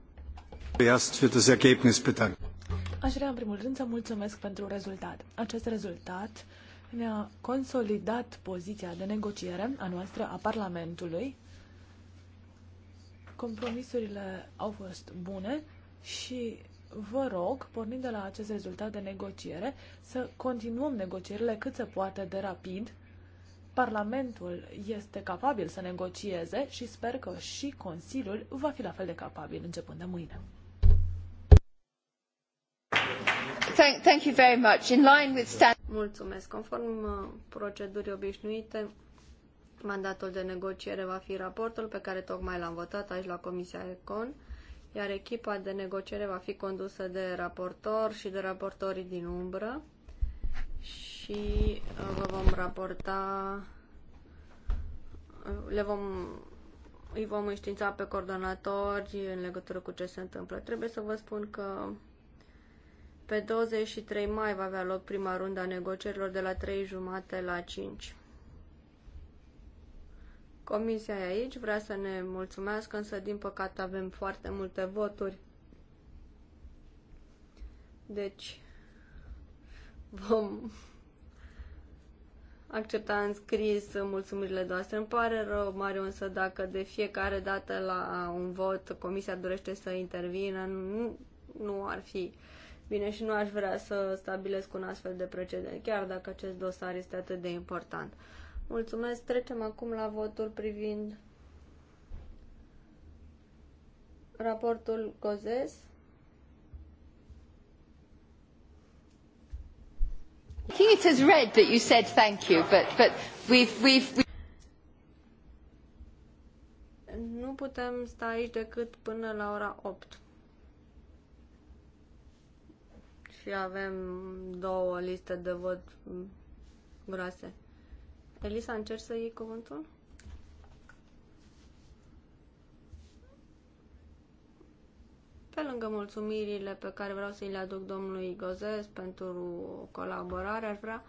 Aș vrea, în primul rând, să mulțumesc pentru rezultat. Acest rezultat ne-a consolidat poziția de negociere a noastră, a Parlamentului. Compromisurile au fost bune și vă rog, pornind de la acest rezultat de negociere, să continuăm negocierile cât se poate de rapid Parlamentul este capabil să negocieze și sper că și Consiliul va fi la fel de capabil începând de mâine. Thank, you very much. In line with stand- Mulțumesc. Conform uh, procedurii obișnuite, mandatul de negociere va fi raportul pe care tocmai l-am votat aici la Comisia Econ, iar echipa de negociere va fi condusă de raportor și de raportorii din umbră și uh, vă vom raporta, uh, le vom, îi vom înștiința pe coordonatori în legătură cu ce se întâmplă. Trebuie să vă spun că pe 23 mai va avea loc prima rundă a negocierilor de la 3 jumate la 5. Comisia e aici, vrea să ne mulțumească, însă din păcate avem foarte multe voturi. Deci, vom accepta în scris mulțumirile noastre. Îmi pare rău, Mario, însă dacă de fiecare dată la un vot comisia dorește să intervină, nu, nu ar fi bine și nu aș vrea să stabilesc un astfel de precedent, chiar dacă acest dosar este atât de important. Mulțumesc. Trecem acum la votul privind raportul COZES. I think it says red, but you said thank you, but, but we've, we've... Nu putem sta aici decât până la ora 8. Și avem două liste de vot groase. Elisa, încerci să iei cuvântul? Pe lângă mulțumirile pe care vreau să-i le aduc domnului Gozes pentru colaborare, aș vrea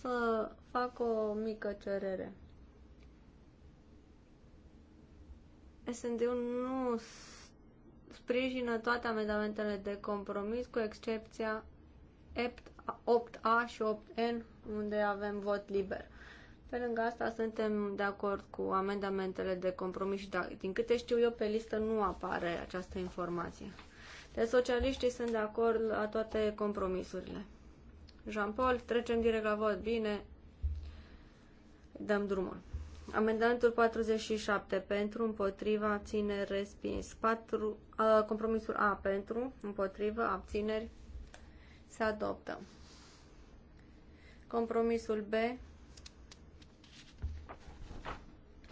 să fac o mică cerere. snd nu sprijină toate amendamentele de compromis, cu excepția 8A și 8N, unde avem vot liber. Pe lângă asta, suntem de acord cu amendamentele de compromis și, da, din câte știu eu, pe listă nu apare această informație. Deci, socialiștii sunt de acord la toate compromisurile. Jean-Paul, trecem direct la vot. Bine, dăm drumul. Amendamentul 47 pentru, împotriva, abțineri, respins. 4, uh, compromisul A pentru, împotriva, abțineri, se adoptă. Compromisul B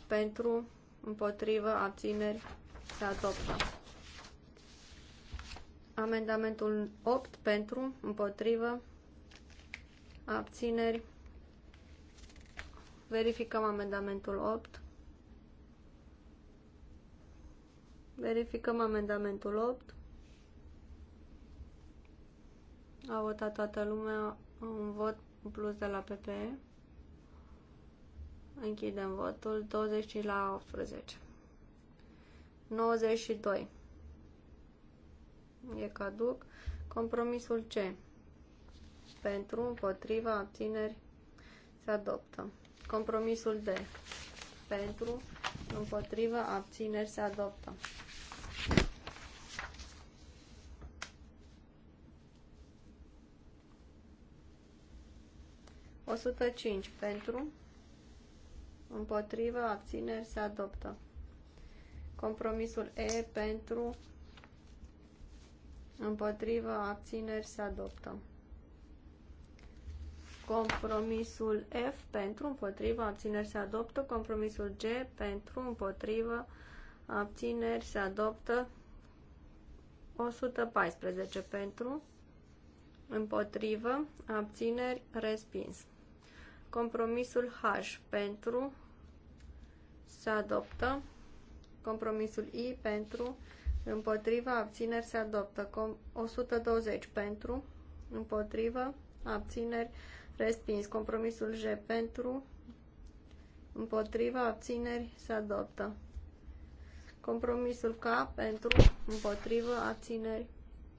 pentru, împotrivă, abțineri, se adoptă. Amendamentul 8 pentru, împotrivă, abțineri. Verificăm amendamentul 8. Verificăm amendamentul 8. A votat toată lumea un vot în plus de la PPE. Închidem votul. 20 la 18. 92. E caduc. Compromisul C. Pentru, împotriva, abțineri, se adoptă. Compromisul D. Pentru, împotriva, abțineri, se adoptă. O 105 pentru, Împotrivă, abțineri, se adoptă. Compromisul E pentru, împotrivă, abțineri, se adoptă. Compromisul F pentru, împotrivă, abțineri, se adoptă. Compromisul G pentru, împotrivă, abțineri, se adoptă. 114 pentru, împotrivă, abțineri, respins. Compromisul H pentru se adoptă. Compromisul I pentru împotriva abțineri se adoptă. Com 120 pentru împotriva abțineri respins. Compromisul J pentru împotriva abțineri se adoptă. Compromisul K pentru împotrivă abțineri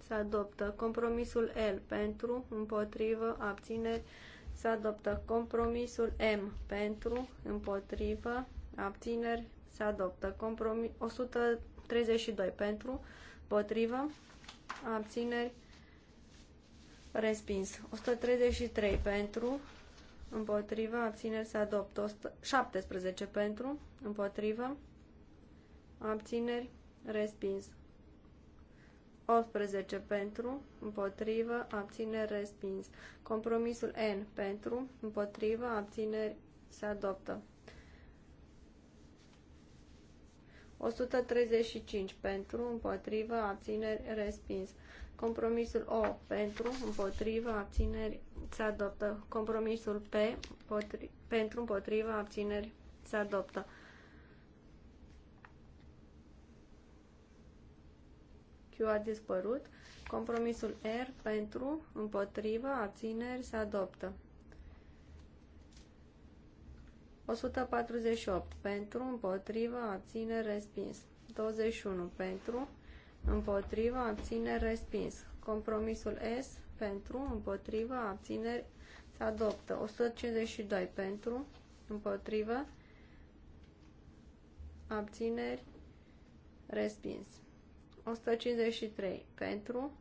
se adoptă. Compromisul L pentru împotrivă abțineri se se adoptă. Compromisul M pentru, împotrivă, abțineri, se adoptă. Compromis 132 pentru, împotrivă, abțineri, respins. 133 pentru, împotrivă, abțineri, se adoptă. 117 pentru, împotrivă, abțineri, respins. 18 pentru, împotrivă, abțineri, respins. Compromisul N pentru, împotrivă, abțineri, se adoptă. 135 pentru, împotrivă, abțineri, respins. Compromisul O pentru, împotrivă, abțineri, se adoptă. Compromisul P potri, pentru, împotrivă, abțineri, se adoptă. Q a dispărut. Compromisul R pentru, împotrivă, abțineri se adoptă. 148 pentru, împotrivă, abțineri respins. 21 pentru, împotrivă, abțineri respins. Compromisul S pentru, împotrivă, abțineri se adoptă. 152 pentru, împotrivă, abțineri respins. 153 pentru,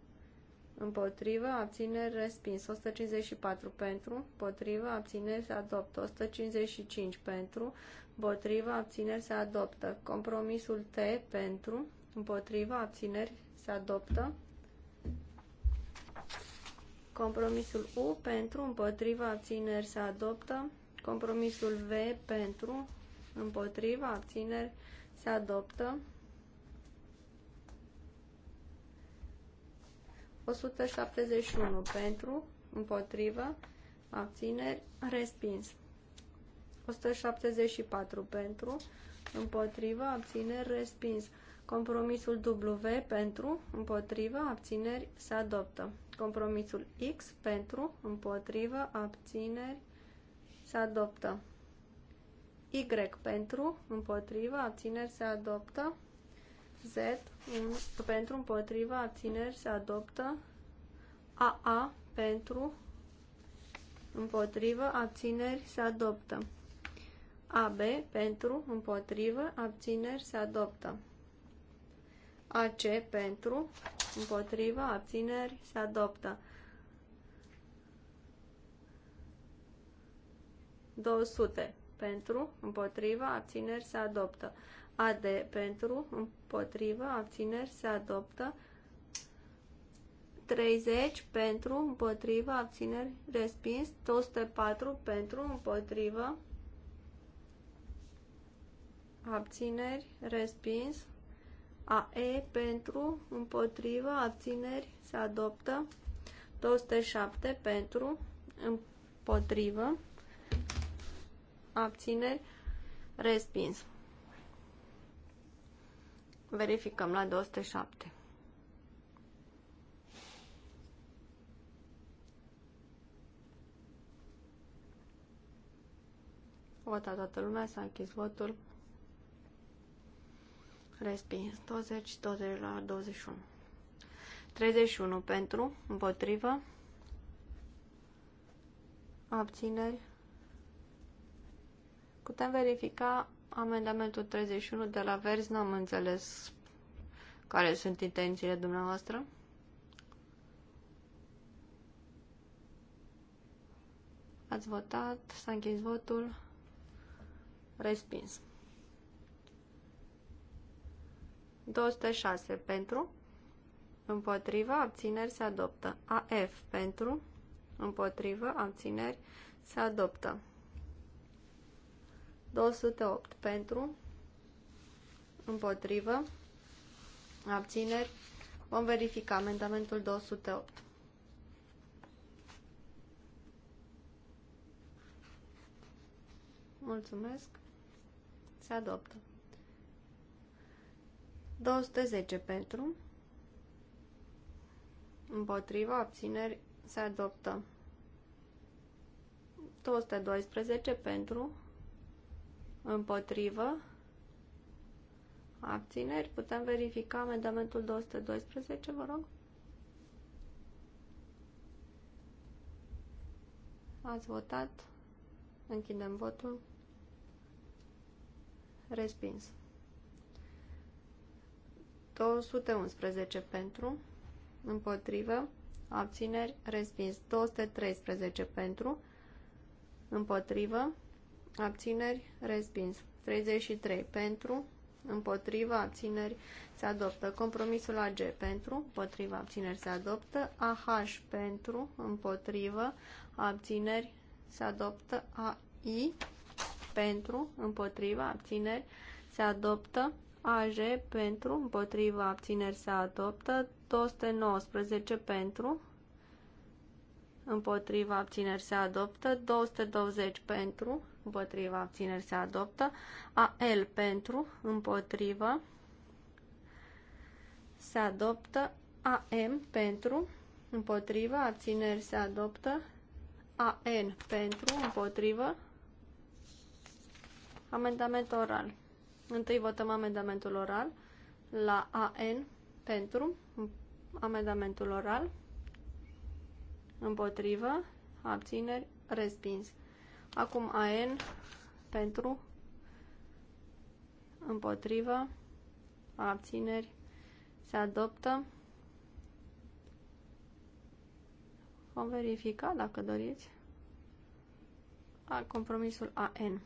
împotrivă, abțineri, respins. 154 pentru, împotrivă, abțineri, se adoptă. 155 pentru, împotrivă, abțineri, se adoptă. Compromisul T pentru, împotrivă, abțineri, se adoptă. Compromisul U pentru, împotrivă, abțineri se adoptă. Compromisul V pentru, împotrivă, abțineri se adoptă. 171 pentru, împotrivă, abțineri, respins. 174 pentru, împotrivă, abțineri, respins. Compromisul W pentru, împotrivă, abțineri, se adoptă. Compromisul X pentru, împotrivă, abțineri, se adoptă. Y pentru, împotrivă, abțineri, se adoptă. Z un, pentru împotriva abțineri se adoptă AA pentru împotriva, abțineri se adoptă AB pentru împotriva, abțineri se adoptă AC pentru împotriva, abțineri se adoptă 200 pentru împotriva abțineri se adoptă AD pentru, împotrivă, abțineri, se adoptă. 30 pentru, împotrivă, abțineri, respins. 204 pentru, împotrivă, abțineri, respins. AE pentru, împotrivă, abțineri, se adoptă. 207 pentru, împotrivă, abțineri, respins. Verificăm la 207. Vota toată lumea, s-a închis votul. Respins. 20, 20 la 21. 31 pentru, împotrivă. Abțineri. Putem verifica Amendamentul 31 de la Verzi, n-am înțeles care sunt intențiile dumneavoastră. Ați votat, s-a închis votul, respins. 206 pentru, împotriva, abțineri, se adoptă. AF pentru, împotrivă, abțineri, se adoptă. 208 pentru, împotrivă, abțineri. Vom verifica amendamentul 208. Mulțumesc. Se adoptă. 210 pentru. Împotriva abțineri se adoptă. 212 pentru. Împotrivă. Abțineri. Putem verifica amendamentul 212, vă rog? Ați votat. Închidem votul. Respins. 211 pentru, împotrivă, abțineri, respins. 213 pentru, împotrivă, abțineri, respins. 33 pentru, împotriva, abțineri, se adoptă. Compromisul AG pentru, împotriva, abțineri, se adoptă. AH pentru, împotriva abțineri, se adoptă. AI pentru, împotriva, abțineri, se adoptă. AJ pentru, împotriva, abțineri, se adoptă. 219 pentru, împotriva, abțineri, se adoptă. 220 pentru, împotriva abțineri se adoptă, AL pentru, împotrivă se adoptă, AM pentru, împotrivă abțineri se adoptă, AN pentru, împotrivă, amendament oral. Întâi votăm amendamentul oral la AN pentru, amendamentul oral, împotrivă, abțineri, respins. Acum AN pentru, împotrivă, abțineri, se adoptă. Vom verifica dacă doriți. A, compromisul AN.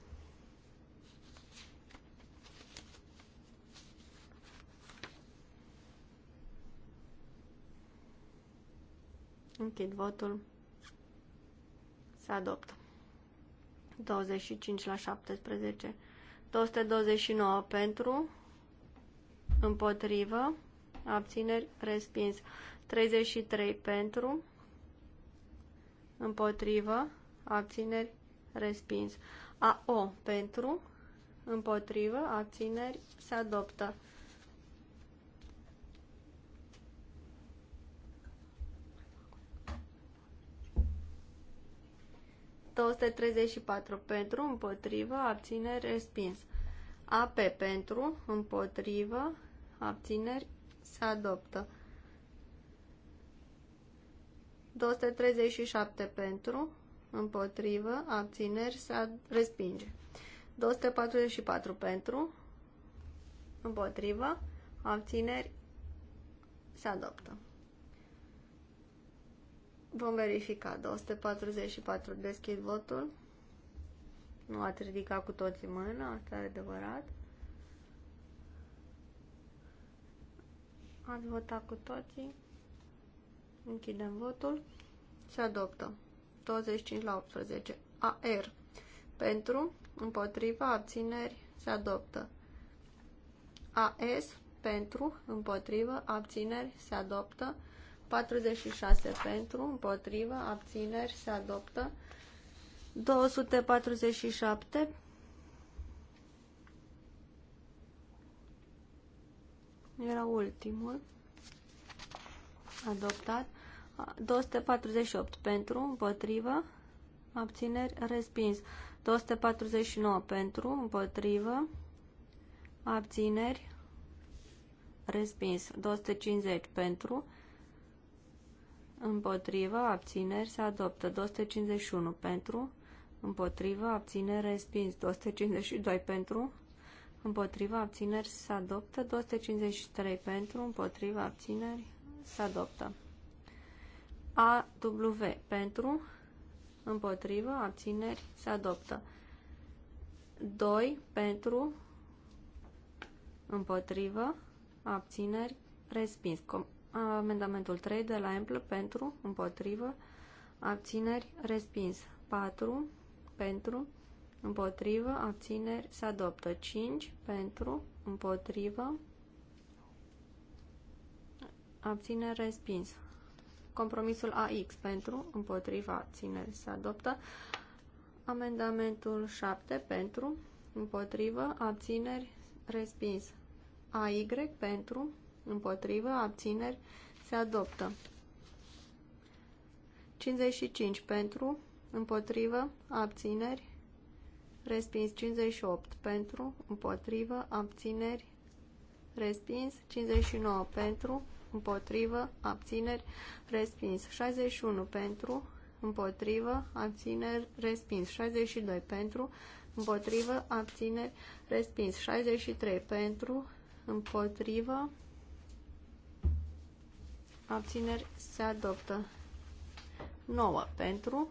Închid votul. Se adoptă. 25 la 17. 229 pentru, împotrivă, abțineri, respins. 33 pentru, împotrivă, abțineri, respins. AO pentru, împotrivă, abțineri, se adoptă. 234 pentru, împotrivă, abțineri, respins. AP pentru, împotrivă, abțineri, se adoptă. 237 pentru, împotrivă, abțineri, se respinge. 244 pentru, împotrivă, abțineri, se adoptă. Vom verifica 244 deschid votul. Nu ați ridicat cu toții mâna, asta e adevărat. Ați votat cu toții. Închidem votul. Se adoptă. 25 la 18. AR. Pentru, împotriva, abțineri, se adoptă. AS. Pentru, împotrivă, abțineri, se adoptă. 46 pentru, împotrivă, abțineri, se adoptă. 247 era ultimul adoptat. 248 pentru, împotrivă, abțineri, respins. 249 pentru, împotrivă, abțineri, respins. 250 pentru, împotrivă, abțineri, se adoptă. 251 pentru, împotrivă, abțineri, respins. 252 pentru, împotrivă, abțineri, se adoptă. 253 pentru, împotrivă, abțineri, se adoptă. AW pentru, împotrivă, abțineri, se adoptă. 2 pentru, împotrivă, abțineri, respins. Amendamentul 3 de la Emplă pentru, împotrivă, abțineri, respins. 4 pentru, împotrivă, abțineri, se adoptă. 5 pentru, împotrivă, abțineri, respins. Compromisul AX pentru, împotriva, abțineri, se adoptă. Amendamentul 7 pentru, împotrivă, abțineri, respins. AY pentru, Împotrivă, abțineri, se adoptă. 55 pentru, împotrivă, abțineri, respins 58 pentru, împotrivă, abțineri, respins 59 pentru, împotrivă, abțineri, respins 61 pentru, împotrivă, abțineri, respins 62 pentru, împotrivă, abțineri, respins 63 pentru, împotrivă, abțineri se adoptă. 9 pentru,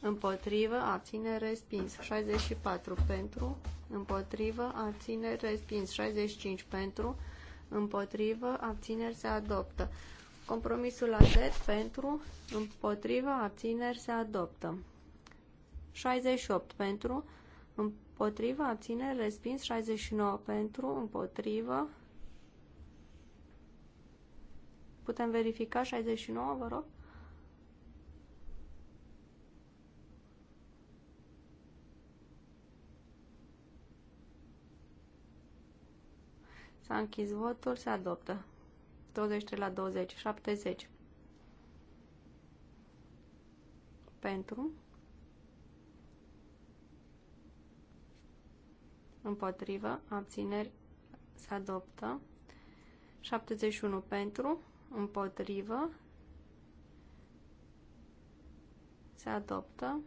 împotrivă, abțineri respins. 64 pentru, împotrivă, abțineri respins. 65 pentru, împotrivă, abțineri se adoptă. Compromisul la AZ pentru, împotrivă, abțineri se adoptă. 68 pentru, împotrivă, abțineri respins. 69 pentru, împotrivă, Putem verifica 69, vă rog? S-a închis votul, se adoptă. 23 la 20, 70. Pentru. Împotrivă, abțineri, se adoptă. 71 pentru împotrivă, se adoptă.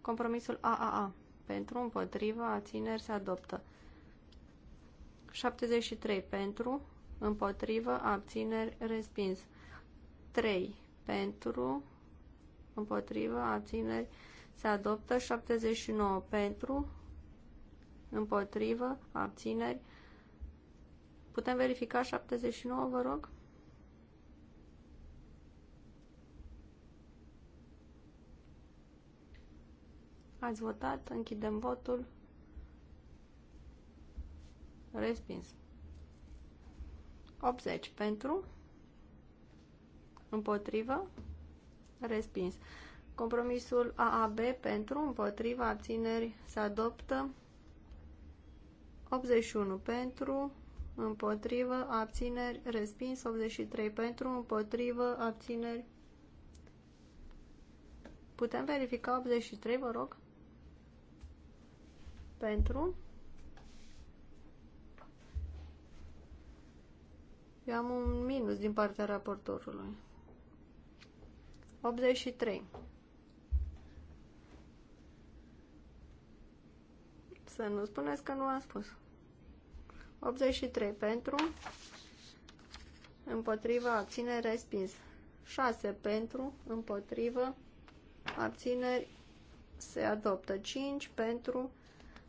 Compromisul AAA, pentru, împotrivă, abțineri, se adoptă. 73, pentru, împotrivă, abțineri, respins. 3, pentru, împotrivă, abțineri, se adoptă. 79, pentru, împotrivă, abțineri, Putem verifica 79, vă rog? Ați votat, închidem votul. Respins. 80 pentru. Împotrivă. Respins. Compromisul AAB pentru, Împotrivă. abțineri se adoptă. 81 pentru, împotrivă, abțineri, respins. 83 pentru, împotrivă, abțineri. Putem verifica 83, vă rog? pentru. Eu am un minus din partea raportorului. 83. Să nu spuneți că nu am spus. 83 pentru, Împotriva, abțineri, respins. 6 pentru, împotrivă, abțineri, se adoptă. 5 pentru,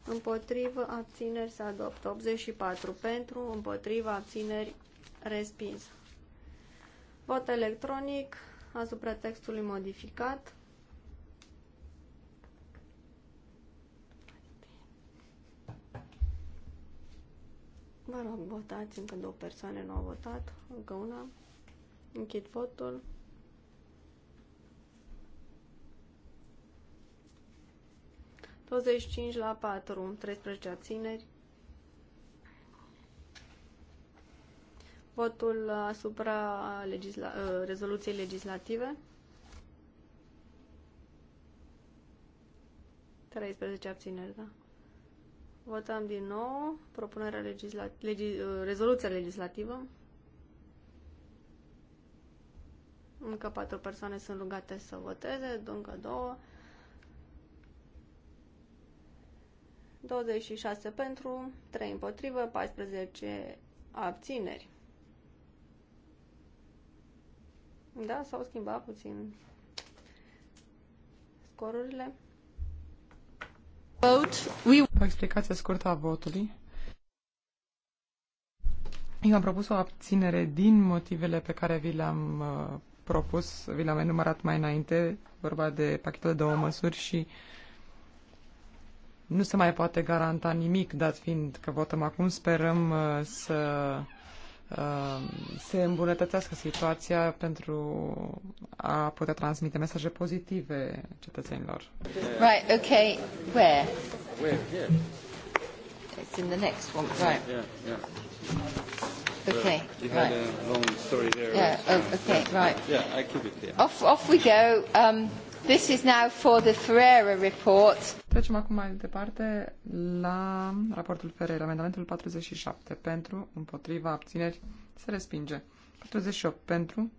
împotrivă, abțineri se adoptă. 84 pentru, împotrivă, abțineri, respins. Vot electronic asupra textului modificat. Vă rog, votați, încă două persoane nu au votat, încă una. Închid votul. 25 la 4, 13 abțineri. Votul asupra legisla uh, rezoluției legislative. 13 abțineri, da. Votăm din nou propunerea legisla legi uh, rezoluția legislativă. Încă patru persoane sunt rugate să voteze, încă două. 26 pentru, 3 împotrivă, 14 abțineri. Da, s-au schimbat puțin scorurile. Vote. We... O explicație scurtă a votului. Eu am propus o abținere din motivele pe care vi le-am uh, propus, vi le-am enumerat mai înainte, vorba de pachetul de două măsuri și uh, nu se mai poate garanta nimic, dat fiind că votăm acum, sperăm uh, să uh, se îmbunătățească situația pentru a putea transmite mesaje pozitive cetățenilor. Right, okay, where? Where, here. It's in the next one, right. Yeah, yeah. Okay, you had right. a long story there. Yeah, oh, okay, right. Yeah, I keep it there. Off, off we go. Um, This is now for the Ferreira report. Trecem acum mai departe la raportul Ferreira, amendamentul 47. Pentru, împotriva, abțineri, se respinge. 48 pentru,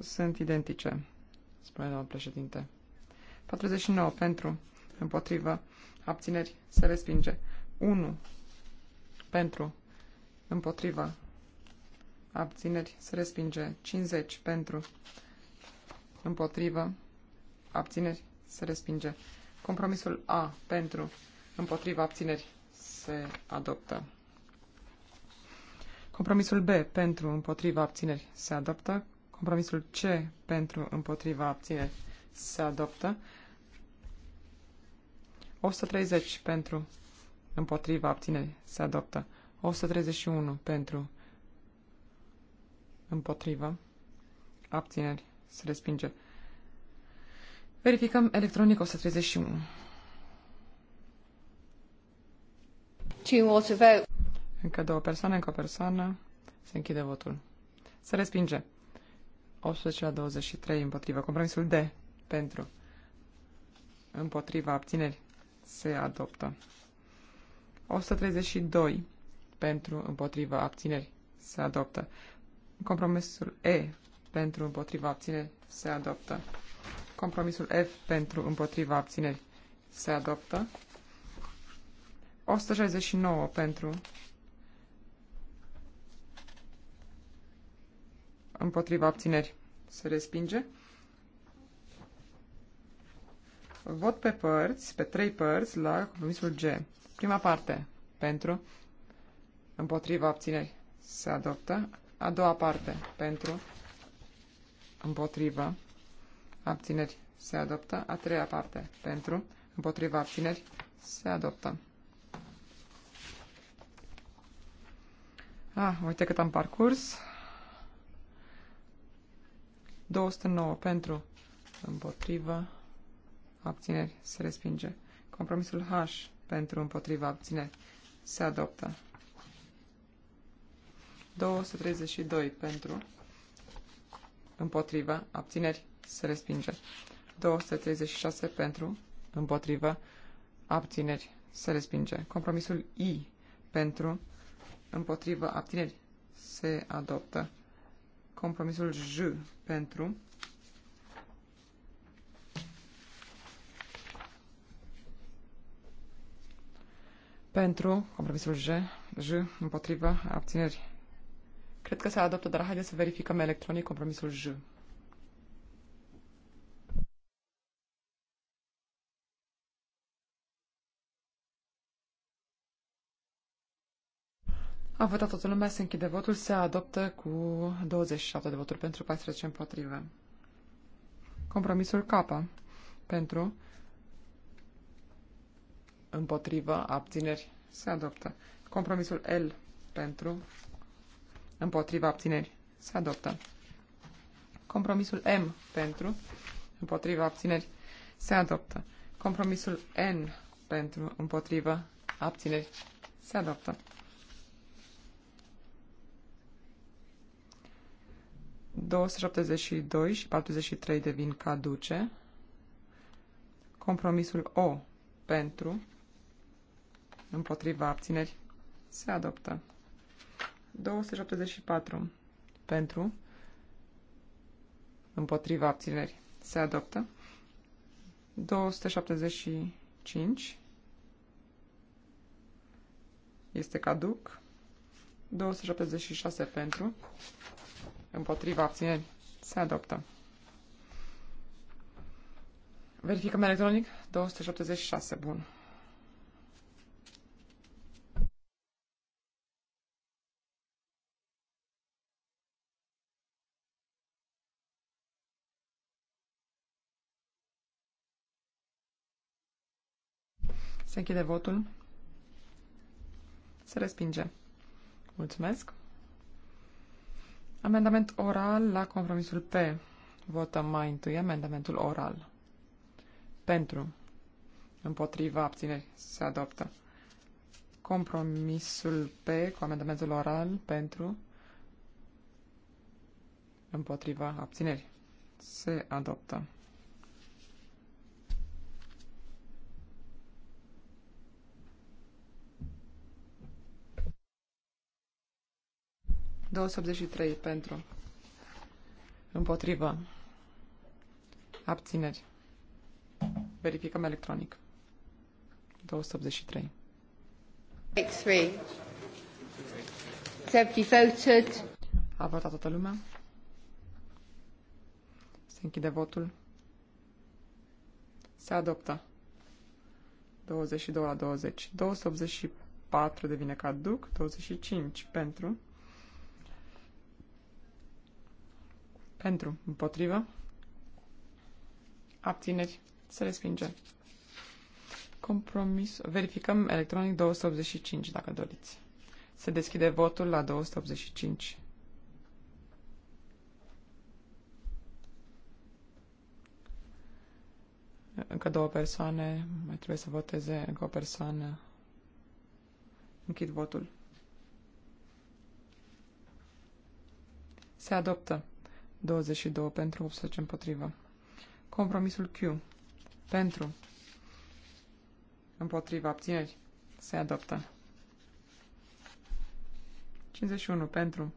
sunt identice, spune domnul președinte. 49 pentru, împotriva, abțineri, se respinge. 1 pentru, împotriva, abțineri, se respinge. 50 pentru, împotriva, abțineri, se respinge. Compromisul A pentru, împotriva, abțineri, se adoptă. Compromisul B pentru, împotriva, abțineri, se adoptă. Compromisul C pentru, împotriva, abțineri, se adoptă. 130 pentru, împotriva, abțineri, se adoptă. 131 pentru, împotriva, abțineri, se respinge. Verificăm electronic 131. Two more to vote. Încă două persoane, încă o persoană. Se închide votul. Se respinge. 18 la 23 împotrivă. Compromisul D pentru împotriva abțineri se adoptă. 132 pentru împotriva abțineri se adoptă. Compromisul E pentru împotriva abțineri se adoptă. Compromisul F pentru împotriva abțineri se adoptă. 169 pentru împotriva abțineri se respinge. Vot pe părți, pe trei părți, la compromisul G. Prima parte, pentru, împotriva abțineri, se adoptă. A doua parte, pentru, împotriva abțineri, se adoptă. A treia parte, pentru, împotriva, abțineri, se adoptă. Ah, uite cât am parcurs. 209 pentru, împotriva, abțineri, se respinge. Compromisul H pentru, împotriva, abțineri, se adoptă. 232 pentru, împotriva, abțineri, se respinge. 236 pentru, împotrivă, abțineri, se respinge. Compromisul I pentru, împotrivă, abțineri, se adoptă. Compromisul J pentru, pentru, compromisul J, J, împotrivă, abțineri. Cred că se adoptă, dar haideți să verificăm electronic compromisul J. A votat toată lumea, se închide votul, se adoptă cu 27 de voturi pentru, 14 împotrivă. Compromisul K pentru, împotrivă, abțineri, se adoptă. Compromisul L pentru, împotrivă, abțineri, se adoptă. Compromisul M pentru, împotrivă, abțineri, se adoptă. Compromisul N pentru, împotrivă, abțineri, se adoptă. 272 și 43 devin caduce. Compromisul O pentru, împotriva abțineri, se adoptă. 274 pentru, împotriva abțineri, se adoptă. 275 este caduc. 276 pentru, împotriva abținerii. se adoptă. Verificăm electronic 276, bun. Se închide votul. Se respinge. Mulțumesc. Amendament oral la compromisul P. Votăm mai întâi amendamentul oral. Pentru. Împotriva abțineri. Se adoptă. Compromisul P cu amendamentul oral pentru. Împotriva abțineri. Se adoptă. 283 pentru. Împotrivă. Abțineri. Verificăm electronic. 283. voted. A votat toată lumea. Se închide votul. Se adoptă. 22 la 20. 284 devine caduc. 25 pentru. Pentru. Împotrivă. Abțineri. Se respinge. Compromis. Verificăm electronic 285, dacă doriți. Se deschide votul la 285. Încă două persoane. Mai trebuie să voteze încă o persoană. Închid votul. Se adoptă. 22 pentru, 18 împotrivă. Compromisul Q. Pentru. Împotriva abțineri. Se adoptă. 51 pentru.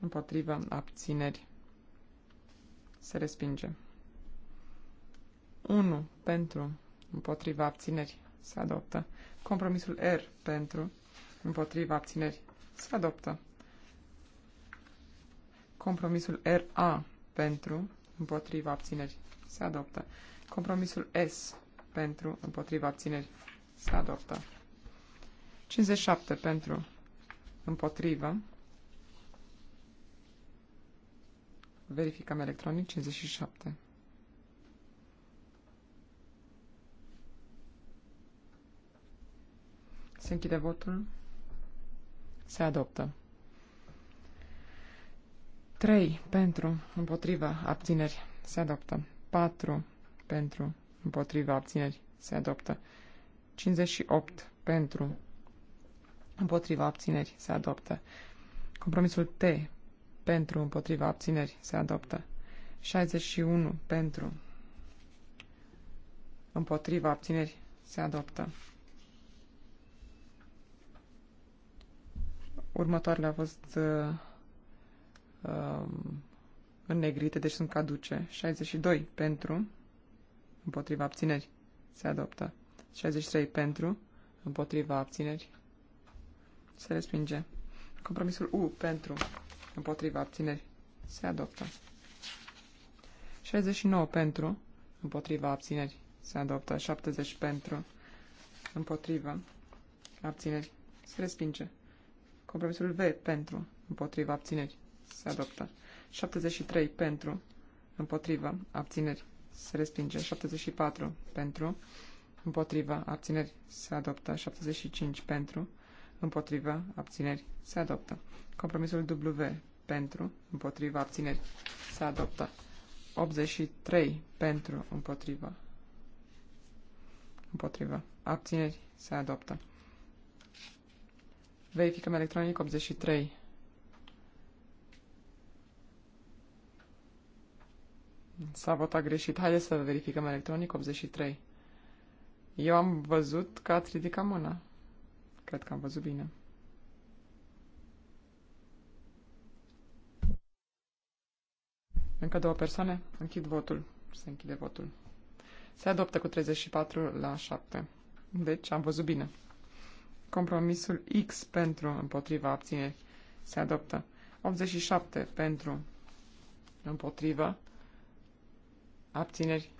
Împotriva abțineri. Se respinge. 1 pentru. Împotriva abțineri. Se adoptă. Compromisul R pentru. Împotriva abțineri. Se adoptă. Compromisul RA pentru, împotriva abțineri se adoptă. Compromisul S pentru, împotriva abțineri se adoptă. 57 pentru, împotriva. Verificăm electronic 57. Se închide votul. Se adoptă. 3 pentru, împotriva, abțineri, se adoptă. 4 pentru, împotriva, abțineri, se adoptă. 58 pentru, împotriva, abțineri, se adoptă. Compromisul T pentru, împotriva, abțineri, se adoptă. 61 pentru, împotriva, abțineri, se adoptă. Următoarele au fost uh, uh, um, în negrite, deci sunt caduce. 62 pentru, împotriva abțineri, se adoptă. 63 pentru, împotriva abțineri, se respinge. Compromisul U pentru, împotriva abțineri, se adoptă. 69 pentru, împotriva abțineri, se adoptă. 70 pentru, împotriva abțineri, se respinge. Compromisul V pentru, împotriva abțineri, se adoptă. 73 pentru, împotrivă, abțineri, se respinge. 74 pentru, împotrivă, abțineri, se adoptă. 75 pentru, împotrivă, abțineri, se adoptă. Compromisul W pentru, împotrivă, abțineri, se adoptă. 83 pentru, împotrivă, împotrivă, abțineri, se adoptă. Verificăm electronic 83. S-a votat greșit. Haideți să verificăm electronic 83. Eu am văzut că ați ridicat mâna. Cred că am văzut bine. Încă două persoane? Închid votul. Se închide votul. Se adoptă cu 34 la 7. Deci am văzut bine. Compromisul X pentru împotriva abțineri se adoptă. 87 pentru împotriva Abțineri.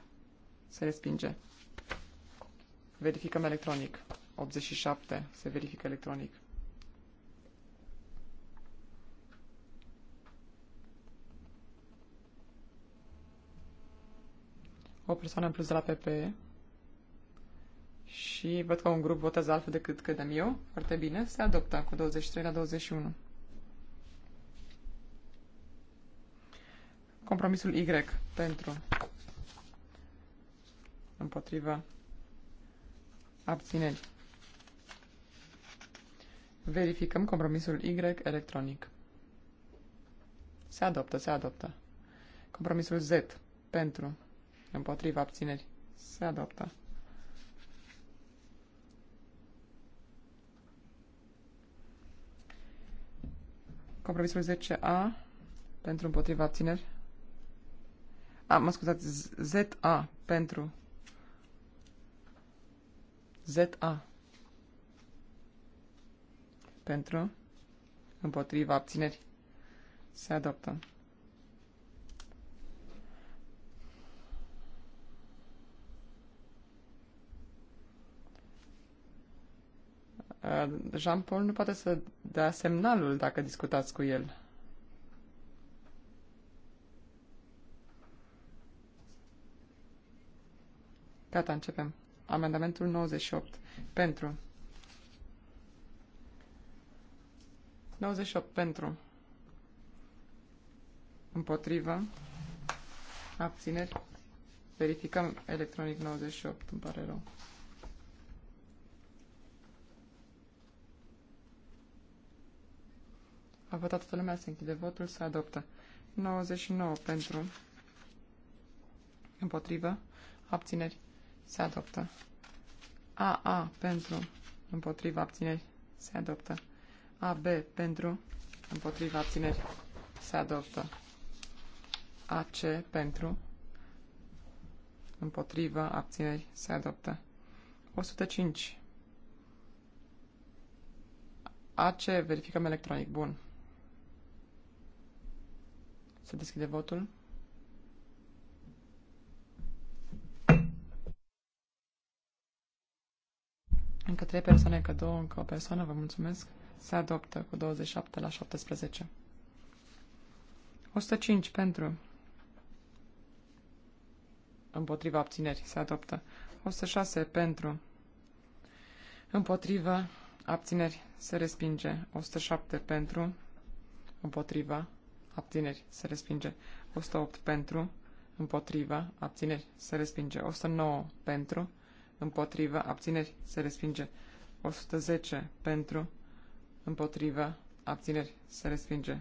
Se respinge. Verificăm electronic. 87. Se verifică electronic. O persoană în plus de la PPE. Și văd că un grup votează altfel decât credem eu. Foarte bine. Se adoptă cu 23 la 21. Compromisul Y pentru Împotrivă. Abțineri. Verificăm compromisul Y electronic. Se adoptă, se adoptă. Compromisul Z. Pentru. Împotriva abțineri. Se adoptă. Compromisul 10A. Pentru împotriva abțineri. A, mă scuzați, ZA. Pentru ZA. Pentru, împotriva, abțineri, se adoptă. Jean-Paul nu poate să dea semnalul dacă discutați cu el. Gata, începem. Amendamentul 98. Pentru. 98 pentru. Împotrivă. Abțineri. Verificăm electronic 98, îmi pare rău. A votat toată lumea, se închide votul, se adoptă. 99 pentru. Împotrivă. Abțineri se adoptă. A A pentru împotriva abțineri se adoptă. A B pentru împotriva abțineri se adoptă. A C pentru împotriva abțineri se adoptă. 105. A C verificăm electronic. Bun. Se deschide votul. Încă trei persoane, încă două, încă o persoană, vă mulțumesc. Se adoptă cu 27 la 17. 105 pentru. Împotriva abțineri. Se adoptă. 106 pentru. Împotriva abțineri. Se respinge. 107 pentru. Împotriva abțineri. Se respinge. 108 pentru. Împotriva abțineri. Se respinge. 109 pentru împotrivă, abțineri, se respinge. 110 pentru, împotrivă, abțineri, se respinge.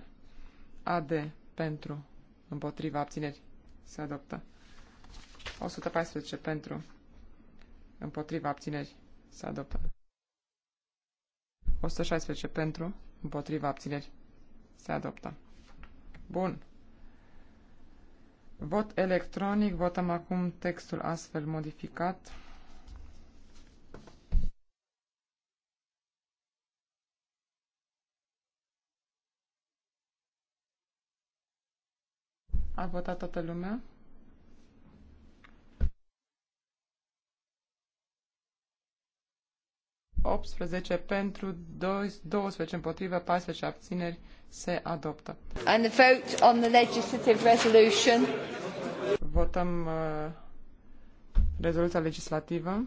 AD pentru, împotrivă, abțineri, se adoptă. 114 pentru, împotrivă, abțineri, se adoptă. 116 pentru, împotrivă, abțineri. Se adoptă. Bun. Vot electronic. Votăm acum textul astfel modificat. A votat toată lumea? pentru 12 împotrivă, 14 abțineri se adoptă. And the vote on the legislative resolution. Votăm uh, rezoluția legislativă.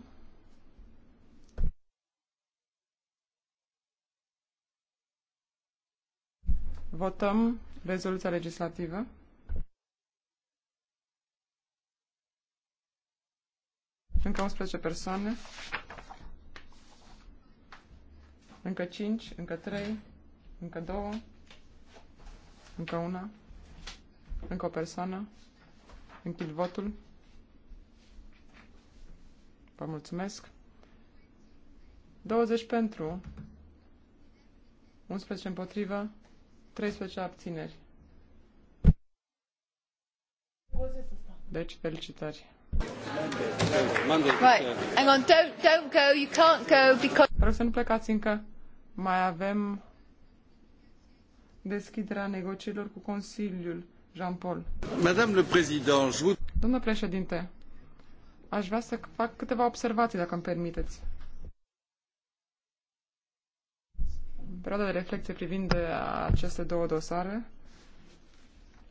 Votăm rezoluția legislativă. Încă 11 persoane. Încă 5, încă 3, încă 2, încă una, încă o persoană. Închid votul. Vă mulțumesc. 20 pentru, 11 împotrivă, 13 abțineri. Deci, felicitări. Right. Hang on, don't, don't go, you can't go because... Vreau să nu plecați încă. Mai avem deschiderea negocierilor cu Consiliul, Jean-Paul. Madame le Domnule președinte, aș vrea să fac câteva observații, dacă îmi permiteți. Perioada de reflecție privind de uh, aceste două dosare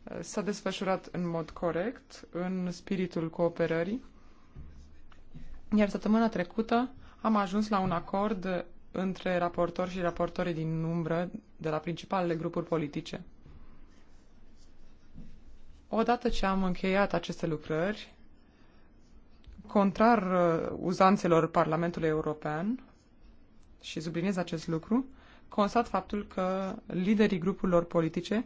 uh, s-a desfășurat în mod corect, în spiritul cooperării. Iar săptămâna trecută am ajuns la un acord între raportori și raportorii din umbră de la principalele grupuri politice. Odată ce am încheiat aceste lucrări, contrar uh, uzanțelor Parlamentului European, și subliniez acest lucru, constat faptul că liderii grupurilor politice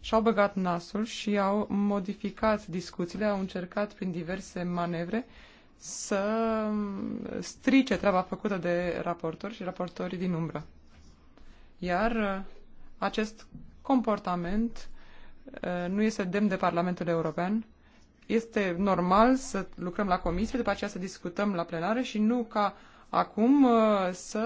și-au băgat nasul și au modificat discuțiile, au încercat prin diverse manevre să strice treaba făcută de raportori și raportorii din umbră. Iar uh, acest comportament uh, nu este demn de Parlamentul European. Este normal să lucrăm la comisie, după aceea să discutăm la plenară și nu ca acum uh, să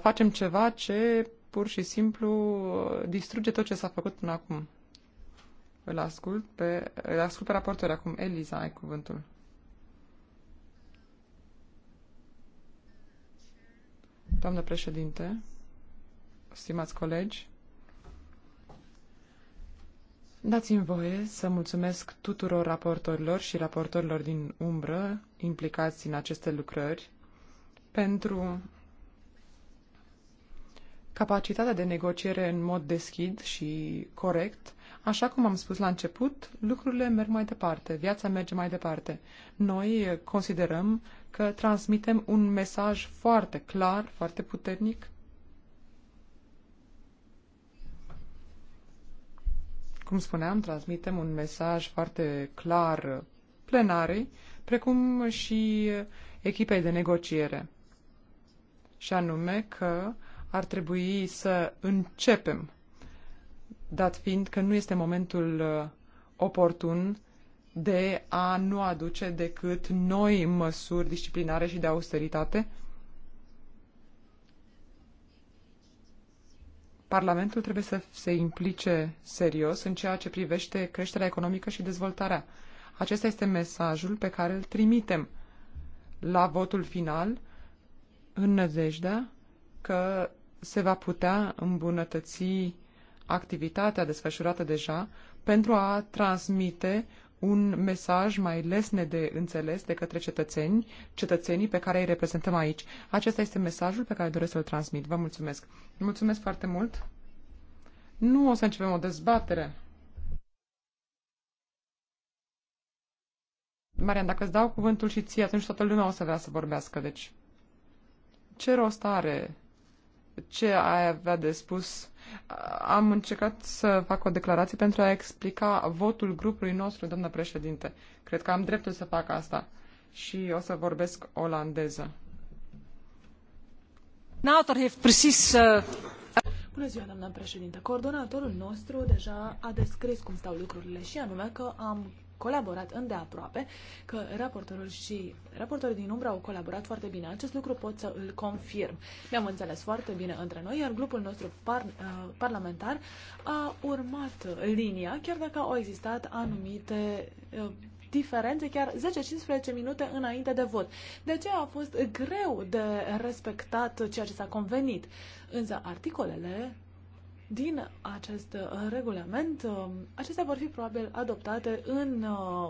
facem ceva ce pur și simplu distruge tot ce s-a făcut până acum. Îl ascult pe, îl ascult pe raportor acum. Eliza, ai cuvântul. Doamnă președinte, stimați colegi, dați-mi voie să mulțumesc tuturor raportorilor și raportorilor din umbră implicați în aceste lucrări pentru capacitatea de negociere în mod deschid și corect. Așa cum am spus la început, lucrurile merg mai departe, viața merge mai departe. Noi considerăm că transmitem un mesaj foarte clar, foarte puternic cum spuneam, transmitem un mesaj foarte clar plenarei, precum și echipei de negociere. Și anume că ar trebui să începem, dat fiind că nu este momentul uh, oportun de a nu aduce decât noi măsuri disciplinare și de austeritate? Parlamentul trebuie să se implice serios în ceea ce privește creșterea economică și dezvoltarea. Acesta este mesajul pe care îl trimitem la votul final în nădejdea că se va putea îmbunătăți activitatea desfășurată deja pentru a transmite un mesaj mai lesne de înțeles de către cetățeni, cetățenii pe care îi reprezentăm aici. Acesta este mesajul pe care doresc să-l transmit. Vă mulțumesc. Mulțumesc foarte mult. Nu o să începem o dezbatere. Marian, dacă îți dau cuvântul și ție, atunci toată lumea o să vrea să vorbească, deci ce rost are ce ai avea de spus. Am încercat să fac o declarație pentru a explica votul grupului nostru, doamnă președinte. Cred că am dreptul să fac asta și o să vorbesc olandeză. Nator uh, Bună ziua, doamnă președinte. Coordonatorul nostru deja a descris cum stau lucrurile și anume că am colaborat îndeaproape, că raportorul și raportorii din umbră au colaborat foarte bine. Acest lucru pot să îl confirm. Ne-am înțeles foarte bine între noi, iar grupul nostru par, uh, parlamentar a urmat linia, chiar dacă au existat anumite uh, diferențe chiar 10-15 minute înainte de vot. De aceea a fost greu de respectat ceea ce s-a convenit. Însă articolele din acest uh, regulament, uh, acestea vor fi probabil adoptate în uh,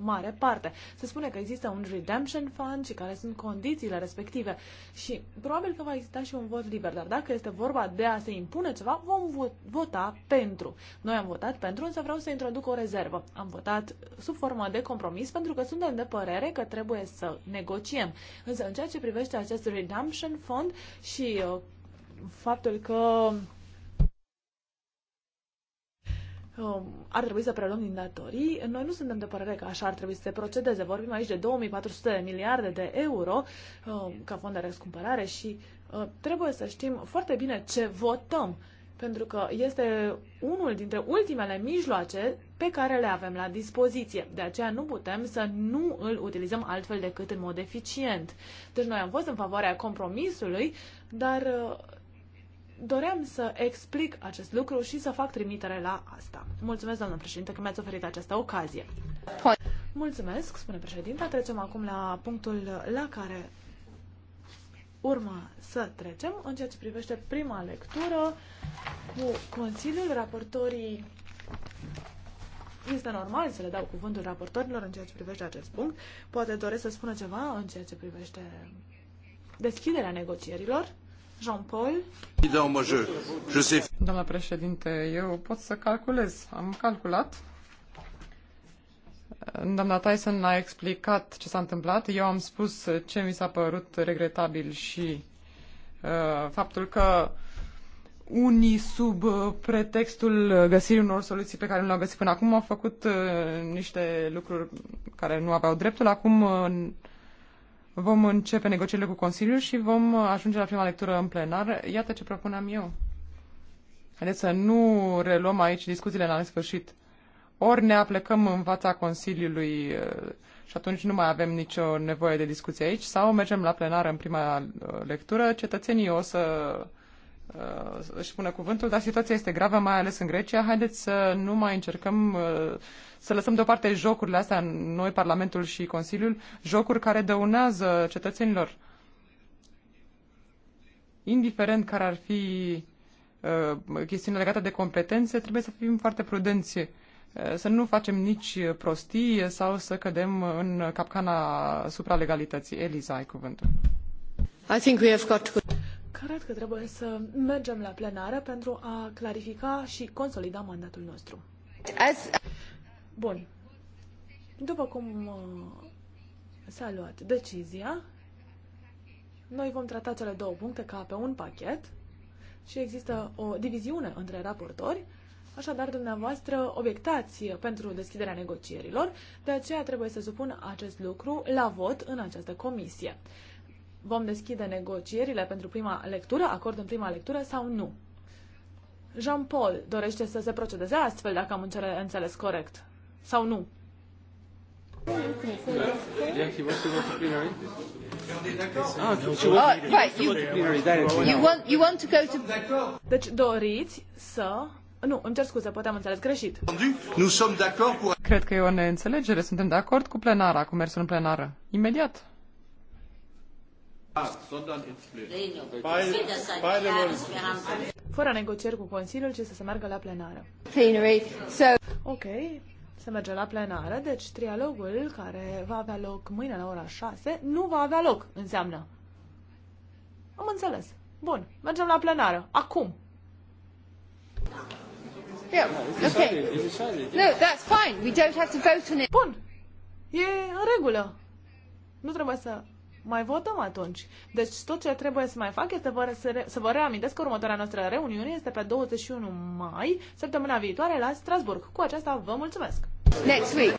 mare parte. Se spune că există un redemption fund și care sunt condițiile respective și probabil că va exista și un vot liber, dar dacă este vorba de a se impune ceva, vom vota pentru. Noi am votat pentru, însă vreau să introduc o rezervă. Am votat sub formă de compromis pentru că suntem de părere că trebuie să negociem. Însă în ceea ce privește acest redemption fund și faptul că Um, ar trebui să preluăm din datorii. Noi nu suntem de părere că așa ar trebui să se procedeze. Vorbim aici de 2400 de miliarde de euro um, ca fond de răscumpărare și uh, trebuie să știm foarte bine ce votăm, pentru că este unul dintre ultimele mijloace pe care le avem la dispoziție. De aceea nu putem să nu îl utilizăm altfel decât în mod eficient. Deci noi am fost în favoarea compromisului, dar uh, doream să explic acest lucru și să fac trimitere la asta. Mulțumesc, doamnă președinte, că mi-ați oferit această ocazie. Mulțumesc, spune președinta. Trecem acum la punctul la care urma să trecem în ceea ce privește prima lectură cu Consiliul. Raportorii este normal să le dau cuvântul raportorilor în ceea ce privește acest punct. Poate doresc să spună ceva în ceea ce privește deschiderea negocierilor. Jean-Paul. Doamna președinte, eu pot să calculez. Am calculat. Doamna Tyson a explicat ce s-a întâmplat. Eu am spus ce mi s-a părut regretabil și uh, faptul că unii sub pretextul găsirii unor soluții pe care nu le-au găsit până acum au făcut uh, niște lucruri care nu aveau dreptul. Acum uh, Vom începe negocierile cu Consiliul și vom ajunge la prima lectură în plenar. Iată ce propuneam eu. Haideți să nu reluăm aici discuțiile la sfârșit. Ori ne aplecăm în fața Consiliului uh, și atunci nu mai avem nicio nevoie de discuție aici, sau mergem la plenar în prima uh, lectură, cetățenii o să uh, își spune cuvântul, dar situația este gravă, mai ales în Grecia. Haideți să nu mai încercăm uh, să lăsăm deoparte jocurile astea, noi, Parlamentul și Consiliul, jocuri care dăunează cetățenilor. Indiferent care ar fi uh, chestiunea legată de competențe, trebuie să fim foarte prudenți, uh, să nu facem nici prostii sau să cădem în capcana supralegalității. Eliza, ai cuvântul. I think we have got to... Cred că trebuie să mergem la plenară pentru a clarifica și consolida mandatul nostru. Bun. După cum uh, s-a luat decizia, noi vom trata cele două puncte ca pe un pachet și există o diviziune între raportori, așadar dumneavoastră obiectați pentru deschiderea negocierilor, de aceea trebuie să supun acest lucru la vot în această comisie vom deschide negocierile pentru prima lectură, acord în prima lectură sau nu. Jean-Paul dorește să se procedeze astfel, dacă am înțeles corect, sau nu? you, want, you want to go to... Deci doriți să... Nu, îmi cer scuze, poate am înțeles greșit. Cred că e o neînțelegere. Suntem de acord cu plenara, cu mersul în plenară. Imediat. Fără negocieri cu Consiliul, ce să se meargă la plenară. Ok, se merge la plenară, deci trialogul care va avea loc mâine la ora 6 nu va avea loc, înseamnă. Am înțeles. Bun, mergem la plenară. Acum. Yeah. Okay. No, that's fine. We don't have to vote on it. Bun. E în regulă. Nu trebuie să mai votăm atunci. Deci tot ce trebuie să mai fac este să, să vă reamintesc că următoarea noastră reuniune este pe 21 mai, săptămâna viitoare la Strasburg. Cu aceasta vă mulțumesc! Next week.